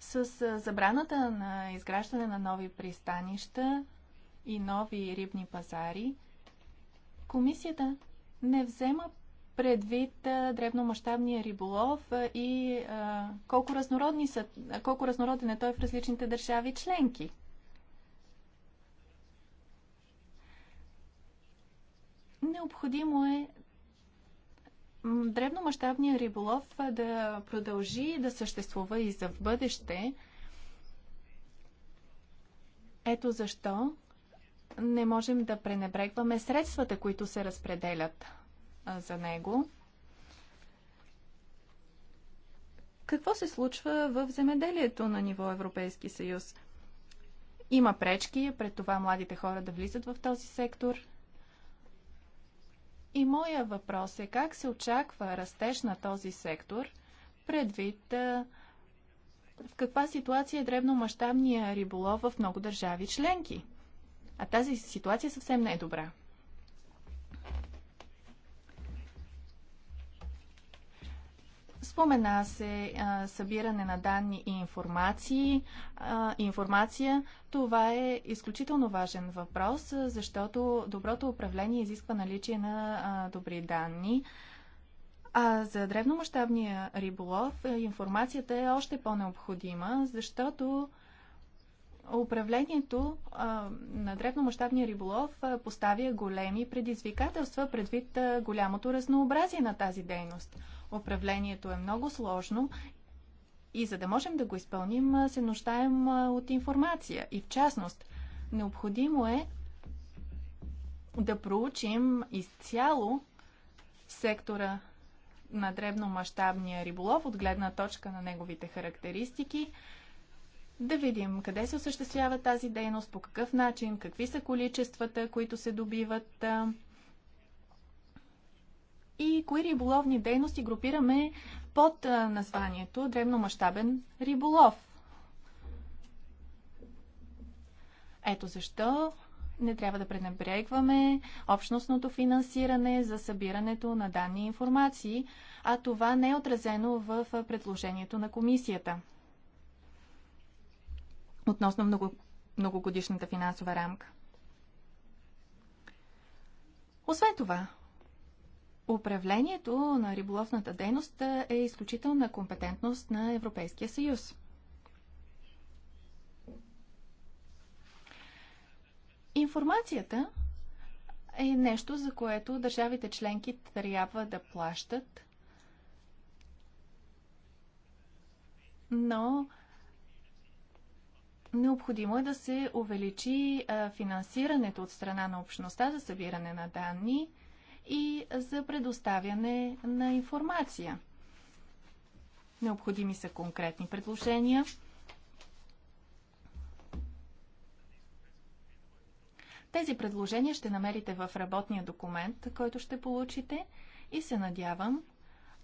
С забраната на изграждане на нови пристанища и нови рибни пазари, комисията не взема предвид дребномащабния риболов и а, колко, разнородни са, колко разнороден е той в различните държави членки. Необходимо е древномащабният риболов да продължи да съществува и за в бъдеще. Ето защо не можем да пренебрегваме средствата, които се разпределят за него. Какво се случва в земеделието на ниво Европейски съюз? Има пречки пред това младите хора да влизат в този сектор – и моя въпрос е как се очаква растеж на този сектор предвид в каква ситуация е дребномащабния риболов в много държави членки. А тази ситуация съвсем не е добра. Спомена се а, събиране на данни и информации, а, информация. Това е изключително важен въпрос, защото доброто управление изисква наличие на а, добри данни. А за древномащабния риболов информацията е още по-необходима, защото управлението а, на древномащабния риболов а, поставя големи предизвикателства предвид а, голямото разнообразие на тази дейност – Управлението е много сложно и за да можем да го изпълним, се нуждаем от информация. И в частност, необходимо е да проучим изцяло сектора на дребномащабния риболов от гледна точка на неговите характеристики, да видим къде се осъществява тази дейност, по какъв начин, какви са количествата, които се добиват и кои риболовни дейности групираме под названието древномащабен риболов. Ето защо не трябва да пренебрегваме общностното финансиране за събирането на данни и информации, а това не е отразено в предложението на комисията. Относно много, многогодишната финансова рамка. Освен това, Управлението на риболовната дейност е изключителна компетентност на Европейския съюз. Информацията е нещо, за което държавите членки трябва да плащат, но необходимо е да се увеличи финансирането от страна на общността за събиране на данни – и за предоставяне на информация. Необходими са конкретни предложения. Тези предложения ще намерите в работния документ, който ще получите и се надявам,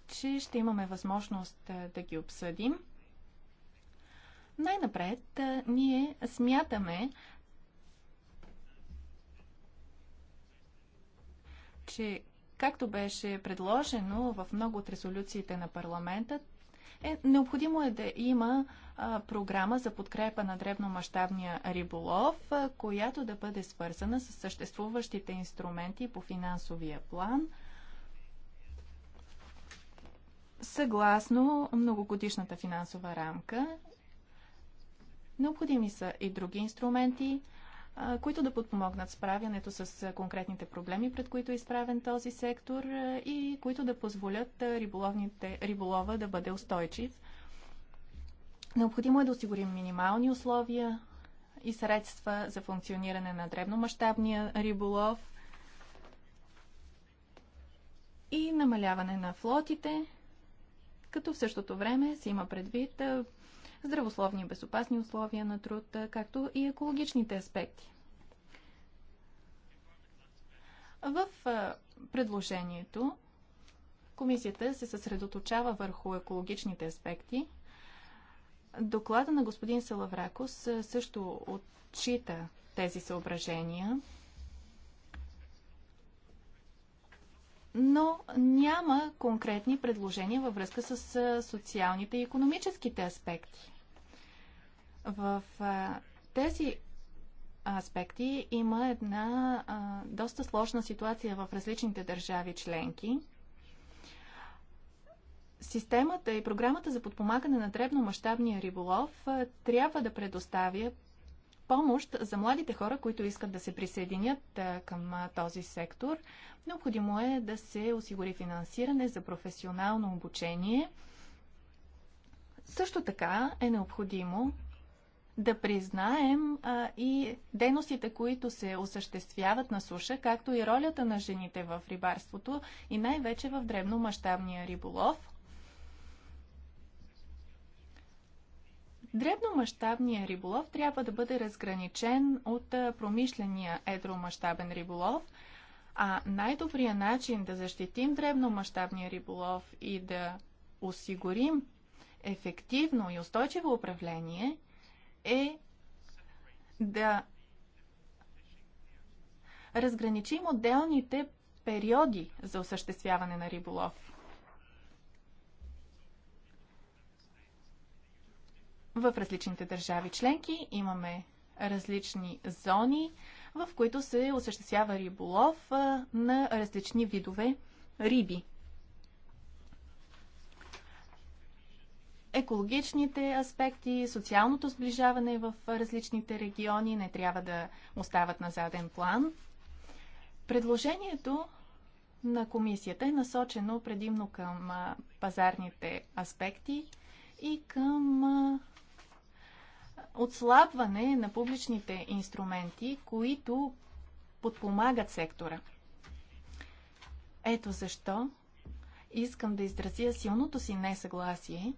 че ще имаме възможност да ги обсъдим. Най-напред ние смятаме, че както беше предложено в много от резолюциите на парламента, е, необходимо е да има а, програма за подкрепа на древномащабния риболов, а, която да бъде свързана с съществуващите инструменти по финансовия план, съгласно многогодишната финансова рамка. Необходими са и други инструменти, които да подпомогнат справянето с конкретните проблеми, пред които е изправен този сектор и които да позволят риболовните, риболова да бъде устойчив. Необходимо е да осигурим минимални условия и средства за функциониране на дребномащабния риболов и намаляване на флотите, като в същото време се има предвид здравословни и безопасни условия на труд, както и екологичните аспекти. В предложението комисията се съсредоточава върху екологичните аспекти. Доклада на господин Салавракос също отчита тези съображения, но няма конкретни предложения във връзка с социалните и економическите аспекти. В а, тези аспекти има една а, доста сложна ситуация в различните държави членки. Системата и програмата за подпомагане на дребномащабния риболов а, трябва да предоставя помощ за младите хора, които искат да се присъединят а, към а, този сектор. Необходимо е да се осигури финансиране за професионално обучение. Също така е необходимо да признаем а, и дейностите, които се осъществяват на суша, както и ролята на жените в рибарството и най-вече в дребномащабния риболов. Дребномащабния риболов трябва да бъде разграничен от промишления едромащабен риболов, а най-добрият начин да защитим дребномащабния риболов и да осигурим ефективно и устойчиво управление – е да разграничим отделните периоди за осъществяване на риболов. В различните държави членки имаме различни зони, в които се осъществява риболов на различни видове риби. екологичните аспекти, социалното сближаване в различните региони не трябва да остават на заден план. Предложението на комисията е насочено предимно към пазарните аспекти и към отслабване на публичните инструменти, които подпомагат сектора. Ето защо искам да изразя силното си несъгласие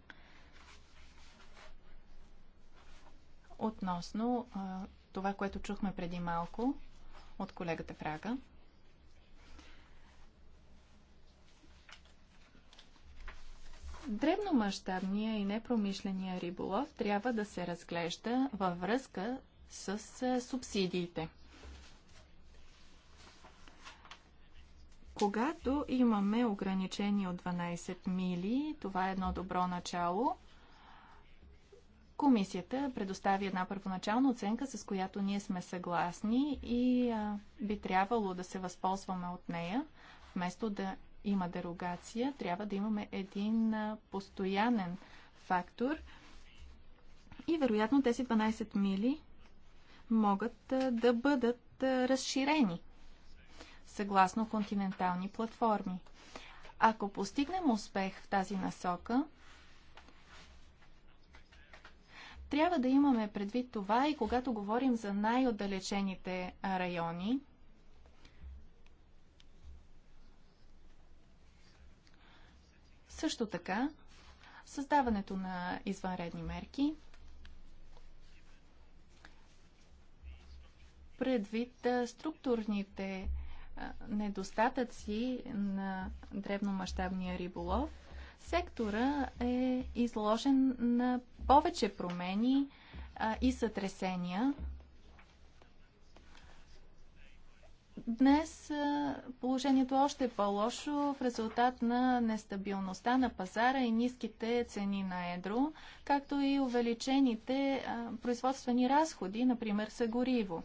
относно а, това, което чухме преди малко от колегата Фрага. Дребномащабния и непромишления риболов трябва да се разглежда във връзка с субсидиите. Когато имаме ограничение от 12 мили, това е едно добро начало – Комисията предостави една първоначална оценка, с която ние сме съгласни и а, би трябвало да се възползваме от нея. Вместо да има дерогация, трябва да имаме един а, постоянен фактор. И вероятно тези 12 мили могат а, да бъдат а, разширени съгласно континентални платформи. Ако постигнем успех в тази насока, Трябва да имаме предвид това и когато говорим за най-отдалечените райони. Също така, създаването на извънредни мерки предвид структурните недостатъци на древномащабния риболов Сектора е изложен на повече промени а, и сътресения. Днес а, положението е още е по-лошо в резултат на нестабилността на пазара и ниските цени на едро, както и увеличените а, производствени разходи, например са гориво.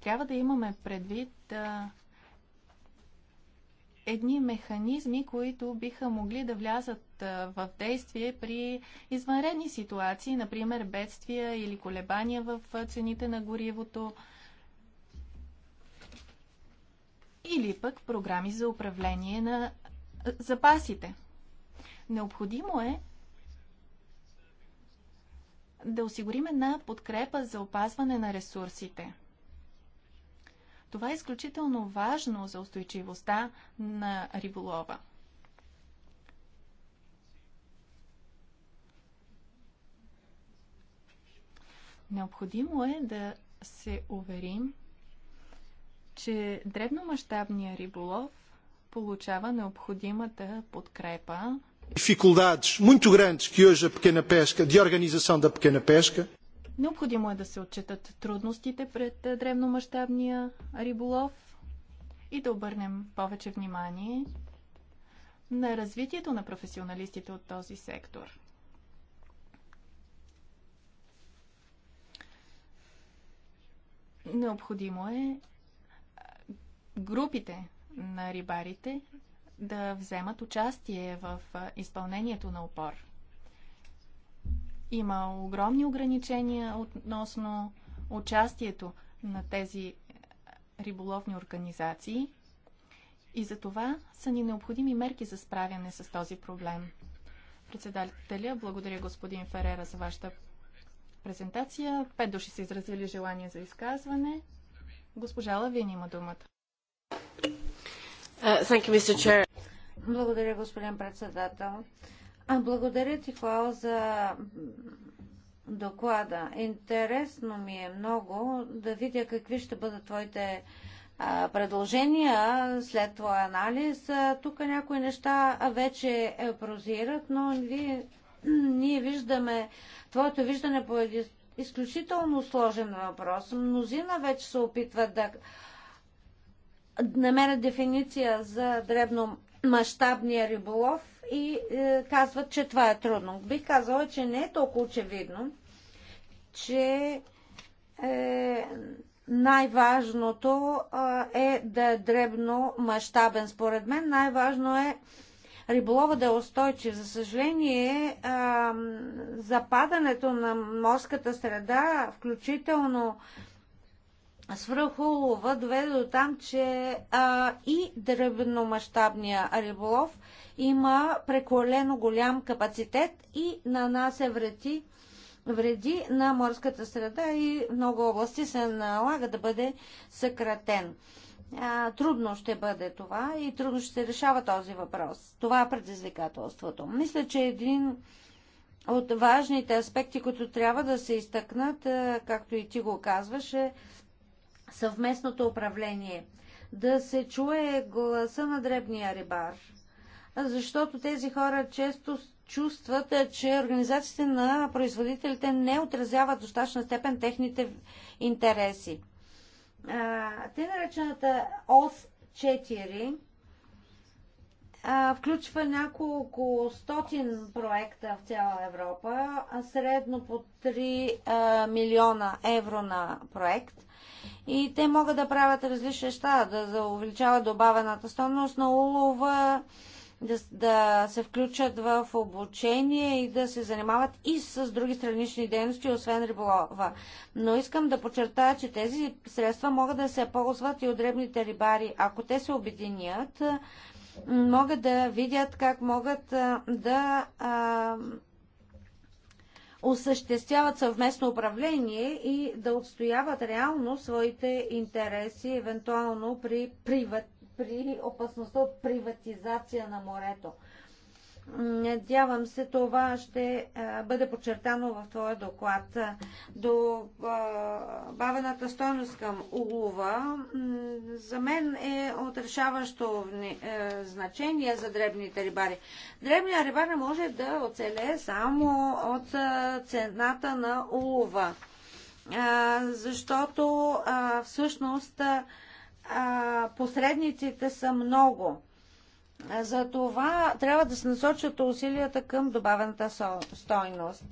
Трябва да имаме предвид а, едни механизми, които биха могли да влязат в действие при извънредни ситуации, например бедствия или колебания в цените на горивото или пък програми за управление на запасите. Необходимо е да осигурим една подкрепа за опазване на ресурсите – това е изключително важно за устойчивостта на риболова. Необходимо е да се уверим, че дребномащабният риболов получава необходимата подкрепа. Dificuldades muito grandes que hoje a пекена пешка. de organização Необходимо е да се отчитат трудностите пред древномащабния риболов и да обърнем повече внимание на развитието на професионалистите от този сектор. Необходимо е групите на рибарите да вземат участие в изпълнението на опор. Има огромни ограничения относно участието на тези риболовни организации и за това са ни необходими мерки за справяне с този проблем. Председателя, благодаря господин Ферера за вашата презентация. Пет души са изразили желание за изказване. Госпожа Лавин има думата. Uh, you, благодаря, господин председател. Благодаря ти, Клао, за доклада. Интересно ми е много да видя какви ще бъдат твоите предложения след твоя анализ. тук някои неща вече е, прозират, но вие, ние виждаме твоето виждане по един изключително сложен въпрос. Мнозина вече се опитват да намерят дефиниция за дребномащабния риболов и е, казват, че това е трудно. Бих казала, че не е толкова очевидно, че е, най-важното е, е да е дребно мащабен. Според мен най-важно е риболова да е устойчив. За съжаление, е, западането на морската среда, включително свръхулова доведе до там, че а, и дръбномащабния риболов има преколено голям капацитет и нанася вреди, вреди на морската среда и много области се налага да бъде съкратен. А, трудно ще бъде това и трудно ще се решава този въпрос. Това е предизвикателството. Мисля, че един от важните аспекти, които трябва да се изтъкнат, както и ти го казваше, съвместното управление. Да се чуе гласа на дребния рибар, защото тези хора често чувстват, е, че организациите на производителите не отразяват достатъчна степен техните интереси. те наречената ОС 4 включва няколко стотин проекта в цяла Европа, а средно по 3 милиона евро на проект – и те могат да правят различни неща, да увеличават добавената стойност на улова, да, да се включат в обучение и да се занимават и с други странични дейности, освен риболова. Но искам да подчертая, че тези средства могат да се ползват и от дребните рибари. Ако те се обединят, могат да видят как могат да осъществяват съвместно управление и да отстояват реално своите интереси, евентуално при, приват, при опасността от приватизация на морето. Надявам се, това ще бъде подчертано в твоя доклад. До бавената стойност към улова за мен е отрешаващо е, значение за дребните рибари. Дребния рибар не може да оцелее само от цената на улова, защото всъщност посредниците са много за това трябва да се насочат усилията към добавената стойност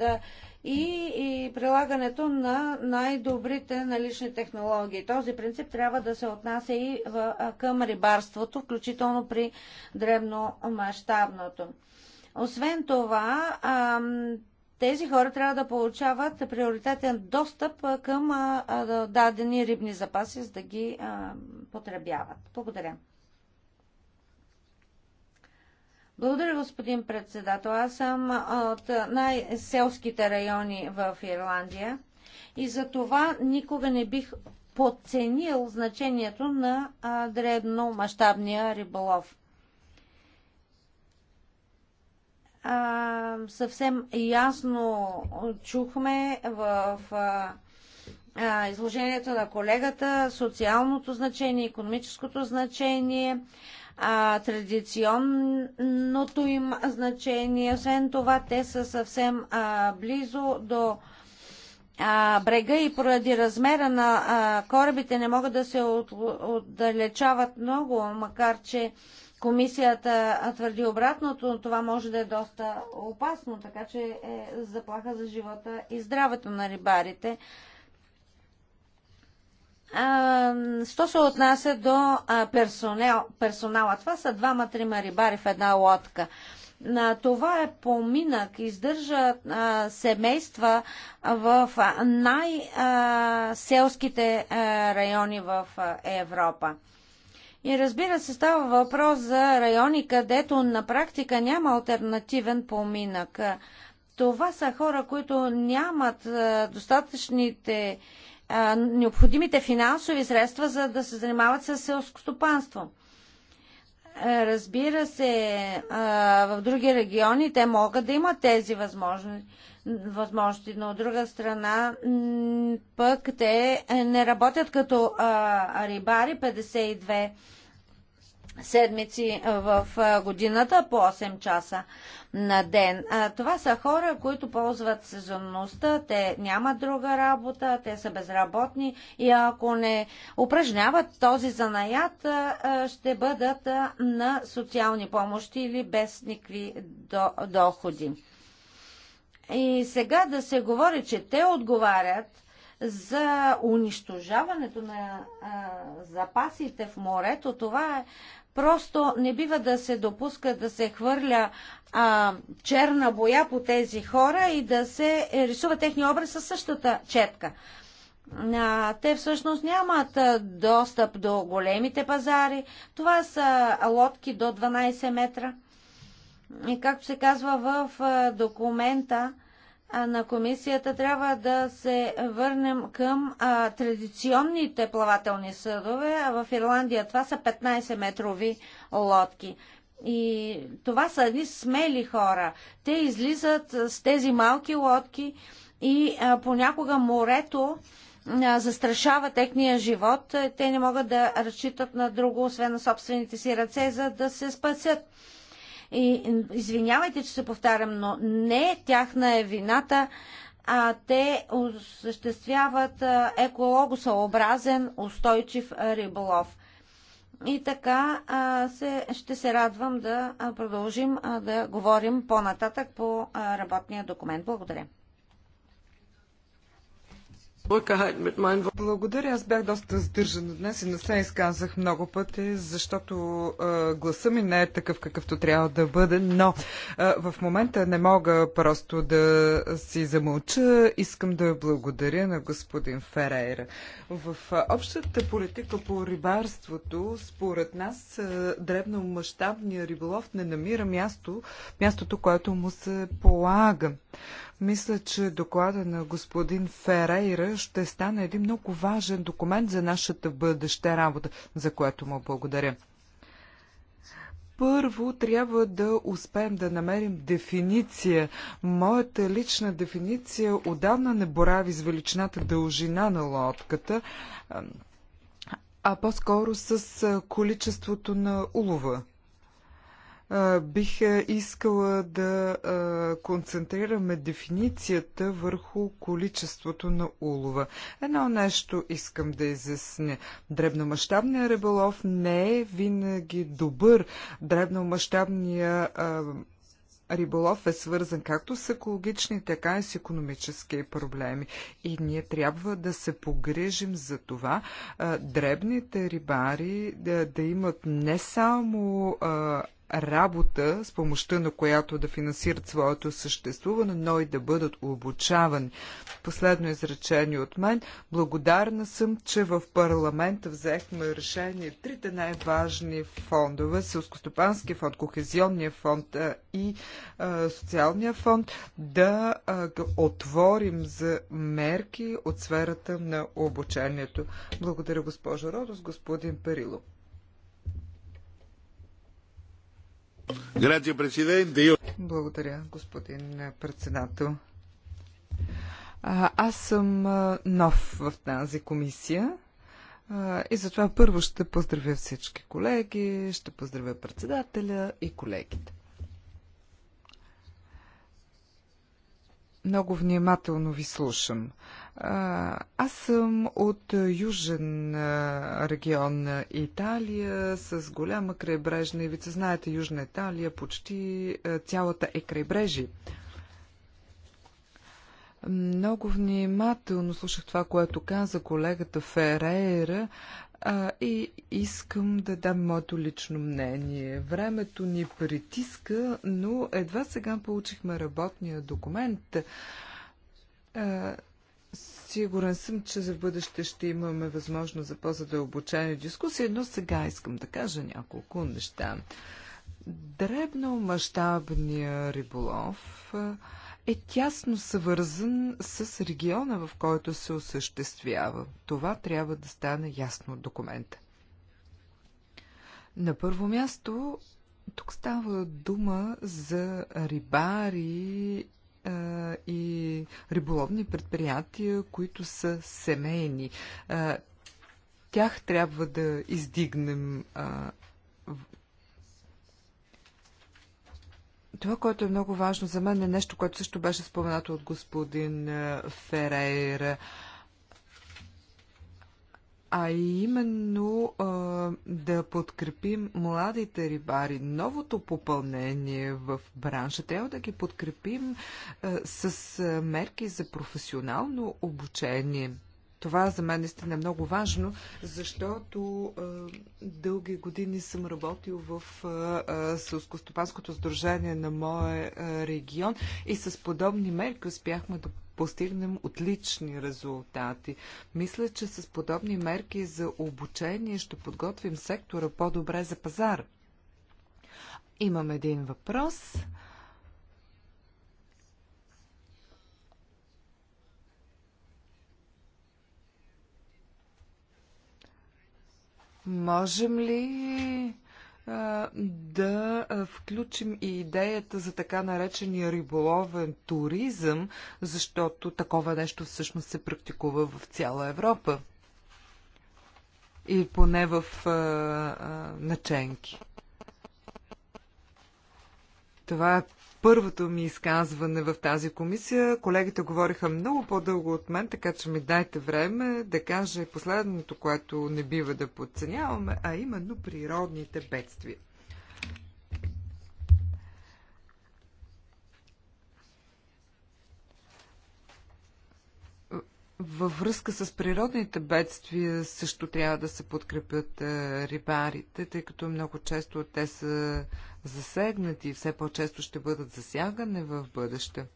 и, и прилагането на най-добрите налични технологии. Този принцип трябва да се отнася и в, към рибарството, включително при дребномащабното. Освен това, тези хора трябва да получават приоритетен достъп към дадени рибни запаси, за да ги потребяват. Благодаря. Благодаря, господин председател. Аз съм от най-селските райони в Ирландия и за това никога не бих подценил значението на дребномащабния риболов. А, съвсем ясно чухме в а, а, изложението на колегата социалното значение, економическото значение а, традиционното им значение. Освен това, те са съвсем а, близо до а, брега и поради размера на а, корабите не могат да се от, отдалечават много, макар че комисията твърди обратното, но това може да е доста опасно, така че е заплаха за живота и здравето на рибарите. Що се отнася до персонал, персонала? Това са двама-трима рибари в една лодка. Това е поминък, издържа семейства в най-селските райони в Европа. И разбира се, става въпрос за райони, където на практика няма альтернативен поминък. Това са хора, които нямат достатъчните необходимите финансови средства, за да се занимават с селско стопанство. Разбира се, в други региони те могат да имат тези възможности, но от друга страна пък те не работят като рибари 52 седмици в годината по 8 часа на ден. Това са хора, които ползват сезонността, те нямат друга работа, те са безработни и ако не упражняват този занаят, ще бъдат на социални помощи или без никакви доходи. И сега да се говори, че те отговарят за унищожаването на а, запасите в морето, това е Просто не бива да се допуска да се хвърля а, черна боя по тези хора и да се рисува техния образ със същата четка. А, те всъщност нямат достъп до големите пазари. Това са лодки до 12 метра. И както се казва в документа, на комисията трябва да се върнем към а, традиционните плавателни съдове. А в Ирландия това са 15-метрови лодки. И това са едни смели хора. Те излизат с тези малки лодки и а, понякога морето а, застрашава техния живот. Те не могат да разчитат на друго, освен на собствените си ръце, за да се спасят и извинявайте, че се повтарям, но не е тяхна е вината, а те осъществяват екологосъобразен устойчив риболов. И така а, се, ще се радвам да продължим а, да говорим по-нататък по, а, работния документ. Благодаря. Благодаря, аз бях доста сдържана днес и не се изказах много пъти, защото а, гласа ми не е такъв какъвто трябва да бъде, но а, в момента не мога просто да си замълча. Искам да благодаря на господин Ферейра. В а, общата политика по рибарството, според нас, а, дребномащабния риболов не намира място, мястото, което му се полага. Мисля, че доклада на господин Ферейра ще стане един много важен документ за нашата бъдеща работа, за което му благодаря. Първо трябва да успеем да намерим дефиниция. Моята лична дефиниция отдавна не борави с величината дължина на лодката, а по-скоро с количеството на улова бих е, искала да концентрираме дефиницията върху количеството на улова. Едно нещо искам да изясня. Дребномащабният риболов не е винаги добър. Дребномащабният риболов е свързан както с екологични, така и с економически проблеми. И ние трябва да се погрежим за това а, дребните рибари да, да имат не само а, работа, с помощта на която да финансират своето съществуване, но и да бъдат обучавани. Последно изречение от мен. Благодарна съм, че в парламента взехме решение трите най-важни фондове, Селскостопанския фонд, Кохезионния фонд и а, Социалния фонд, да а, отворим за мерки от сферата на обучението. Благодаря, госпожо Родос, господин Перилов. Благодаря, господин председател. Аз съм нов в тази комисия и затова първо ще поздравя всички колеги, ще поздравя председателя и колегите. Много внимателно ви слушам. Аз съм от южен регион на Италия с голяма крайбрежна ивица. Знаете, Южна Италия почти цялата е крайбрежи. Много внимателно слушах това, което каза колегата Ферейра а, и искам да дам моето лично мнение. Времето ни притиска, но едва сега получихме работния документ. А, сигурен съм, че за бъдеще ще имаме възможност за по-задълбочена дискусия, но сега искам да кажа няколко неща. Дребно мащабния риболов. А, е тясно съвързан с региона, в който се осъществява. Това трябва да стане ясно от документа. На първо място, тук става дума за рибари а, и риболовни предприятия, които са семейни. А, тях трябва да издигнем а, това, което е много важно за мен е нещо, което също беше споменато от господин е, Ферейр. а именно а, е, да подкрепим младите рибари, новото попълнение в бранша. Трябва да ги подкрепим а, е, с мерки за професионално обучение. Това за мен наистина е много важно, защото а, дълги години съм работил в Сълскостопанското сдружение на моя регион и с подобни мерки успяхме да постигнем отлични резултати. Мисля, че с подобни мерки за обучение ще подготвим сектора по-добре за пазара. Имам един въпрос. Можем ли да включим и идеята за така наречения риболовен туризъм, защото такова нещо всъщност се практикува в цяла Европа. И поне в а, а, наченки. Това е първото ми изказване в тази комисия. Колегите говориха много по-дълго от мен, така че ми дайте време да кажа последното, което не бива да подценяваме, а именно природните бедствия. Във връзка с природните бедствия също трябва да се подкрепят е, рибарите, тъй като много често те са засегнати и все по-често ще бъдат засягани в бъдеще.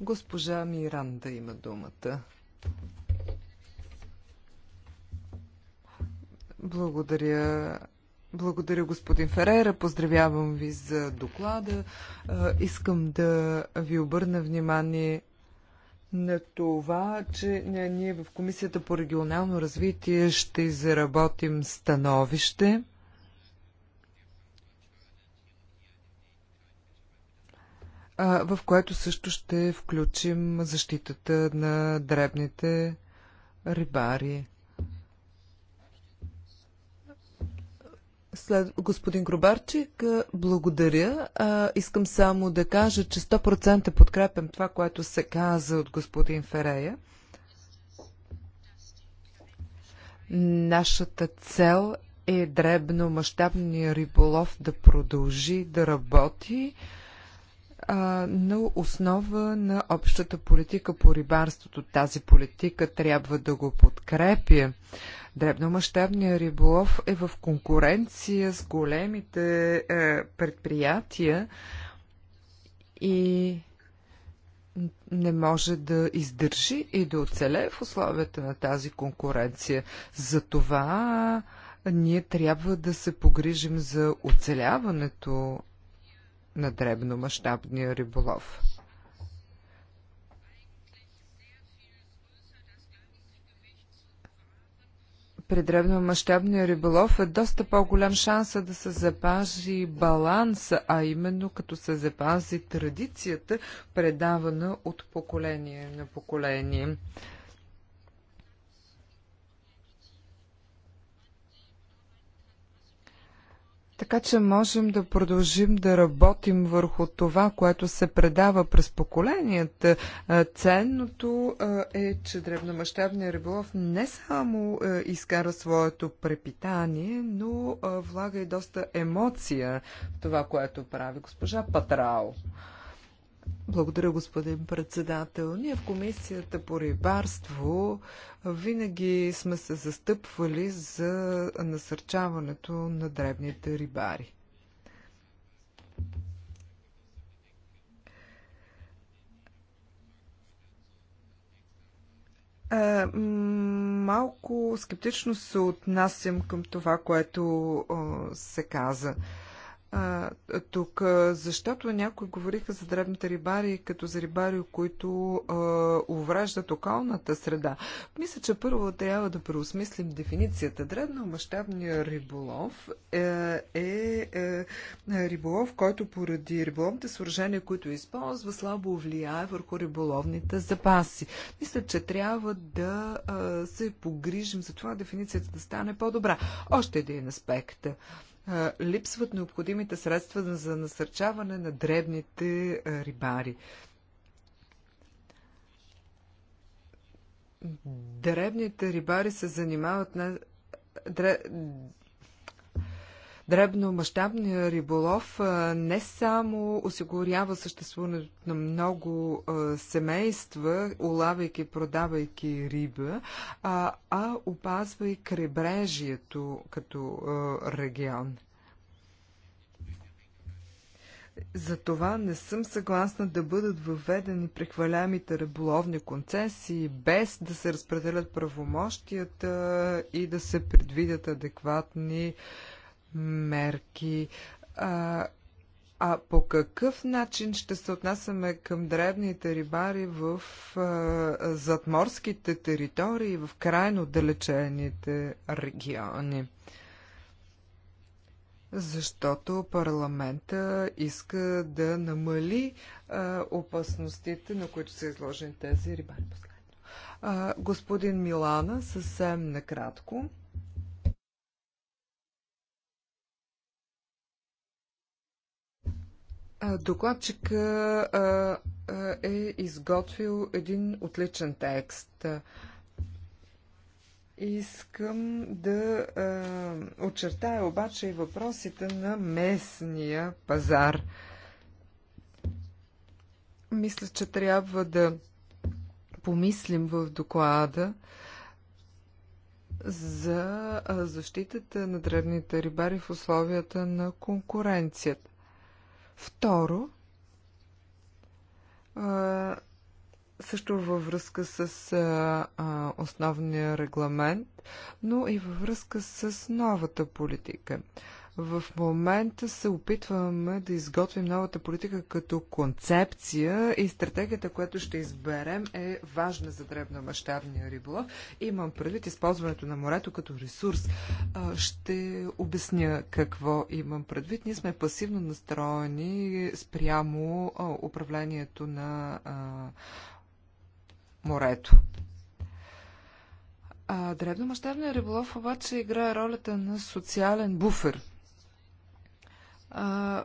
Госпожа Миранда има думата. Благодаря. Благодаря, господин Ферера. Поздравявам ви за доклада. Искам да ви обърна внимание на това, че ние в Комисията по регионално развитие ще изработим становище. в което също ще включим защитата на дребните рибари. След, господин Гробарчик, благодаря. А, искам само да кажа, че 100% подкрепям това, което се каза от господин Ферея. Нашата цел е дребно мащабния риболов да продължи да работи на основа на общата политика по рибарството. Тази политика трябва да го подкрепя. Дребномащабният риболов е в конкуренция с големите е, предприятия и не може да издържи и да оцелее в условията на тази конкуренция. Затова ние трябва да се погрижим за оцеляването на дребномащабния риболов. при древномащабния риболов е доста по-голям шанс да се запази баланса, а именно като се запази традицията, предавана от поколение на поколение. Така че можем да продължим да работим върху това, което се предава през поколенията. Ценното е, че дребномащабният риболов не само изкара своето препитание, но влага и доста емоция в това, което прави госпожа Патрао. Благодаря, господин председател. Ние в Комисията по рибарство винаги сме се застъпвали за насърчаването на дребните рибари. А, е, малко скептично се отнасям към това, което а, е, се каза. А, а, тук, защото някои говориха за дребните рибари като за рибари, които а, увреждат околната среда. Мисля, че първо трябва да преосмислим дефиницията. Дребномащабният риболов е, е, е риболов, който поради риболовните съоръжения, които използва, слабо влияе върху риболовните запаси. Мисля, че трябва да а, се погрижим за това дефиницията да стане по-добра. Още един аспект липсват необходимите средства за насърчаване на дребните рибари. Дребните рибари се занимават на Дре... Дребномащабния риболов не само осигурява съществуването на много семейства, улавяйки и продавайки риба, а, а опазва и крайбрежието като регион. Затова не съм съгласна да бъдат въведени прехвалямите риболовни концесии, без да се разпределят правомощията и да се предвидят адекватни мерки. А, а по какъв начин ще се отнасяме към древните рибари в а, задморските територии, в крайно отдалечените региони? Защото парламента иска да намали а, опасностите, на които са изложени тези рибари. А, господин Милана, съвсем накратко. Докладчик е изготвил един отличен текст. Искам да очертая обаче и въпросите на местния пазар. Мисля, че трябва да помислим в доклада за защитата на древните рибари в условията на конкуренцията. Второ, също във връзка с основния регламент, но и във връзка с новата политика. В момента се опитваме да изготвим новата политика като концепция и стратегията, която ще изберем е важна за дребномащабния риболов. Имам предвид използването на морето като ресурс. Ще обясня какво имам предвид. Ние сме пасивно настроени спрямо управлението на морето. А, дребномащабният риболов обаче играе ролята на социален буфер – а,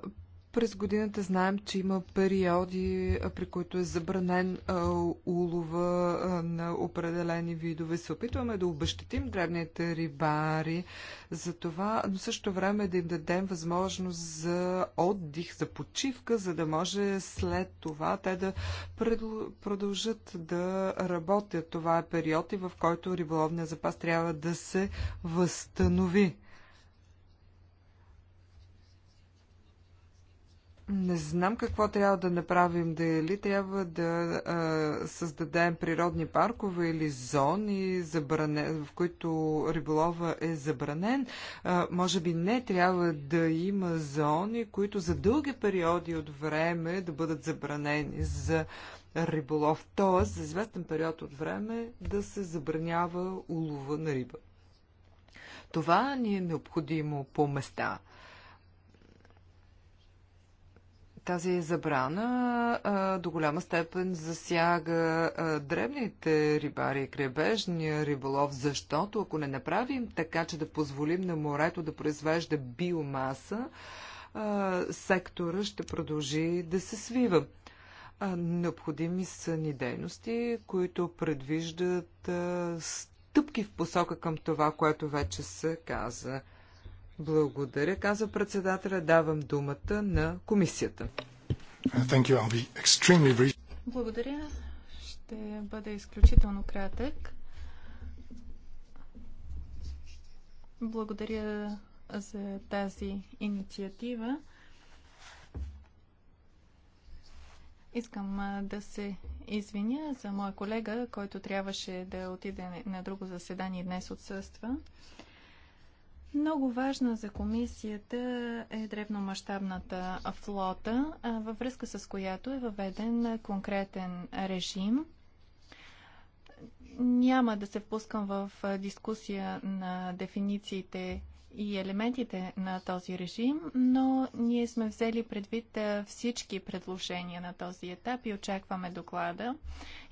през годината знаем, че има периоди, при които е забранен а, улова а, на определени видове. Се опитваме да обещатим древните рибари за това, но също време да им дадем възможност за отдих, за почивка, за да може след това те да продължат да работят. Това е период и в който риболовният запас трябва да се възстанови. Не знам какво трябва да направим. Дали трябва да а, създадем природни паркове или зони, забране, в които риболова е забранен. А, може би не трябва да има зони, които за дълги периоди от време да бъдат забранени за риболов. Тоест, за известен период от време да се забранява улова на риба. Това ни е необходимо по места – Тази забрана а, до голяма степен засяга а, рибари и крайбежния риболов, защото ако не направим така, че да позволим на морето да произвежда биомаса, а, сектора ще продължи да се свива. А, необходими са ни дейности, които предвиждат а, стъпки в посока към това, което вече се каза. Благодаря, каза председателя. Давам думата на комисията. Благодаря. Ще бъда изключително кратък. Благодаря за тази инициатива. Искам да се извиня за моя колега, който трябваше да отиде на друго заседание днес отсъства. Много важна за комисията е древномащабната флота, във връзка с която е въведен конкретен режим. Няма да се впускам в дискусия на дефинициите и елементите на този режим, но ние сме взели предвид всички предложения на този етап и очакваме доклада.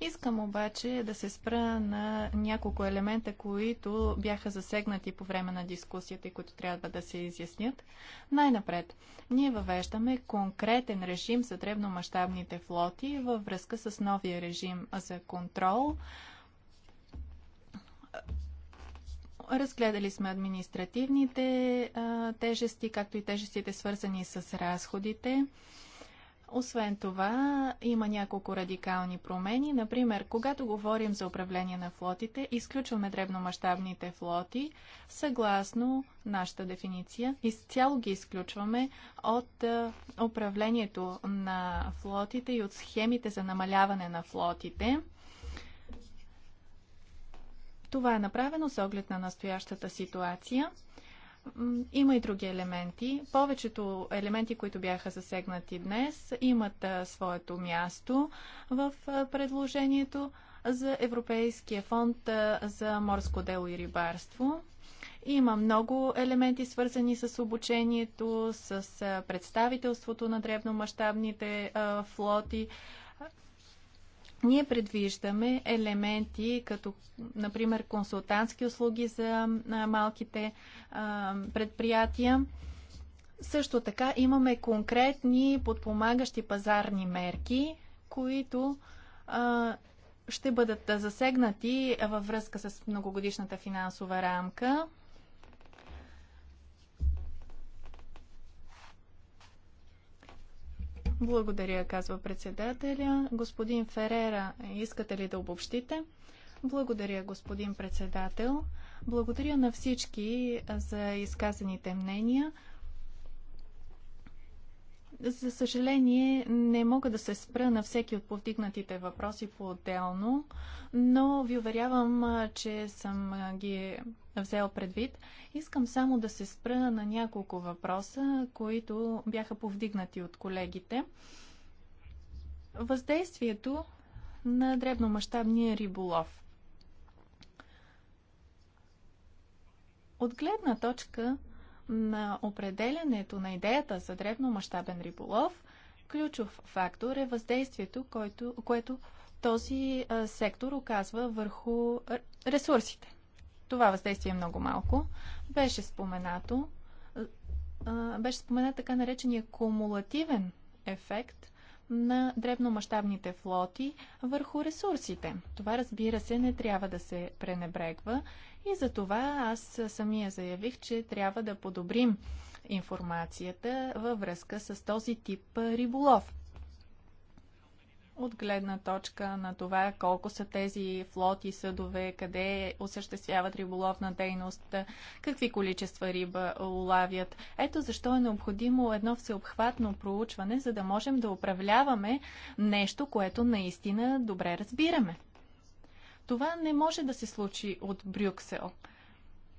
Искам обаче да се спра на няколко елемента, които бяха засегнати по време на дискусията и които трябва да се изяснят. Най-напред, ние въвеждаме конкретен режим за дребномащабните флоти във връзка с новия режим за контрол Разгледали сме административните а, тежести, както и тежестите свързани с разходите. Освен това, има няколко радикални промени. Например, когато говорим за управление на флотите, изключваме дребномащабните флоти, съгласно нашата дефиниция. Изцяло ги изключваме от управлението на флотите и от схемите за намаляване на флотите. Това е направено с оглед на настоящата ситуация. Има и други елементи. Повечето елементи, които бяха засегнати днес, имат своето място в предложението за Европейския фонд за морско дело и рибарство. Има много елементи, свързани с обучението, с представителството на древномащабните флоти, ние предвиждаме елементи, като, например, консултантски услуги за малките предприятия. Също така имаме конкретни подпомагащи пазарни мерки, които ще бъдат засегнати във връзка с многогодишната финансова рамка. Благодаря, казва председателя. Господин Ферера, искате ли да обобщите? Благодаря, господин председател. Благодаря на всички за изказаните мнения. За съжаление, не мога да се спра на всеки от повдигнатите въпроси по-отделно, но ви уверявам, че съм ги взел предвид. Искам само да се спра на няколко въпроса, които бяха повдигнати от колегите. Въздействието на дребномащабния риболов. От гледна точка на определянето на идеята за древномащабен риболов, ключов фактор е въздействието, който, което този сектор оказва върху ресурсите. Това въздействие е много малко. Беше споменато, беше споменат така наречения кумулативен ефект – на дребномащабните флоти върху ресурсите. Това, разбира се, не трябва да се пренебрегва и за това аз самия заявих, че трябва да подобрим информацията във връзка с този тип риболов от гледна точка на това колко са тези флоти, съдове, къде осъществяват риболовна дейност, какви количества риба улавят. Ето защо е необходимо едно всеобхватно проучване, за да можем да управляваме нещо, което наистина добре разбираме. Това не може да се случи от Брюксел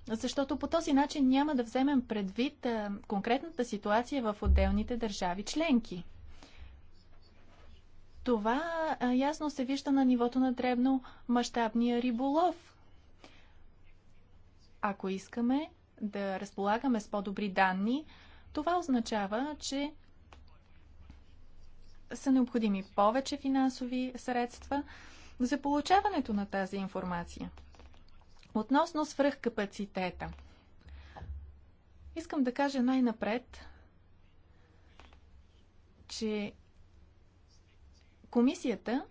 защото по този начин няма да вземем предвид конкретната ситуация в отделните държави членки. Това ясно се вижда на нивото на дребно мащабния риболов. Ако искаме да разполагаме с по-добри данни, това означава, че са необходими повече финансови средства за получаването на тази информация. Относно свръхкапацитета. Искам да кажа най-напред, че Комисията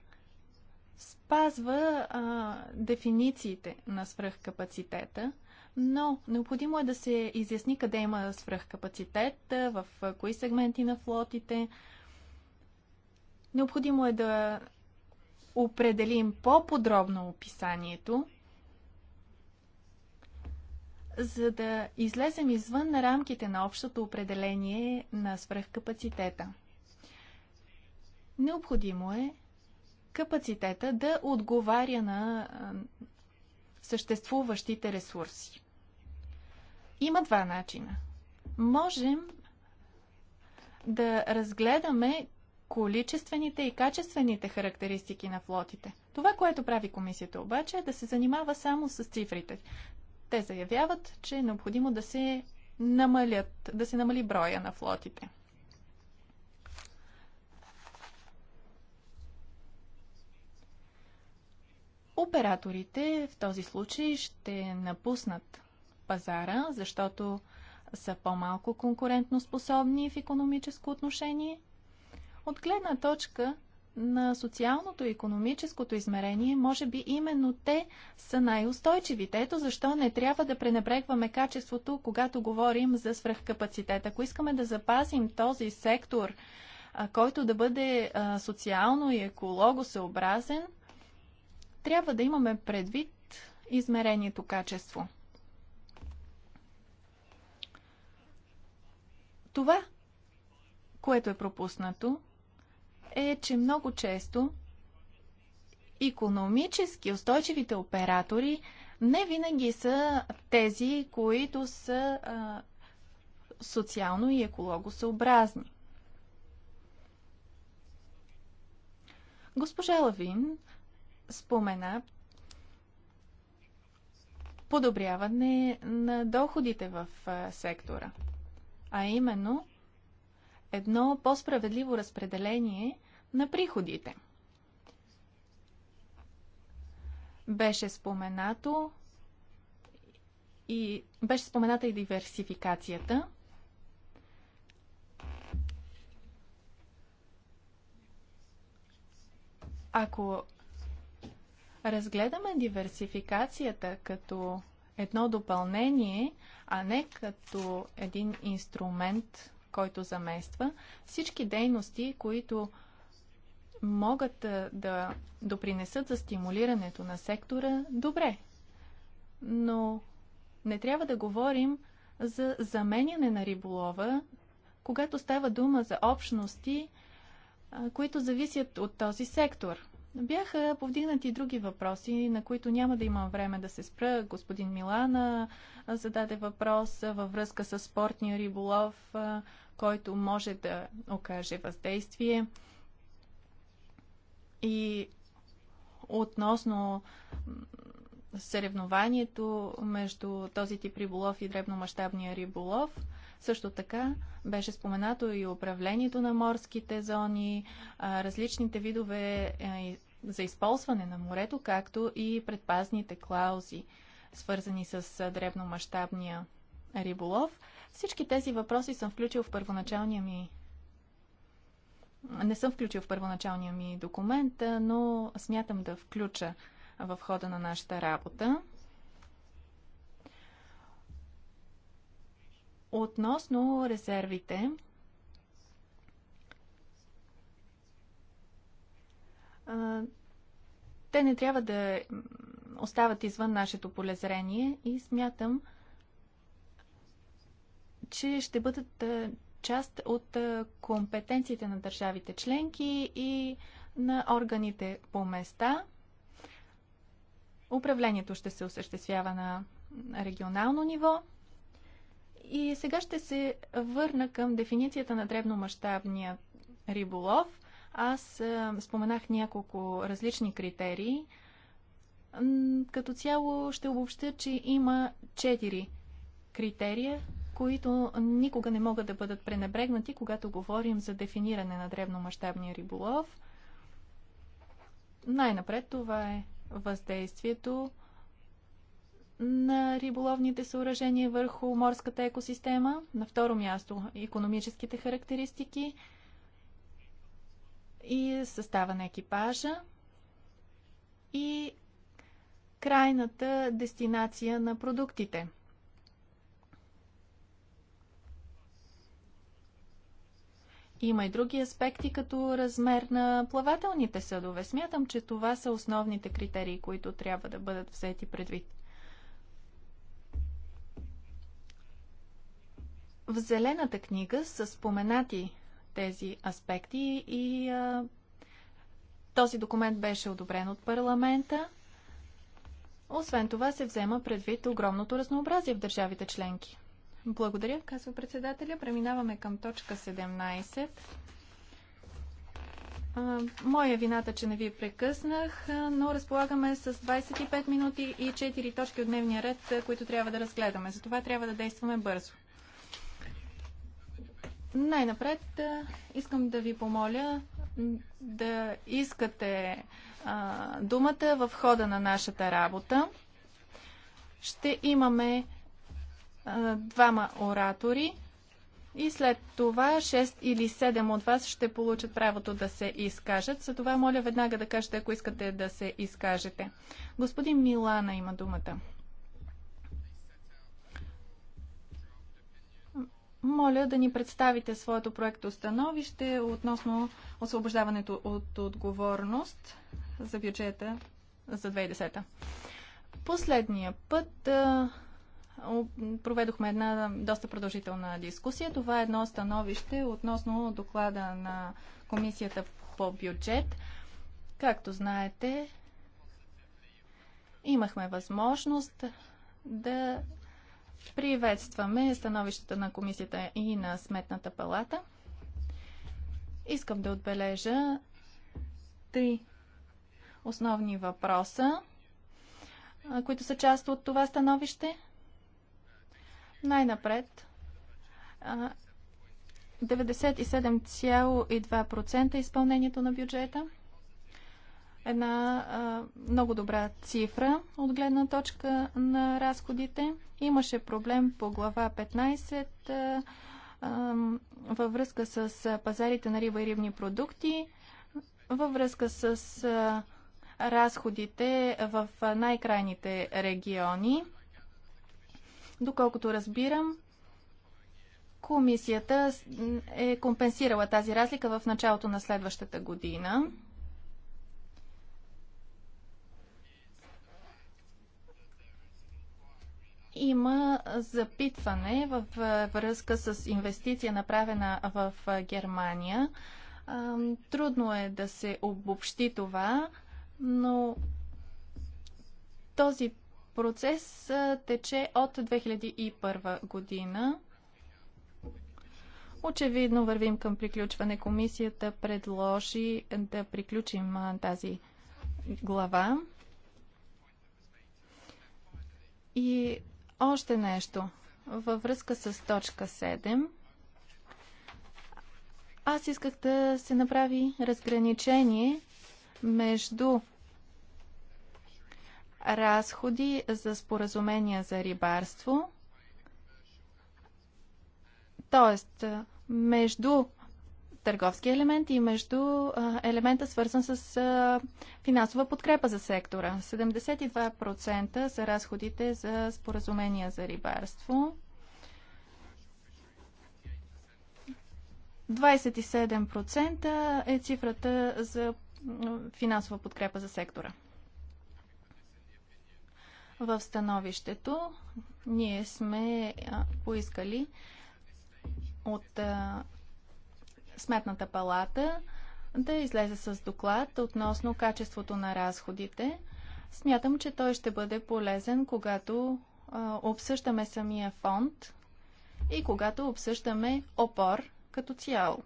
спазва а, дефинициите на свръхкапацитета, но необходимо е да се изясни къде има свръхкапацитет, в кои сегменти на флотите. Необходимо е да определим по-подробно описанието, за да излезем извън на рамките на общото определение на свръхкапацитета. Необходимо е капацитета да отговаря на съществуващите ресурси. Има два начина. Можем да разгледаме количествените и качествените характеристики на флотите. Това, което прави комисията обаче е да се занимава само с цифрите. Те заявяват, че е необходимо да се намалят, да се намали броя на флотите. Операторите в този случай ще напуснат пазара, защото са по-малко конкурентно способни в економическо отношение. От гледна точка на социалното и економическото измерение, може би именно те са най-устойчивите. Ето защо не трябва да пренебрегваме качеството, когато говорим за свръхкапацитет. Ако искаме да запазим този сектор, който да бъде социално и екологосъобразен – трябва да имаме предвид измерението качество. Това, което е пропуснато, е, че много често економически устойчивите оператори не винаги са тези, които са а, социално и екологосъобразни. Госпожа Лавин спомена подобряване на доходите в сектора, а именно едно по-справедливо разпределение на приходите. Беше споменато и беше спомената и диверсификацията. Ако разгледаме диверсификацията като едно допълнение, а не като един инструмент, който замества всички дейности, които могат да допринесат за стимулирането на сектора, добре. Но не трябва да говорим за заменяне на риболова, когато става дума за общности, които зависят от този сектор. Бяха повдигнати други въпроси, на които няма да имам време да се спра. Господин Милана зададе въпрос във връзка с спортния риболов, който може да окаже въздействие. И относно съревнованието между този тип риболов и дребномащабния риболов – също така беше споменато и управлението на морските зони, различните видове за използване на морето, както и предпазните клаузи, свързани с древномащабния риболов. Всички тези въпроси съм включил в първоначалния ми не съм включил в първоначалния ми документ, но смятам да включа в хода на нашата работа. Относно резервите, те не трябва да остават извън нашето полезрение и смятам, че ще бъдат част от компетенциите на държавите членки и на органите по места. Управлението ще се осъществява на регионално ниво. И сега ще се върна към дефиницията на дребномащабния риболов. Аз е, споменах няколко различни критерии. Като цяло ще обобща, че има четири критерия, които никога не могат да бъдат пренебрегнати, когато говорим за дефиниране на дребномащабния риболов. Най-напред това е въздействието на риболовните съоръжения върху морската екосистема. На второ място економическите характеристики и състава на екипажа и крайната дестинация на продуктите. Има и други аспекти, като размер на плавателните съдове. Смятам, че това са основните критерии, които трябва да бъдат взети предвид. В Зелената книга са споменати тези аспекти и а, този документ беше одобрен от парламента. Освен това се взема предвид огромното разнообразие в държавите членки. Благодаря, казва председателя. Преминаваме към точка 17. Моя вината, че не ви прекъснах, но разполагаме с 25 минути и 4 точки от дневния ред, които трябва да разгледаме. Затова трябва да действаме бързо. Най-напред искам да ви помоля да искате а, думата в хода на нашата работа. Ще имаме а, двама оратори и след това 6 или 7 от вас ще получат правото да се изкажат. За това моля веднага да кажете, ако искате да се изкажете. Господин Милана има думата. моля да ни представите своето проекто становище относно освобождаването от отговорност за бюджета за 2010. Последния път проведохме една доста продължителна дискусия. Това е едно становище относно доклада на Комисията по бюджет. Както знаете, имахме възможност да Приветстваме становищата на комисията и на Сметната палата. Искам да отбележа три основни въпроса, които са част от това становище. Най-напред 97,2% изпълнението на бюджета – една а, много добра цифра от гледна точка на разходите. Имаше проблем по глава 15 а, а, във връзка с пазарите на риба и рибни продукти, във връзка с а, разходите в най-крайните региони. Доколкото разбирам, комисията е компенсирала тази разлика в началото на следващата година. Има запитване във връзка с инвестиция, направена в Германия. Трудно е да се обобщи това, но този процес тече от 2001 година. Очевидно вървим към приключване. Комисията предложи да приключим тази глава. И още нещо. Във връзка с точка 7, аз исках да се направи разграничение между разходи за споразумения за рибарство, т.е. между търговски елемент и между елемента свързан с финансова подкрепа за сектора. 72% са разходите за споразумения за рибарство. 27% е цифрата за финансова подкрепа за сектора. В становището ние сме поискали от Сметната палата да излезе с доклад относно качеството на разходите. Смятам, че той ще бъде полезен, когато а, обсъждаме самия фонд и когато обсъждаме опор като цяло.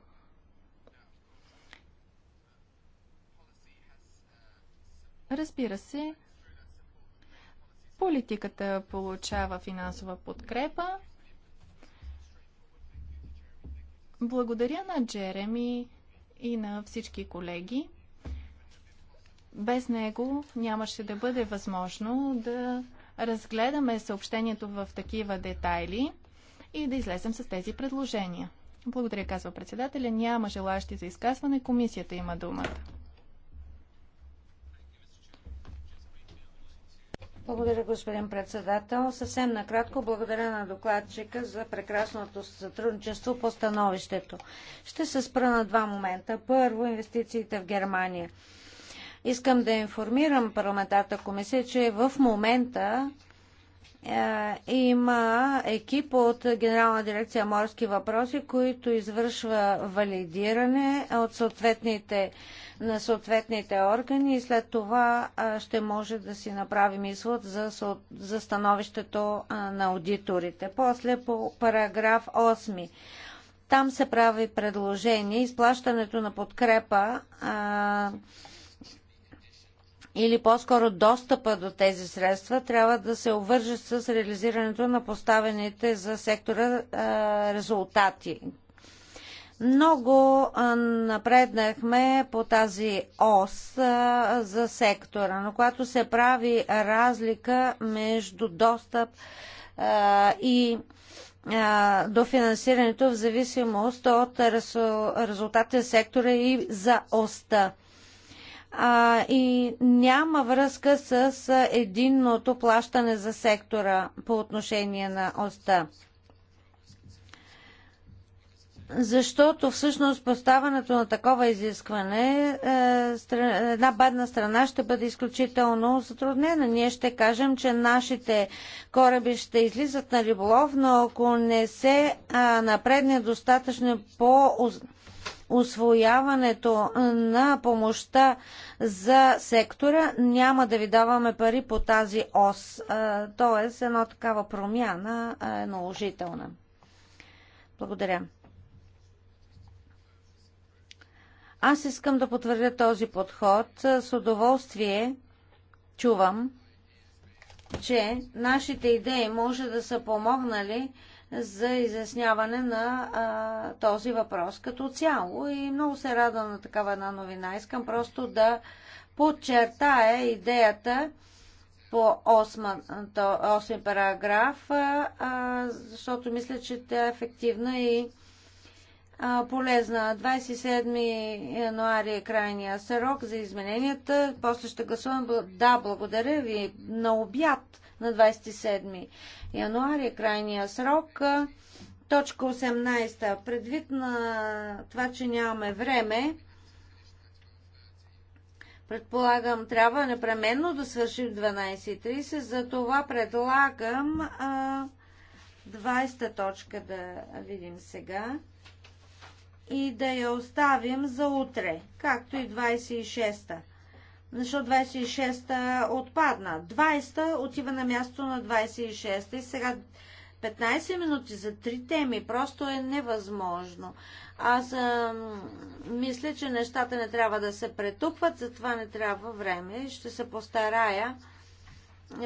Разбира се, политиката получава финансова подкрепа Благодаря на Джереми и на всички колеги. Без него нямаше да бъде възможно да разгледаме съобщението в такива детайли и да излезем с тези предложения. Благодаря, казва председателя. Няма желащи за изказване. Комисията има думата. Благодаря, господин председател. Съвсем накратко благодаря на докладчика за прекрасното сътрудничество по становището. Ще се спра на два момента. Първо, инвестициите в Германия. Искам да информирам парламентарната комисия, че в момента е, има екип от Генерална дирекция морски въпроси, които извършва валидиране от съответните, на съответните органи и след това ще може да си направим извод за, за становището на аудиторите. После по параграф 8. Там се прави предложение изплащането на подкрепа а, или по-скоро достъпа до тези средства трябва да се обвърже с реализирането на поставените за сектора резултати. Много напреднахме по тази ос за сектора, но когато се прави разлика между достъп и до финансирането в зависимост от резултатите сектора и за оста а, и няма връзка с единното плащане за сектора по отношение на оста. Защото всъщност поставането на такова изискване е, една бедна страна ще бъде изключително затруднена. Ние ще кажем, че нашите кораби ще излизат на риболов, но ако не се напредне достатъчно по освояването на помощта за сектора, няма да ви даваме пари по тази ос. Тоест, едно такава промяна е наложителна. Благодаря. Аз искам да потвърдя този подход. С удоволствие чувам, че нашите идеи може да са помогнали за изясняване на а, този въпрос като цяло. И много се радвам на такава една новина. Искам просто да подчертая идеята по 8, параграф, а, защото мисля, че тя е ефективна и полезна. 27 януари е крайния срок за измененията. После ще гласувам. Да, благодаря ви. На обяд на 27 януари е крайния срок. Точка 18. Предвид на това, че нямаме време, предполагам, трябва непременно да свършим 12.30, за това предлагам а, 20 точка да видим сега и да я оставим за утре, както и 26-та защото 26-та отпадна. 20-та отива на място на 26-та и сега 15 минути за три теми просто е невъзможно. Аз а, мисля, че нещата не трябва да се претупват, затова не трябва време. Ще се постарая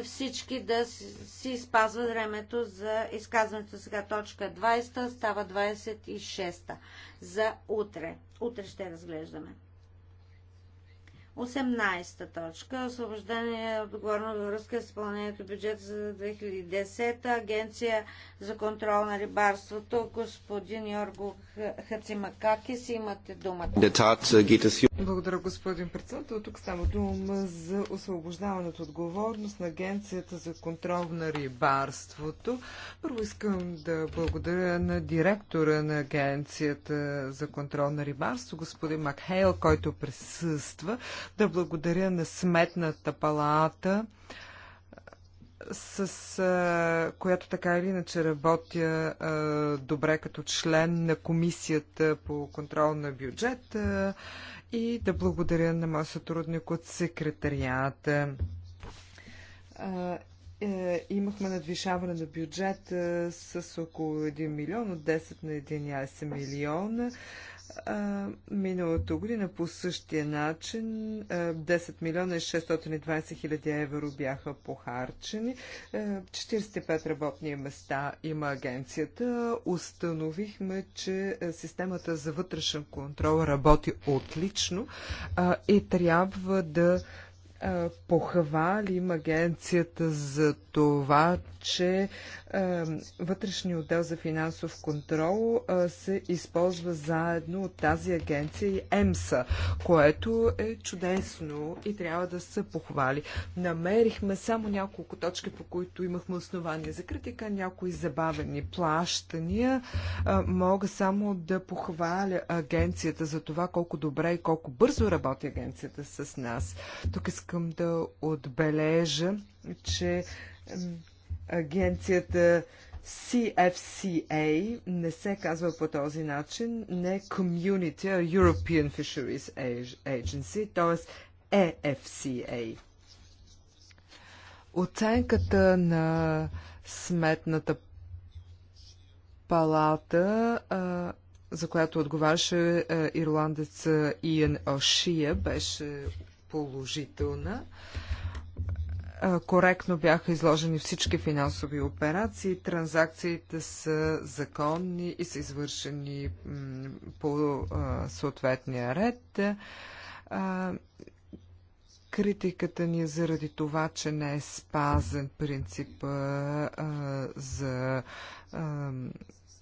всички да си спазват времето за изказването сега. Точка 20 става 26 за утре. Утре ще разглеждаме. 18 точка. Освобождане е отговорно във връзка с изпълнението бюджета за 2010 Агенция за контрол на рибарството. Господин Йорго Хацимакакис, имате думата. Благодаря, господин председател. Тук става дума за освобождаването отговорност на Агенцията за контрол на рибарството. Първо искам да благодаря на директора на Агенцията за контрол на рибарство, господин Макхейл, който присъства да благодаря на Сметната палата, с а, която така или иначе работя а, добре като член на комисията по контрол на бюджет и да благодаря на моя сътрудник от секретарията. А, е, имахме надвишаване на бюджет с около 1 милион, от 10 на 11 милиона миналата година по същия начин 10 милиона и 620 хиляди евро бяха похарчени. 45 работни места има агенцията. Установихме, че системата за вътрешен контрол работи отлично и трябва да похвалим агенцията за това, че е, вътрешния отдел за финансов контрол е, се използва заедно от тази агенция и ЕМСА, което е чудесно и трябва да се похвали. Намерихме само няколко точки, по които имахме основания за критика, някои забавени плащания. Е, мога само да похваля агенцията за това колко добре и колко бързо работи агенцията с нас. Тук искам да отбележа, че агенцията CFCA не се казва по този начин, не Community, а European Fisheries Agency, т.е. EFCA. Оценката на сметната палата, за която отговаряше ирландец Иен Ошия, беше положителна коректно бяха изложени всички финансови операции, транзакциите са законни и са извършени по съответния ред. Критиката ни е заради това, че не е спазен принцип за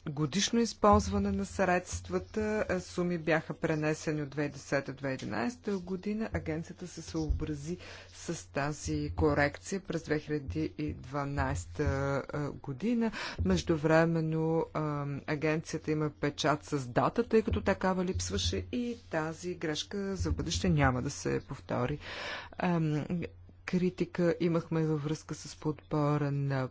годишно използване на средствата. Е, суми бяха пренесени от 2010-2011 година. Агенцията се съобрази с тази корекция през 2012 е, година. Междувременно е, агенцията има печат с дата, тъй като такава липсваше и тази грешка за бъдеще няма да се повтори критика имахме във връзка с подбора на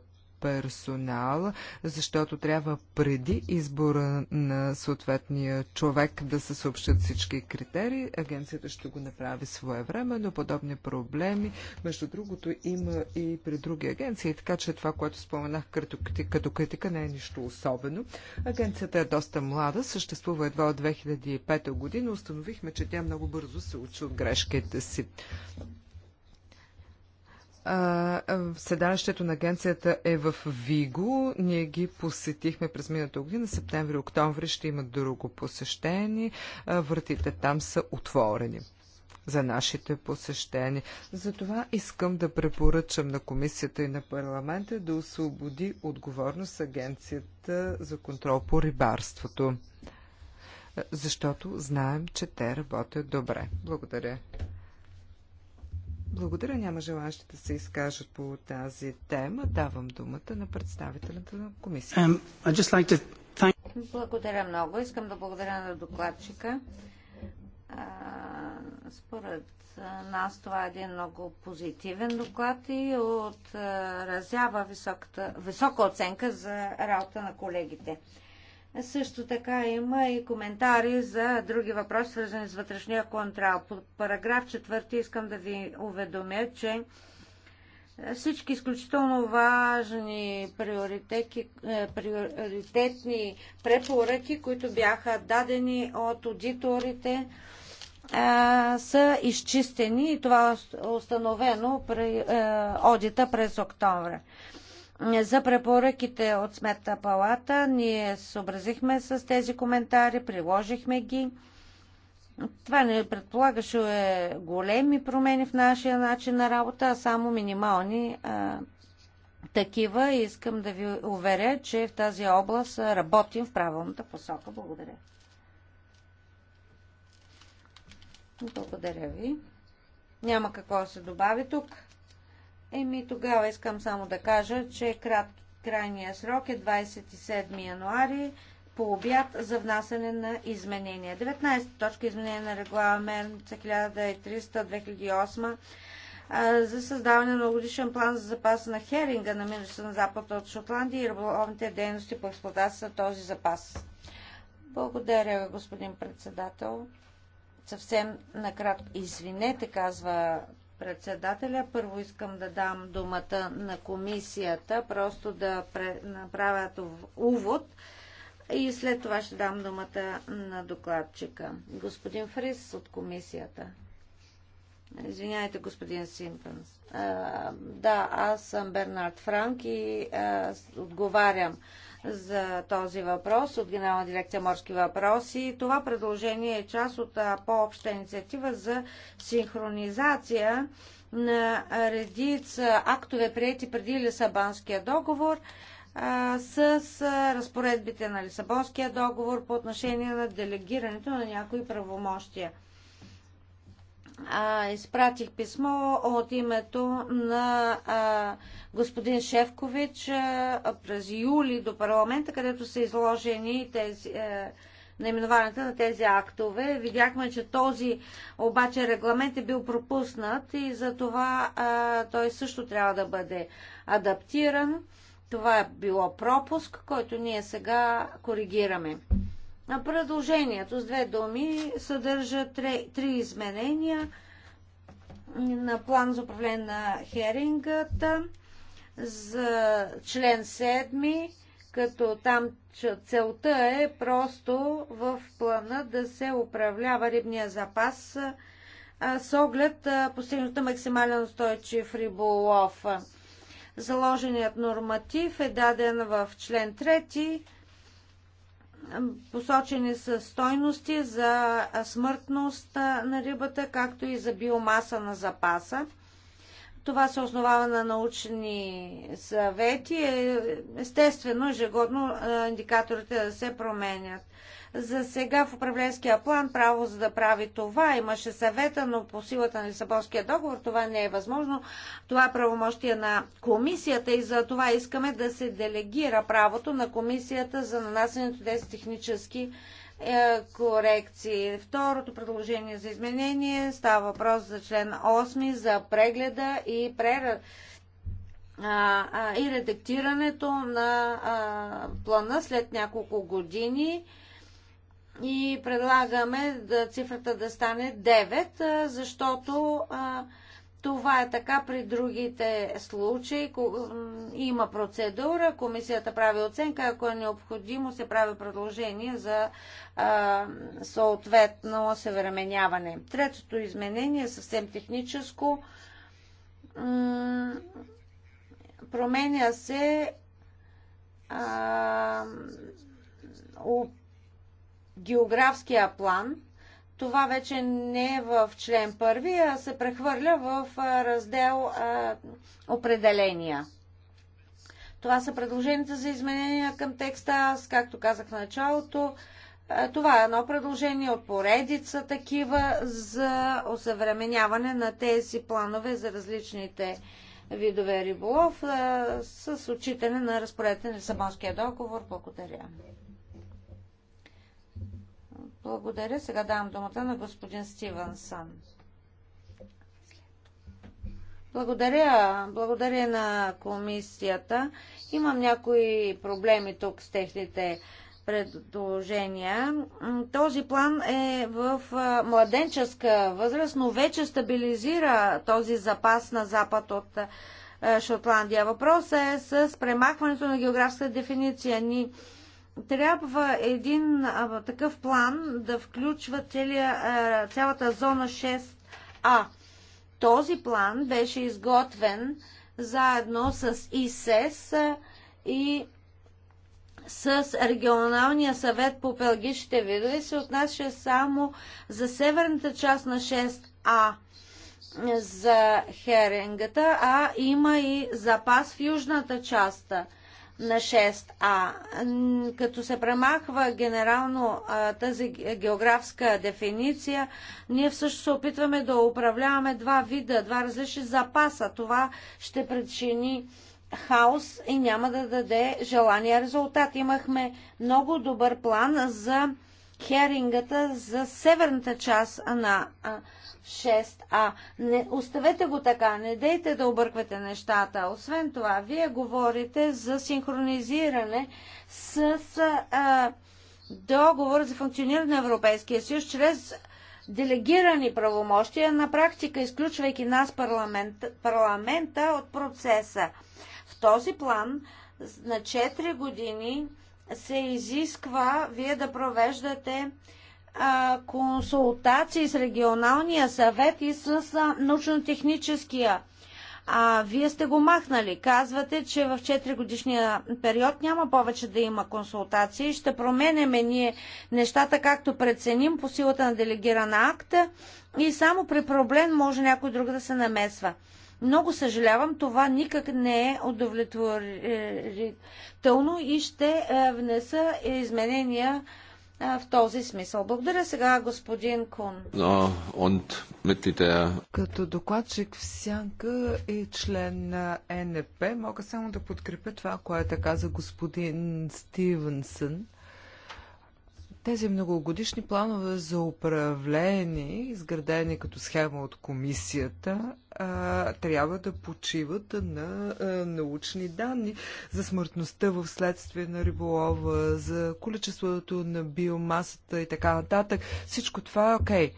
персонал, защото трябва преди избора на съответния човек да се съобщат всички критерии. Агенцията ще го направи своевременно. Подобни проблеми, между другото, има и при други агенции, така че това, което споменах като, като критика, не е нищо особено. Агенцията е доста млада, съществува едва от 2005 година. Установихме, че тя много бързо се учи от грешките си. Седалището на агенцията е в Виго. Ние ги посетихме през миналата година. Септември-октомври ще има друго посещение. Вратите там са отворени за нашите посещения. Затова искам да препоръчам на комисията и на парламента да освободи отговорност агенцията за контрол по рибарството. Защото знаем, че те работят добре. Благодаря. Благодаря. Няма желаящи да се изкажат по тази тема. Давам думата на представителята на комисията. Um, благодаря много. Искам да благодаря на докладчика. Според нас това е един много позитивен доклад и отразява висока оценка за работа на колегите. Също така има и коментари за други въпроси, свързани с вътрешния контрол. По параграф 4 искам да ви уведомя, че всички изключително важни е, приоритетни препоръки, които бяха дадени от аудиторите, е, са изчистени и това е установено при е, одита през октомври. За препоръките от Сметна палата ние съобразихме с тези коментари, приложихме ги. Това не предполагаше големи промени в нашия начин на работа, а само минимални а, такива. И искам да ви уверя, че в тази област работим в правилната посока. Благодаря. Благодаря ви. Няма какво да се добави тук. Еми тогава искам само да кажа, че крат, крайния срок е 27 януари по обяд за внасяне на изменения. 19 точка изменение на регламент 1300-2008 за създаване на годишен план за запас на херинга, намиращ се на запад от Шотландия и риболовните дейности по експлуатация на този запас. Благодаря, господин председател. Съвсем накратко. Извинете, казва председателя. Първо искам да дам думата на комисията, просто да направя увод и след това ще дам думата на докладчика. Господин Фрис от комисията. Извинявайте, господин Симпънс. Да, аз съм Бернард Франк и отговарям за този въпрос от Генерална дирекция Морски въпроси. Това предложение е част от по-обща инициатива за синхронизация на редица актове, прияти преди Лисабанския договор, с разпоредбите на Лисабонския договор по отношение на делегирането на някои правомощия а, изпратих писмо от името на а, господин Шевкович а, през юли до парламента, където са изложени тези а, наименованията на тези актове. Видяхме, че този обаче регламент е бил пропуснат и за това а, той също трябва да бъде адаптиран. Това е било пропуск, който ние сега коригираме. Предложението с две думи съдържа три, три изменения на план за управление на херингата за член 7, като там целта е просто в плана да се управлява рибния запас с оглед постигната максимален устойчив риболов. Заложеният норматив е даден в член 3 Посочени са стойности за смъртност на рибата, както и за биомаса на запаса. Това се основава на научни съвети. Е, естествено, ежегодно е, индикаторите да се променят. За сега в управленския план право за да прави това имаше съвета, но по силата на Лисабонския договор това не е възможно. Това е правомощие на комисията и за това искаме да се делегира правото на комисията за нанасянето тези технически е, корекции. Второто предложение за изменение става въпрос за член 8 за прегледа и преръ и редактирането на плана след няколко години и предлагаме да, цифрата да стане 9, защото а, това е така при другите случаи. Има процедура, комисията прави оценка, ако е необходимо се прави предложение за а, съответно съвременяване. Третото изменение е съвсем техническо. променя се а, географския план – това вече не е в член първи, а се прехвърля в раздел а, определения. Това са предложенията за изменения към текста. Аз, както казах в началото, това е едно предложение от поредица такива за осъвременяване на тези планове за различните видове риболов с отчитане на разпоредите на Лисабонския договор. Благодаря. Благодаря. Сега давам думата на господин Стивенсън. Благодаря. Благодаря на комисията. Имам някои проблеми тук с техните предложения. Този план е в младенческа възраст, но вече стабилизира този запас на запад от Шотландия. Въпросът е с премахването на географска дефиниция. Ни трябва един а, такъв план да включва целия, а, цялата зона 6А. Този план беше изготвен заедно с ИСЕС и с регионалния съвет по пелагичните видове се отнася само за северната част на 6А за херенгата, а има и запас в южната част на 6А. Като се премахва генерално тази географска дефиниция, ние всъщност се опитваме да управляваме два вида, два различни запаса. Това ще причини хаос и няма да даде желания резултат. Имахме много добър план за херингата за северната част на 6А. Не, оставете го така, не дейте да обърквате нещата. Освен това, вие говорите за синхронизиране с а, договор за функциониране на Европейския съюз чрез делегирани правомощия, на практика изключвайки нас парламент, парламента от процеса. В този план на 4 години се изисква вие да провеждате а, консултации с регионалния съвет и с научно-техническия. А, вие сте го махнали. Казвате, че в 4 годишния период няма повече да има консултации. Ще променяме ние нещата както преценим по силата на делегирана акта и само при проблем може някой друг да се намесва. Много съжалявам, това никак не е удовлетворително и ще е, внеса изменения е, в този смисъл. Благодаря сега господин Кун. Като докладчик в Сянка и член на НП, мога само да подкрепя това, което каза господин Стивенсън. Тези многогодишни планове за управление, изградени като схема от комисията, трябва да почиват на научни данни за смъртността в следствие на риболова, за количеството на биомасата и така нататък. Всичко това е окей. Okay.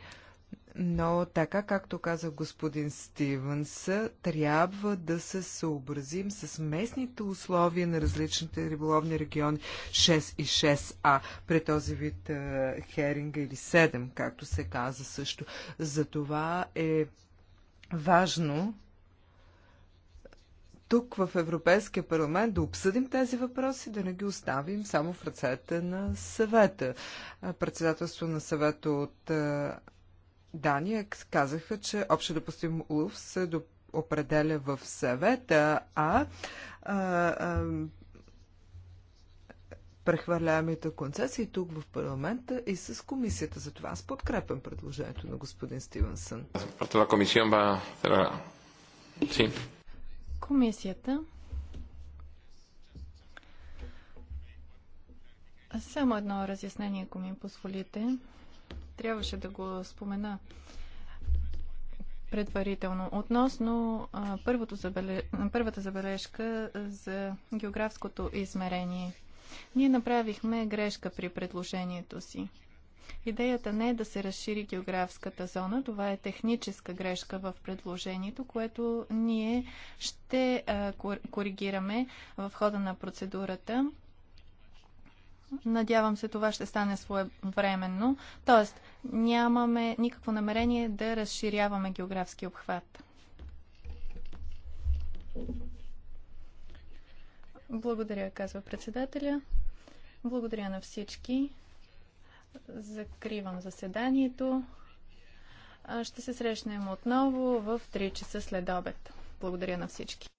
Но така, както каза господин Стивенс, трябва да се съобразим с местните условия на различните риболовни региони 6 и 6А при този вид е, херинга или 7, както се каза също. Затова е важно тук в Европейския парламент да обсъдим тези въпроси, да не ги оставим само в ръцете на съвета. Председателство на съвета от Дания казаха, че общо допустим улов се определя в съвета, а, а, а прехвърляемите концесии тук в парламента и с комисията. Затова аз подкрепям предложението на господин Стивенсън. Комисията. Само едно разяснение, ако ми позволите трябваше да го спомена предварително. Относно а, първата забележка за географското измерение. Ние направихме грешка при предложението си. Идеята не е да се разшири географската зона, това е техническа грешка в предложението, което ние ще а, коригираме в хода на процедурата Надявам се това ще стане своевременно. Тоест, нямаме никакво намерение да разширяваме географски обхват. Благодаря, казва председателя. Благодаря на всички. Закривам заседанието. Ще се срещнем отново в 3 часа след обед. Благодаря на всички.